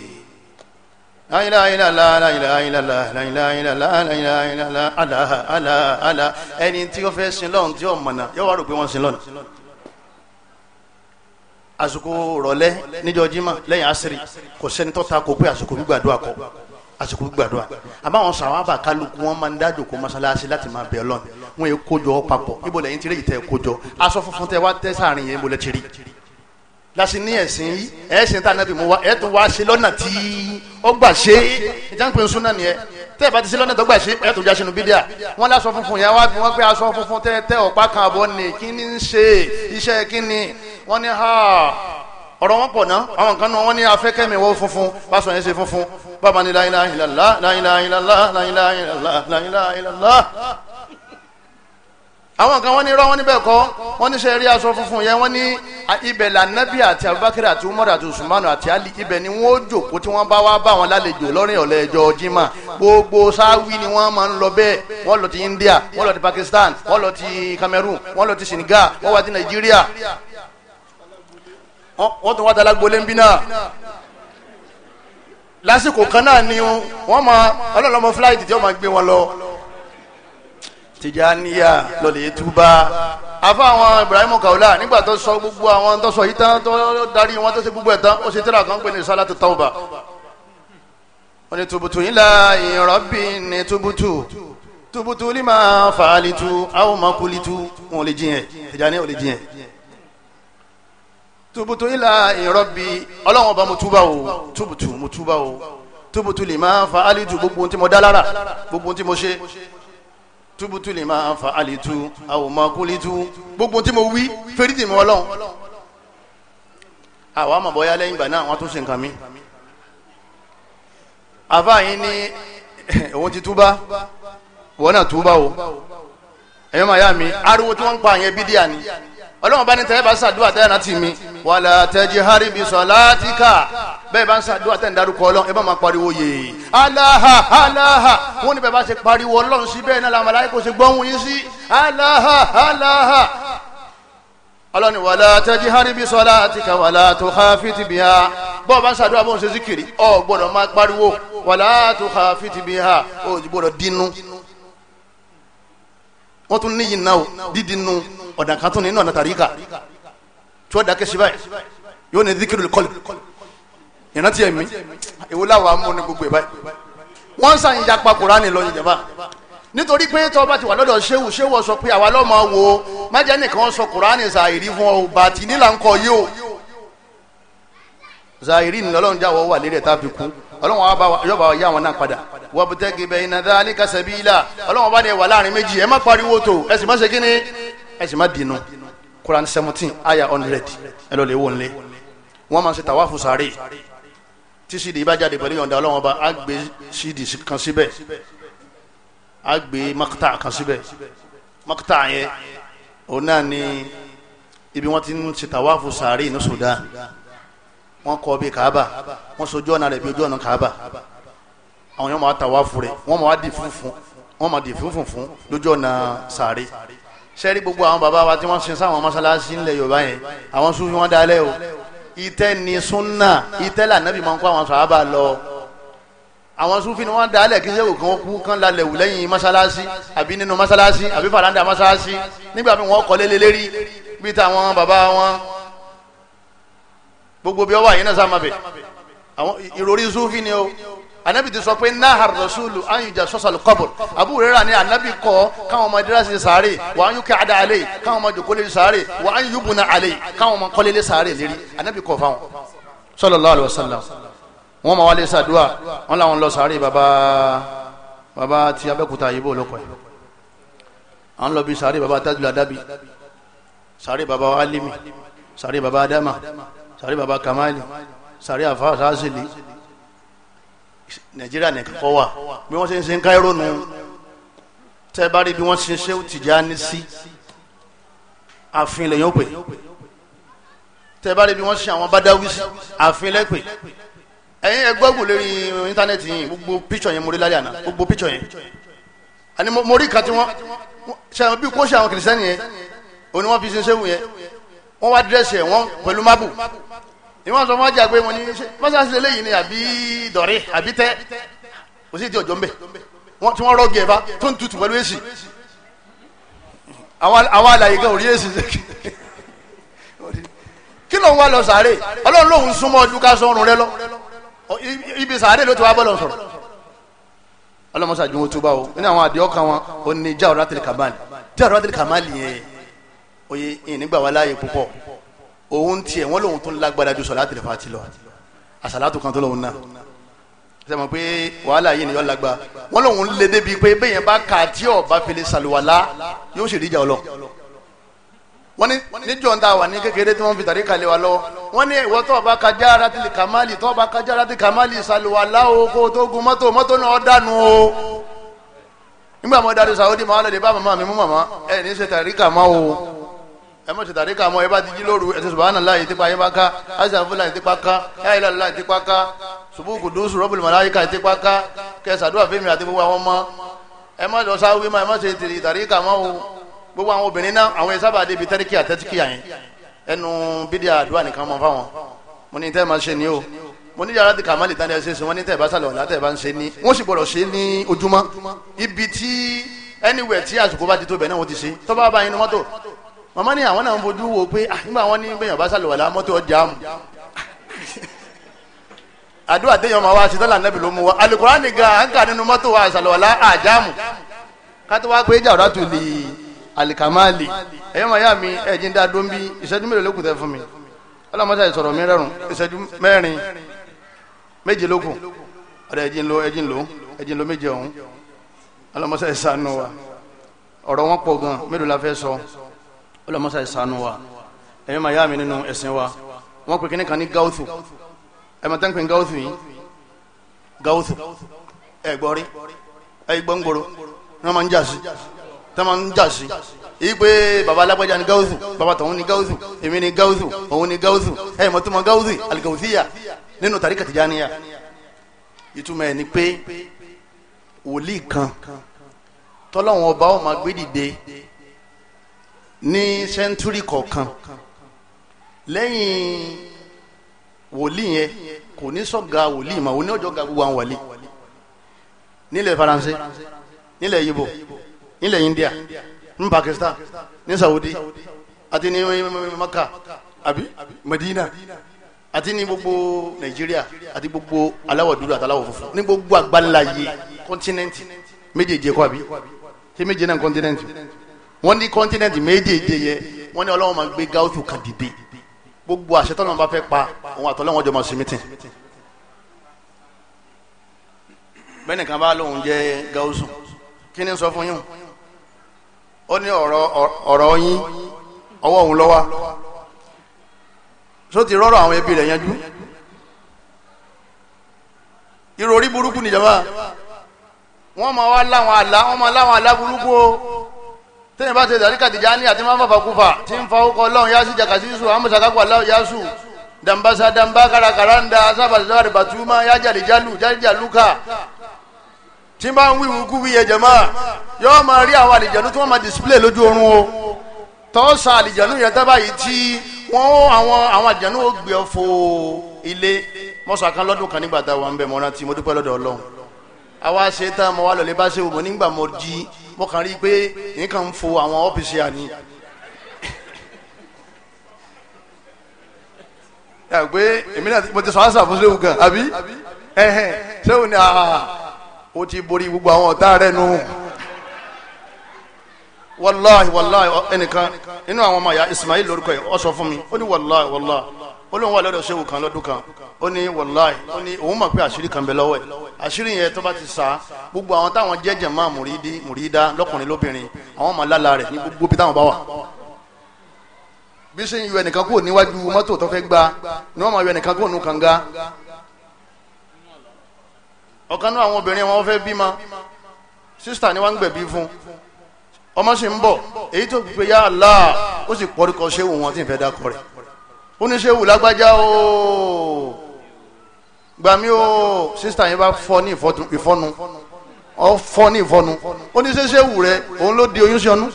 ẹni tí ó fẹ́ sin lọ́run tí ó mọ̀nà yóò wá rò pé wọ́n sin lọ́nà àsìkò rọ̀lẹ́ níjọ́ jimá lẹ́yìn asiri kò sẹ́ni tó ta kò pé àsìkò gbígbàdúrà kọ àsìkò gbígbàdúrà àbáwọn sàwábà kálukú wọn máa ń dájò kó mọ́sálásí láti máa bẹ̀ ọlọ́run wọn yẹ kójọ papọ̀ ibo lẹ́yìn tirẹ̀ yìí tẹ́ kójọ aṣọ funfun tẹ wá tẹ́ sáàrin yẹn ibo lẹ́ lasi ní ẹ̀sìn yìí ẹ̀sìn tá a nàbì mu wá ẹ̀ tún wá ṣe lọ́nà tí ó gbà ṣe ìjànpẹ̀ nsúná nìyẹn tẹ́ ẹ̀ bá ti ṣe lọ́nà tó gbà ṣe ẹ̀ tún já sínú bídíà wọ́n lásọ funfun yẹn wá bí wọ́n pé aṣọ funfun tẹ́ tẹ́ ọ̀pá kan àbọ̀ ni kí ni ń ṣe iṣẹ́ kí ni wọ́n ní ha ọ̀rọ̀ wọn pọ̀ náà àwọn kan náà wọ́n ní afẹ́kẹ́mi wọ́n funfun pásọ̀ yẹn ṣe funfun bàbá ni la ilaha illallah la ilaha illallah la ilaha illallah la ilaha illallah àwọn kan wọ́n ní irọ́ wọ́n ní bẹ́ẹ̀ kọ́ wọ́n ní ṣe rí aṣọ funfun yẹn wọ́n ní ibẹ̀ lànàbí àti abubakar àti umar àti usman àti ali ibẹ̀ ni wọ́n jòkó tí wọ́n bá wá bá wọn lálejò lọ́rìn ọ̀lẹ́ ẹjọ́ jimá gbogbo sáwí ni wọ́n máa ń lọ bẹ́ẹ̀ wọ́n lọ ti india wọ́n lọ ti pakistan wọ́n lọ ti cameroon wọ́n lọ ti senegal wọ́n wá ti nàìjíríà wọ́n tún wá dá lágbolé ń bí náà lásìkò kan náà ni wọ́n máa ọlọ́lọ́mọ fúláìtì tí wọ́n máa gbé wọn lọ tìjànìyà lọ́lẹ̀ túbá afá àwọn Ibrahim Kaula nígbà tó sọ gbogbo àwọn tó sọ yìí tán tó darí wọn tó ṣe gbogbo ẹ̀ tán ó ṣe tíra kan pè ní sálátù tauba ó ní tubutu ila rabbi ní tubutu tubutu lima fa'alitu aw ma kulitu wọn ò lè jiyàn tìjànìyà ò lè jiyàn tubutu ila irobi ọlọ́wọ́n ọba mo túbà o tubutu mo túbà o tubutu lè máa fa alitu gbogbo ohun tí mo dá lára gbogbo ohun tí mo ṣe tubutu lè máa fa alitu àwòmọ́kúlitu gbogbo ohun tí mo wí fèrèdì mi ọlọ́run àwa àmọ̀ bọ́yá lẹ́yìn ìgbà náà wọ́n tún ṣe nǹkan mi àfáàyín ní òun ti túbà wọ́n náà túbà o ẹ̀yọ́ màá yá mi ariwo tí wọ́n ń pa àyẹn bídíà ni ọlọ́run bá ní tẹ́lẹ̀ bá ń ṣàdúrà tẹ́lẹ̀ náà ti mi wàlà tajhari bi salatika bẹ́ẹ̀ bá ń ṣàdúrà tẹ́lẹ̀ darúkọ ọlọ́run ẹ bá máa pariwo yé aláha aláha wọ́n ní bẹ́ẹ̀ bá ṣe pariwo ọlọ́run sí bẹ́ẹ̀ náà làmàlà kò ṣe gbọ́hùn yín sí aláha aláha ọlọ́run ni wàlà tajhari bi salatika wàlà tukhafit biha bọ́ọ̀ bá ń ṣàdúrà bó ń ṣe zikiri ọ̀ gbọ́dọ̀ máa pariwo wàlà tukhafit biha ó gbọ́dọ̀ dínú wọ́n tún níyìn náà dídínú ọ̀dà kan tún nínú ọ̀nà tàríkà tí wọ́n dákẹ́ sí báyìí yóò ní zikiru kọlù ìrántí ẹ̀mí èwo láwa mú ní gbogbo ìbáyìí wọ́n sàn ń yapa kuraani lọ ìjàmbá nítorí pé tọ́ba ti wà lọ́dọ̀ ṣéwù ṣéwù sọ pé àwa lọ́mọ wo májẹ́ nìkan sọ kuraani zàìrí fún ọ bàtì nílà ń kọ yìí o zahiri ni lọ́lọ́run jáwọ́ wà lérí ẹ̀ta fi kú ọlọ́run wa bá yọba wa yá wọn náà padà wọ́n bu tẹ́gì bẹ́ẹ̀ iná dá ní kasabila ọlọ́run bá ní ẹ̀wà láàrin méjì ẹ má pariwo tó ẹ sì má ṣe kí ni ẹ sì má bínú Quran seventeen aya hundred ẹ lọ lè wò nílé wọ́n máa ń ṣe tàwáfù sáré tí sídìí bá jáde pẹ̀lú yọ̀ǹda ọlọ́wọ́n bá á kan síbẹ̀ á makita kan síbẹ̀ makita yẹn òun náà ni ibi wọ́n ti ń ṣe tàwáfù sáré ní Sudan wọ́n kọ́ bí kaaba wọ́n sojú ọ̀nà rẹ̀ bí ojú ọ̀nà kaaba àwọn yẹn máa tàwáfù rẹ̀ wọ́n máa di funfun wọ́n máa di funfun fun, lójú ọ̀nà sáré sẹ́rí gbogbo àwọn bàbá wa tí wọ́n sin sáwọn mọ́sálásí ńlẹ̀ yorùbá yẹn àwọn sùn wọn dalẹ̀ o ìtẹ́ ni sunna. ìtẹ́ lànàbì máa ń kó àwọn sàábà lọ àwọn sufi ni wọn da alẹ kí sẹwò kan kú kan lalẹ wù lẹ́yìn masalasi àbí nínú masalasi àbí faranda masalasi nígbà mi wọn kọlé lélẹrí bí táwọn bàbá wọn gbogbo bí ọwọ àyínà sáà má bẹ àwọn ìròrí sufi ni o anabi ti sọ pé nahar rasulu anyuja sọsọlù kọbùr abu rira ni anabi kọ káwọn ọmọ dirasi sáré wà anyu kẹ ada ale káwọn ọmọ jòkó lè sáré wà anyu buna ale káwọn ọmọ kọ́lé lè sáré lérí anabi kọ fáwọn sallallahu alaihi wasallam wọn ma wá lè sàdúà wọn làwọn lọ sáré baba baba ti abẹ́kúta yìí bò lóko ẹ̀ àwọn lọ bí sáré baba tajul adabi sáré baba alimi sáré baba adama sáré baba kamali sáré afa sásìlì. Nigeria nìkan kọ́ wà bí wọ́n ṣe ń ṣe ń káírò nù tẹ́ bá rí bí wọ́n ṣe ṣe ó tìjà ní sí àfin lè yóò pè tẹ́ bá rí bí wọ́n ṣe àwọn bádáwí sí àfin lẹ́pẹ̀ ẹ̀yin ẹ gbọ́gbò lórí íńtánẹ́ẹ̀tì yìí gbogbo píṣọ̀ yẹn mo rí lálẹ́ àná gbogbo píṣọ̀ yẹn àní mo rí kan tí ṣe àwọn bí kó ṣe àwọn kìrìsìtẹ́nì yẹn òní wọ́n fi ṣe ṣéwù yẹn wọ́n wá dírẹ́sì ẹ̀ wọ́n pẹ̀lú mábù ìwọ́n sọ wọ́n jàgbé wọn ní mọ́sáàsì eléyìí ni àbí dọ̀rẹ́ àbí tẹ́ kò sí ti ọjọ́ ń bẹ̀ wọ́n tí wọ́n rọ́ọ̀gì ẹ̀fà tó ń tutù pẹ̀lú èsì àwọn àlàyé gan orí èsì kí ló ń wá lọ sàárè ọlọ́run lòun súnmọ́ ojú ká rẹ lọ ibi sàárè ló ti wá bọ́lọ̀ sọ̀rọ̀ ọlọ́mọsá ju wọn tó bá o nínú àwọn àdéhùn kan wọn ò ní jáwọ́ látìlì kàmáàlì jáwọ́ látìlì kàmáàlì yẹn òye ìnígbà wà láàyè púpọ̀ òun tiẹ̀ wọ́n lòun tó lágbára ju sọ̀lá tìlẹ̀fà ti lọ àsàlátù kan tó lòun náà ṣe mọ̀ pé wàhálà yìí nìyọ́ lágbá wọ́n lòun lè débi pé bẹ́yẹn bá kà tí ọ̀ bá fele sàlùwàlá yóò sì ríjà ọlọ. wọ́n ní níjọ́ ń ta wà ní kékeré tí wọ́n fi tàrí kalẹ̀ wa lọ wọ́n ní ìwọ tó bá ka jára ti lè kàmáàlì tó bá ka jára ti kàmáàlì sàlùwàlá o kó tó gun mọ́tò mọ́tò náà dànù o. nígbà mọ́ dáadé sàwọ́dì máa lọ ẹ mọ̀ tètè àríkà mọ́ ẹ bá ti jí lóru ẹ ti subhanallahi tipa yín bá ká astaghfirullah tipa ká yáyìlá láì tipa ká subu kudusu rabbul malaika tipa ká kẹ sàdúrà fíìmù àti gbogbo àwọn ọmọ ẹ mọ̀ lọ sáwí mọ́ ẹ mọ̀ tètè àríkà mọ́ o gbogbo àwọn obìnrin náà àwọn ìsábà débi tẹ́ríkì àtẹ́tíkì àyìn ẹnu bídíà àdúrà nìkan mọ́ fáwọn mo ní tẹ́ máa ṣe ni o mo ní yàrá ti kà má lè tán ẹ ṣe tí anywhere tí àsìkò bá ti tó bẹ̀ náà wọ́n ti ṣe tọ́ bá yín ní mọ́tò màmá ní àwọn náà ń fojú wo pé ah, nígbà wọn ní bẹyàn bá sàlùwàlà mọ́tò ọjà mu àdúrà téèyàn máa wá ṣe tọ́lá ló mú wa alukóra nìkan à ń kà nínú mọ́tò wa sàlùwàlà àjàmù kátó wá pé jàdá tó lè alikamali ẹ̀yọ́ máa yá mi ẹ̀jìn dá dó ń bí ìṣẹ́jú mélòó ló tẹ́ fún mi ọlọ́mọdé sọ̀rọ̀ mi rẹ̀rùn ìṣẹ́jú mẹ́rin méje ló ẹ̀jìn ló ọlọ́mọsá ìsànú wa ẹ̀yọ́ màá yá mi nínú ẹ̀sìn wa wọ́n pè kíní kan ní gáúthù ẹ̀mọ̀ tán pè gáúthù yìí gáúthù ẹ̀gbọ́rí ẹ̀gbọ́ngbòrò wọ́n máa ń jà sí tán máa ń jà sí èyí pé baba alágbájá ni gáúthù baba tọ̀hún ni gáúthù èmi ni gáúthù òun ni gáúthù ẹ̀mọ̀ tó mọ gáúthù àlìkàwùsíyà nínú tàríkà tìjáníyà ìtumọ̀ ẹ̀ ni pé wòlíì kan tọ́lọ́wọ́n ọba ó máa gbé dìde ní sẹ́ńtúrì kọ̀ọ̀kan lẹ́yìn wòlíì yẹn kò ní sọ̀gá wòlíì mà òní ọjọ́ ga gbogbo àwọn wàlíì nílẹ̀ faransé nílẹ̀ yibo nílẹ̀ india ní pakistan ní saudi àti ní maka àbí medina àti ní gbogbo nàìjíríà àti gbogbo aláwọ̀ dúdú àti aláwọ̀ funfun ní gbogbo àgbáńlá yìí kọ́ńtínẹ́ǹtì méjèèjì ẹ̀kọ́ àbí ṣé méje náà kọ́ńtínẹ́ǹtì wọ́n ní kọ́ńtínẹ́ǹtì méjèèjì yẹ wọ́n ní ọlọ́wọ́n máa gbé gáúsù kan dìde gbogbo àṣẹ tọ́lọ́run bá fẹ́ pa òun àtọ́lọ́wọ́n jọ máa ṣe mítìn bẹ́ẹ̀ni kan bá lóun jẹ́ gáúsù kí ni sọ fún yín ó ní ọ̀rọ̀ yín ọwọ́ òun lọ́wọ́ só ti rọ́rọ̀ àwọn ẹbí rẹ̀ yanjú ìròrí burúkú nìjọba wọ́n máa wá láwọn àlá wọ́n máa láwọn àlá burúkú o tẹ́yìn bá ṣe tàríkà Tìjàní àti máa fàfà kúfà tí ń fa ọkọ̀ ọlọ́run yá sí jàkàsísù amúsàkápọ̀ aláwọ̀ yá sù dàmbàṣà dàmbà kàràkàràǹda sábàṣàbàrì bàtúmọ̀ yá jàlìjálù jàlìjálùkà tí bá ń wíwú kú wíyẹ jẹ̀mọ́ yóò máa rí àwọn àlìjẹ̀nú tí wọ́n máa display lójú oorun o tọ́ sa àlìjẹ̀nú yẹn tábà yìí tí wọ́n àwọn àwọn àlìjẹ̀nú ó gbé ọ̀fọ̀ ilé mọ́sàkán lọ́dún kan nígbà táwọn ń bẹ̀ mọ́ra tí mo dúpẹ́ lọ́dọ̀ ọlọ́run àwa ṣe tán mo wá lọ́lẹ́ bá ṣe wò mo nígbà mo jí mo kàn rí i pé nǹkan ń fo àwọn ọ́fíìsì àní. àgbé èmi náà mo ti sọ àṣà fún sẹ́wù gan àbí ẹ̀hẹ̀ sẹ́wù ni o ti borí gbogbo àwọn ọ̀tá rẹ̀ nù. wàláhi wàláhi ẹnìkan inú àwọn ọmọ ya Ismail lórúkọ yìí ó sọ fún mi ó ní wàláhi wàláhi ó lóun wà lọ́dọ̀ ṣéwù kan lọ́dún kan ó ní wàláì ó ní òun mọ̀ pé àṣírí kan bẹ lọ́wọ́ ẹ̀ àṣírí yẹn tó bá ti sá gbogbo àwọn táwọn jẹ́jẹ̀ máa mùrídí mùrídá lọ́kùnrin lóbìnrin àwọn máa lálàá rẹ̀ ní gbogbo bí táwọn bá wà bí sẹ́yìn yọ ẹnìkan kúrò níwájú mọ́tò tó fẹ́ gba ni wọ́n máa yọ ẹnìkan kúrò nù kànga ọ̀kan náà àwọn obìnrin wọn fẹ́ bímọ sísítà ni wọ́n ń gbẹ̀bí fún ọmọ sì ń bọ̀ èyí tó gbé yá ó sì pọ́ríkọ ṣéwù wọn tí ń fẹ́ dákọ rẹ̀ oníṣẹ́wù lágbájá o gbàmí o sísítà yẹn bá fọ ní ìfọnu ọ fọ ní ìfọnu oníṣẹ́ṣẹ́wù rẹ òun ló di oyún sí ọnú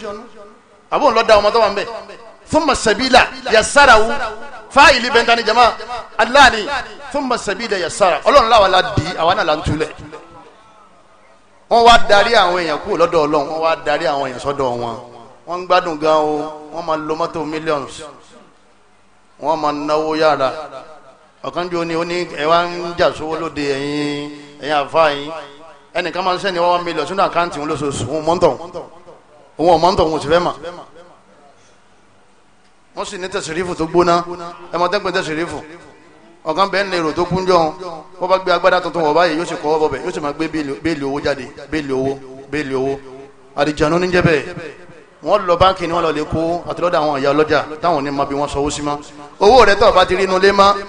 àbọ̀ òun da ọmọ tó wà ń bẹ̀ thumma sabila yasarawu fáìlì bẹ́ntani jama aláàni thumma sabila yasara ọlọ́run láwa la di àwa náà la ń tulẹ̀ wọ́n wá darí àwọn èèyàn kúrò lọ́dọ̀ ọlọ́run wọ́n wá darí àwọn èèyàn sọ́dọ̀ wọn wọ́n gbádùn gan o wọ́n máa lo mọ́tò millions wọ́n máa náwó yára ọ̀kan jù ní oní ẹ̀wá ń jà sówó lóde ẹ̀yìn ẹ̀yìn àfáà yín ẹnìkan máa ń sẹ́ni wọ́n mílíọ̀nù sínú àkáǹtì òun lóṣooṣù òun mọ́ntọ̀ òun ọ̀mọ́ntọ̀ òun sì fẹ́ mà wọ́n sì ní tẹ̀sírífù tó gbóná ẹ̀mọ́tẹ́gbẹ̀ tẹ̀sírífù ọ̀kan bẹ́ẹ̀ ní èrò tó kún jọ wọ́n bá gbé agbádá tuntun wọ̀ báyìí yóò sì kọ́ ọbọ̀ bẹ̀ yóò sì máa gbé béèlì owó jáde béèlì owó béèlì owó àdìjànú níjẹ́ bẹ́ẹ̀ wọ́n lọ báńkì ni wọ́n lọ lè kó àtìlọ́dà àwọn ìyá ọlọ́jà táwọn ní ma bí wọ́n sọ owó sí máa owó rẹ tó ọba ti rí inú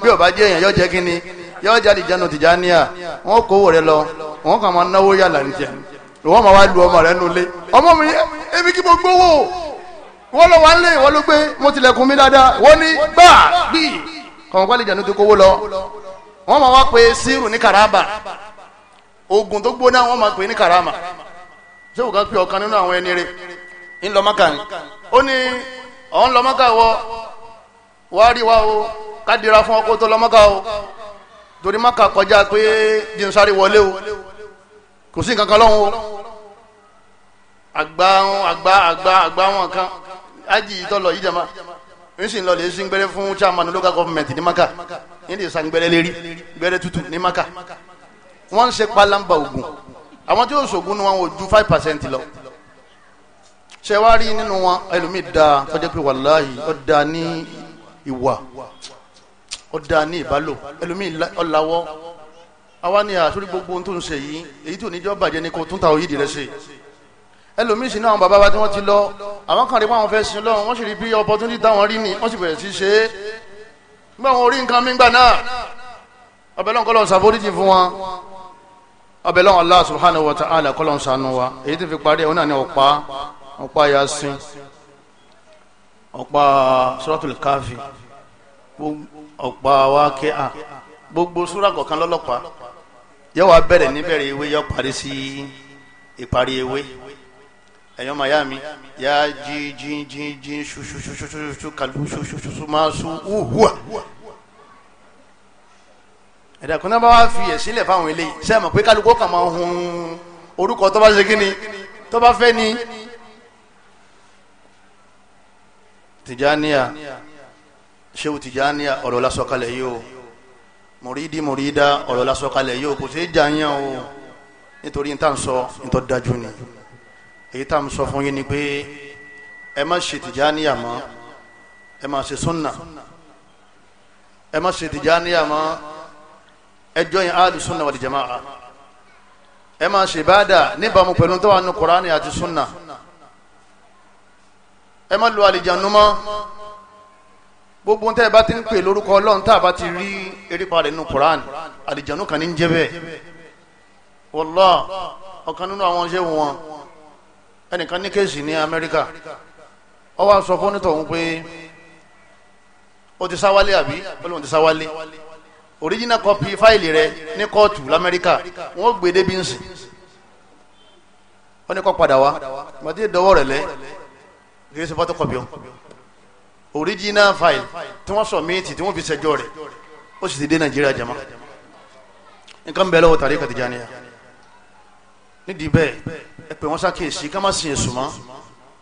bí ọba jẹ èèyàn yọ jẹ kí ni yọ jáde jánu Tìjàníyà wọn kó owó rẹ lọ wọn kàn máa náwó yàrá ní tiẹ wọn máa wá lu ọmọ rẹ nulẹ ọmọ mi ebi kí mo gbowó wọn lọ wá ń gbé mo mi dáadáa wọn ní gbà bí lọ wọn máa wá sírù ní karaba tó gbóná wọn máa ní karama ṣé nínú ni ó ní wàá rí wa o ká dira fún ọkọ tó lọ mọ́kà o torí mọ́kà kọjá pé jínsáré wọlé o kò sí nǹkan kan lọ́hùn o àgbà àgbà àgbà àgbà wọn kan ájì ìtọ́lọ̀ yìí jẹ́ma n sì ń lọ lè sí gbẹ́rẹ́ fún chairman local government ní maka ní lè san gbẹ́rẹ́ lérí gbẹ́rẹ́ tútù ní maka wọ́n ń ṣe palamba ogun àwọn tí yóò ṣògùn ni wọn ò ju five percent lọ ṣe wá rí nínú wọn ẹlòmíì dáa tọ́jú pé wàláhì ó ní ìwà ọ̀dà ní ìbálò ẹlòmíì ọ̀làwọ́ àwa ni àsórí gbogbo ohun tó ń ṣe yìí èyí tó níjọ́ bàjẹ́ ni kò tún ta òyìnbí rẹ̀ ṣe ẹlòmíì sì ní àwọn bàbá wa tí wọ́n ti lọ àwọn kan rí pé àwọn fẹ́ sin lọ́wọ́ wọ́n sì rí bí opportunity táwọn rí ni wọ́n sì bẹ̀rẹ̀ sí ṣe é nígbà wọn orí nǹkan mígbà náà ọbẹ̀ lọ́n kọ́lọ́n ṣàforíjì fún wọn ọbẹ̀ lọ́n Allah subhanahu wa ta'ala kọ́lọ́n ṣàánú wa èyí ti fi parí ẹ̀ wọn náà ní ọ̀pá ọ̀pá yasin ọ̀pá suratul káfí ọ̀pá wákẹ́à gbogbo sura kọ̀ọ̀kan lọ́lọ́pàá yóò wá bẹ̀rẹ̀ níbẹ̀rẹ̀ ewé yóò parí sí ìparí ewé ẹ̀yọ́ miami yá jí jí jí jí ṣuṣuṣuṣuṣu kàlú ṣuṣuṣuṣu máa ṣu wúwúà ẹ̀dá kan náà bá wá fi ẹ̀sílẹ̀ fáwọn eléyìí sẹ́ẹ̀mọ̀ pé kálukú kàn máa hun orúkọ tó bá ṣe kí ni tó bá fẹ́ ni tijaniya sehu tijaniya ọ̀rọ̀ lásọkalẹ̀ yìí o muridi murida ọ̀rọ̀ lásọkalẹ̀ yìí o kò sí jàǹyàn o nítorí n ta n sọ n tọ́ dájú ni èyí tá à ń sọ fún yín ni pé ẹ má ṣe tìjáníyà mọ́ ẹ má ṣe súnà ẹ má ṣe tìjáníyà mọ́ ẹ jọyìn áàlù súnà wal jamaa ẹ má ṣe báàdà níbàámu pẹ̀lú tó wà nínú Kùránì àti súnà ẹ má lo àlìjànú mọ́ gbogbo tẹ́ ẹ bá ti ń pè lórúkọ ọlọ́run tá a bá ti rí erépa rẹ̀ nínú Quran àlìjànú kan ní ń jẹ́ bẹ́ẹ̀ wọ́lá ọ̀kan nínú àwọn ṣé wọn ẹnìkan ní kéèsì ní Amẹ́ríkà ọ wá sọ fún onítọ̀hún pé o ti sáwálé àbí olóhùn ti sáwálé original copy fáìlì rẹ ní kóòtù l'Amẹ́ríkà wọ́n gbé débi ń sìn wọ́n ní kó padà wá màdí ìdọ́wọ́ rẹ̀ lẹ́ kìí ṣe photocopy o original file tí wọ́n submit tí wọ́n fi ṣẹjọ́ rẹ̀ ó sì ti dé nàìjíríà jama nǹkan bẹ́ẹ̀ lọ́wọ́ tàríkà Tìjàníyà nídìí bẹ́ẹ̀ ẹ pè wọ́n ṣàkíyèsí ká má sìn èso mọ́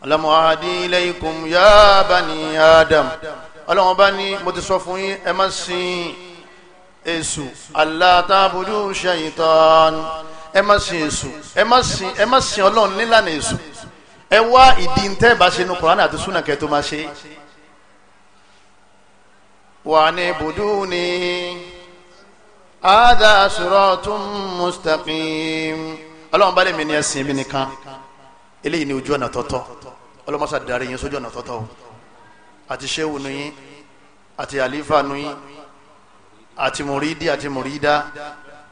alamu adi ilaykum ya bani adam ọlọ́wọ́n bá ní mo ti sọ fún yín ẹ má sìn èso Allah ta'budu shaytan ẹ má sìn èso ẹ má sìn ọlọ́run nílànà èso ẹ wá ìdí ń tẹ́ bá ṣe nu Kùránì àti súnà kẹ́ tó máa ṣe wà ní ibùdó ni hadha siratun mustaqim ọlọ́run bá lè mi ní ẹ̀sìn mi nìkan eléyìí ni ojú ọ̀nà tọ́tọ́ ọlọ́mọṣà darí yín sójú ọ̀nà tọ́tọ́ o àti ṣéwù nu yín àti àlífà nu yín àti mùrídìí àti mùrídà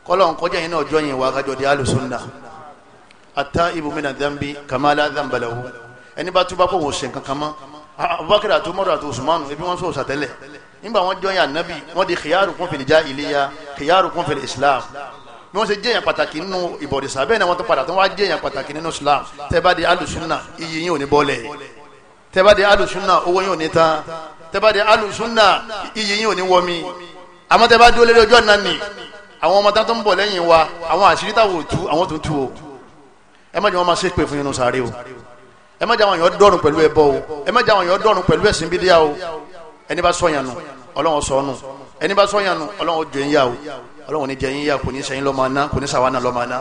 kọ́lọ́n kọjá yín náà jọ yín wà kájọ di alùsùn náà at-taibu mina dhanbi kama la dhanba lahu ẹni bá túbá kó wọn ṣe nǹkan kan mọ́ ah, abubakar àti umaru àti usman ebi wọn sọ sàtẹlẹ nígbà wọn jọyìn anabi wọn di khiyarukum fil jahiliya khiyarukum fil islam bí wọn ṣe jẹyàn pàtàkì nínú ìbọ̀dìsá bẹ́ẹ̀ ni wọn tó padà tó wọn jẹyàn pàtàkì nínú islam tẹ́bá di alùsùnà iyì yín ò ní bọ́lẹ̀ tẹ́bá alùsùnà owó yín ò ní tán tẹ́bá alùsùnà iyì yín ò ní wọmi àmọ́ tẹ́bá dúró ọjọ́ náà ni àwọn ọmọ tó ń bọ̀ lẹ́yìn wa àwọn àṣírí táwọn ò tú àwọn tó tú o ẹ má jẹ́ wọn máa ṣe pé fún yín nù sáré o ẹ má jẹ́ àwọn èèyàn dọ́rùn pẹ̀lú ẹbọ o ẹ má jẹ́ àwọn èèyàn dọ́rùn pẹ̀lú ẹ̀sìn bídíà o ẹni bá sọyàn nù ọlọ́run sọ nù ẹni bá sọyàn nù ọlọ́run jẹ yín yá o ọlọ́run ní jẹ yín yá kò ní sẹ́yìn lọ́mọ aná kò ní sàwọn náà lọ́mọ aná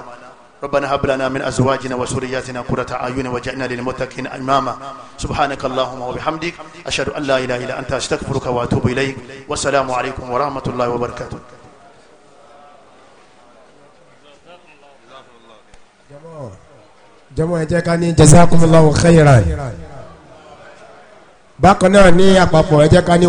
ربنا هب لنا من ازواجنا وذرياتنا قرة اعين واجعلنا للمتقين اماما سبحانك اللهم وبحمدك اشهد ان لا اله الا انت استغفرك واتوب اليك والسلام عليكم ورحمه الله وبركاته jọmọ ẹ jẹ́ ká ní jazakumullahu khairan bákan náà ní àpapọ̀ ẹ jẹ́ ká ní.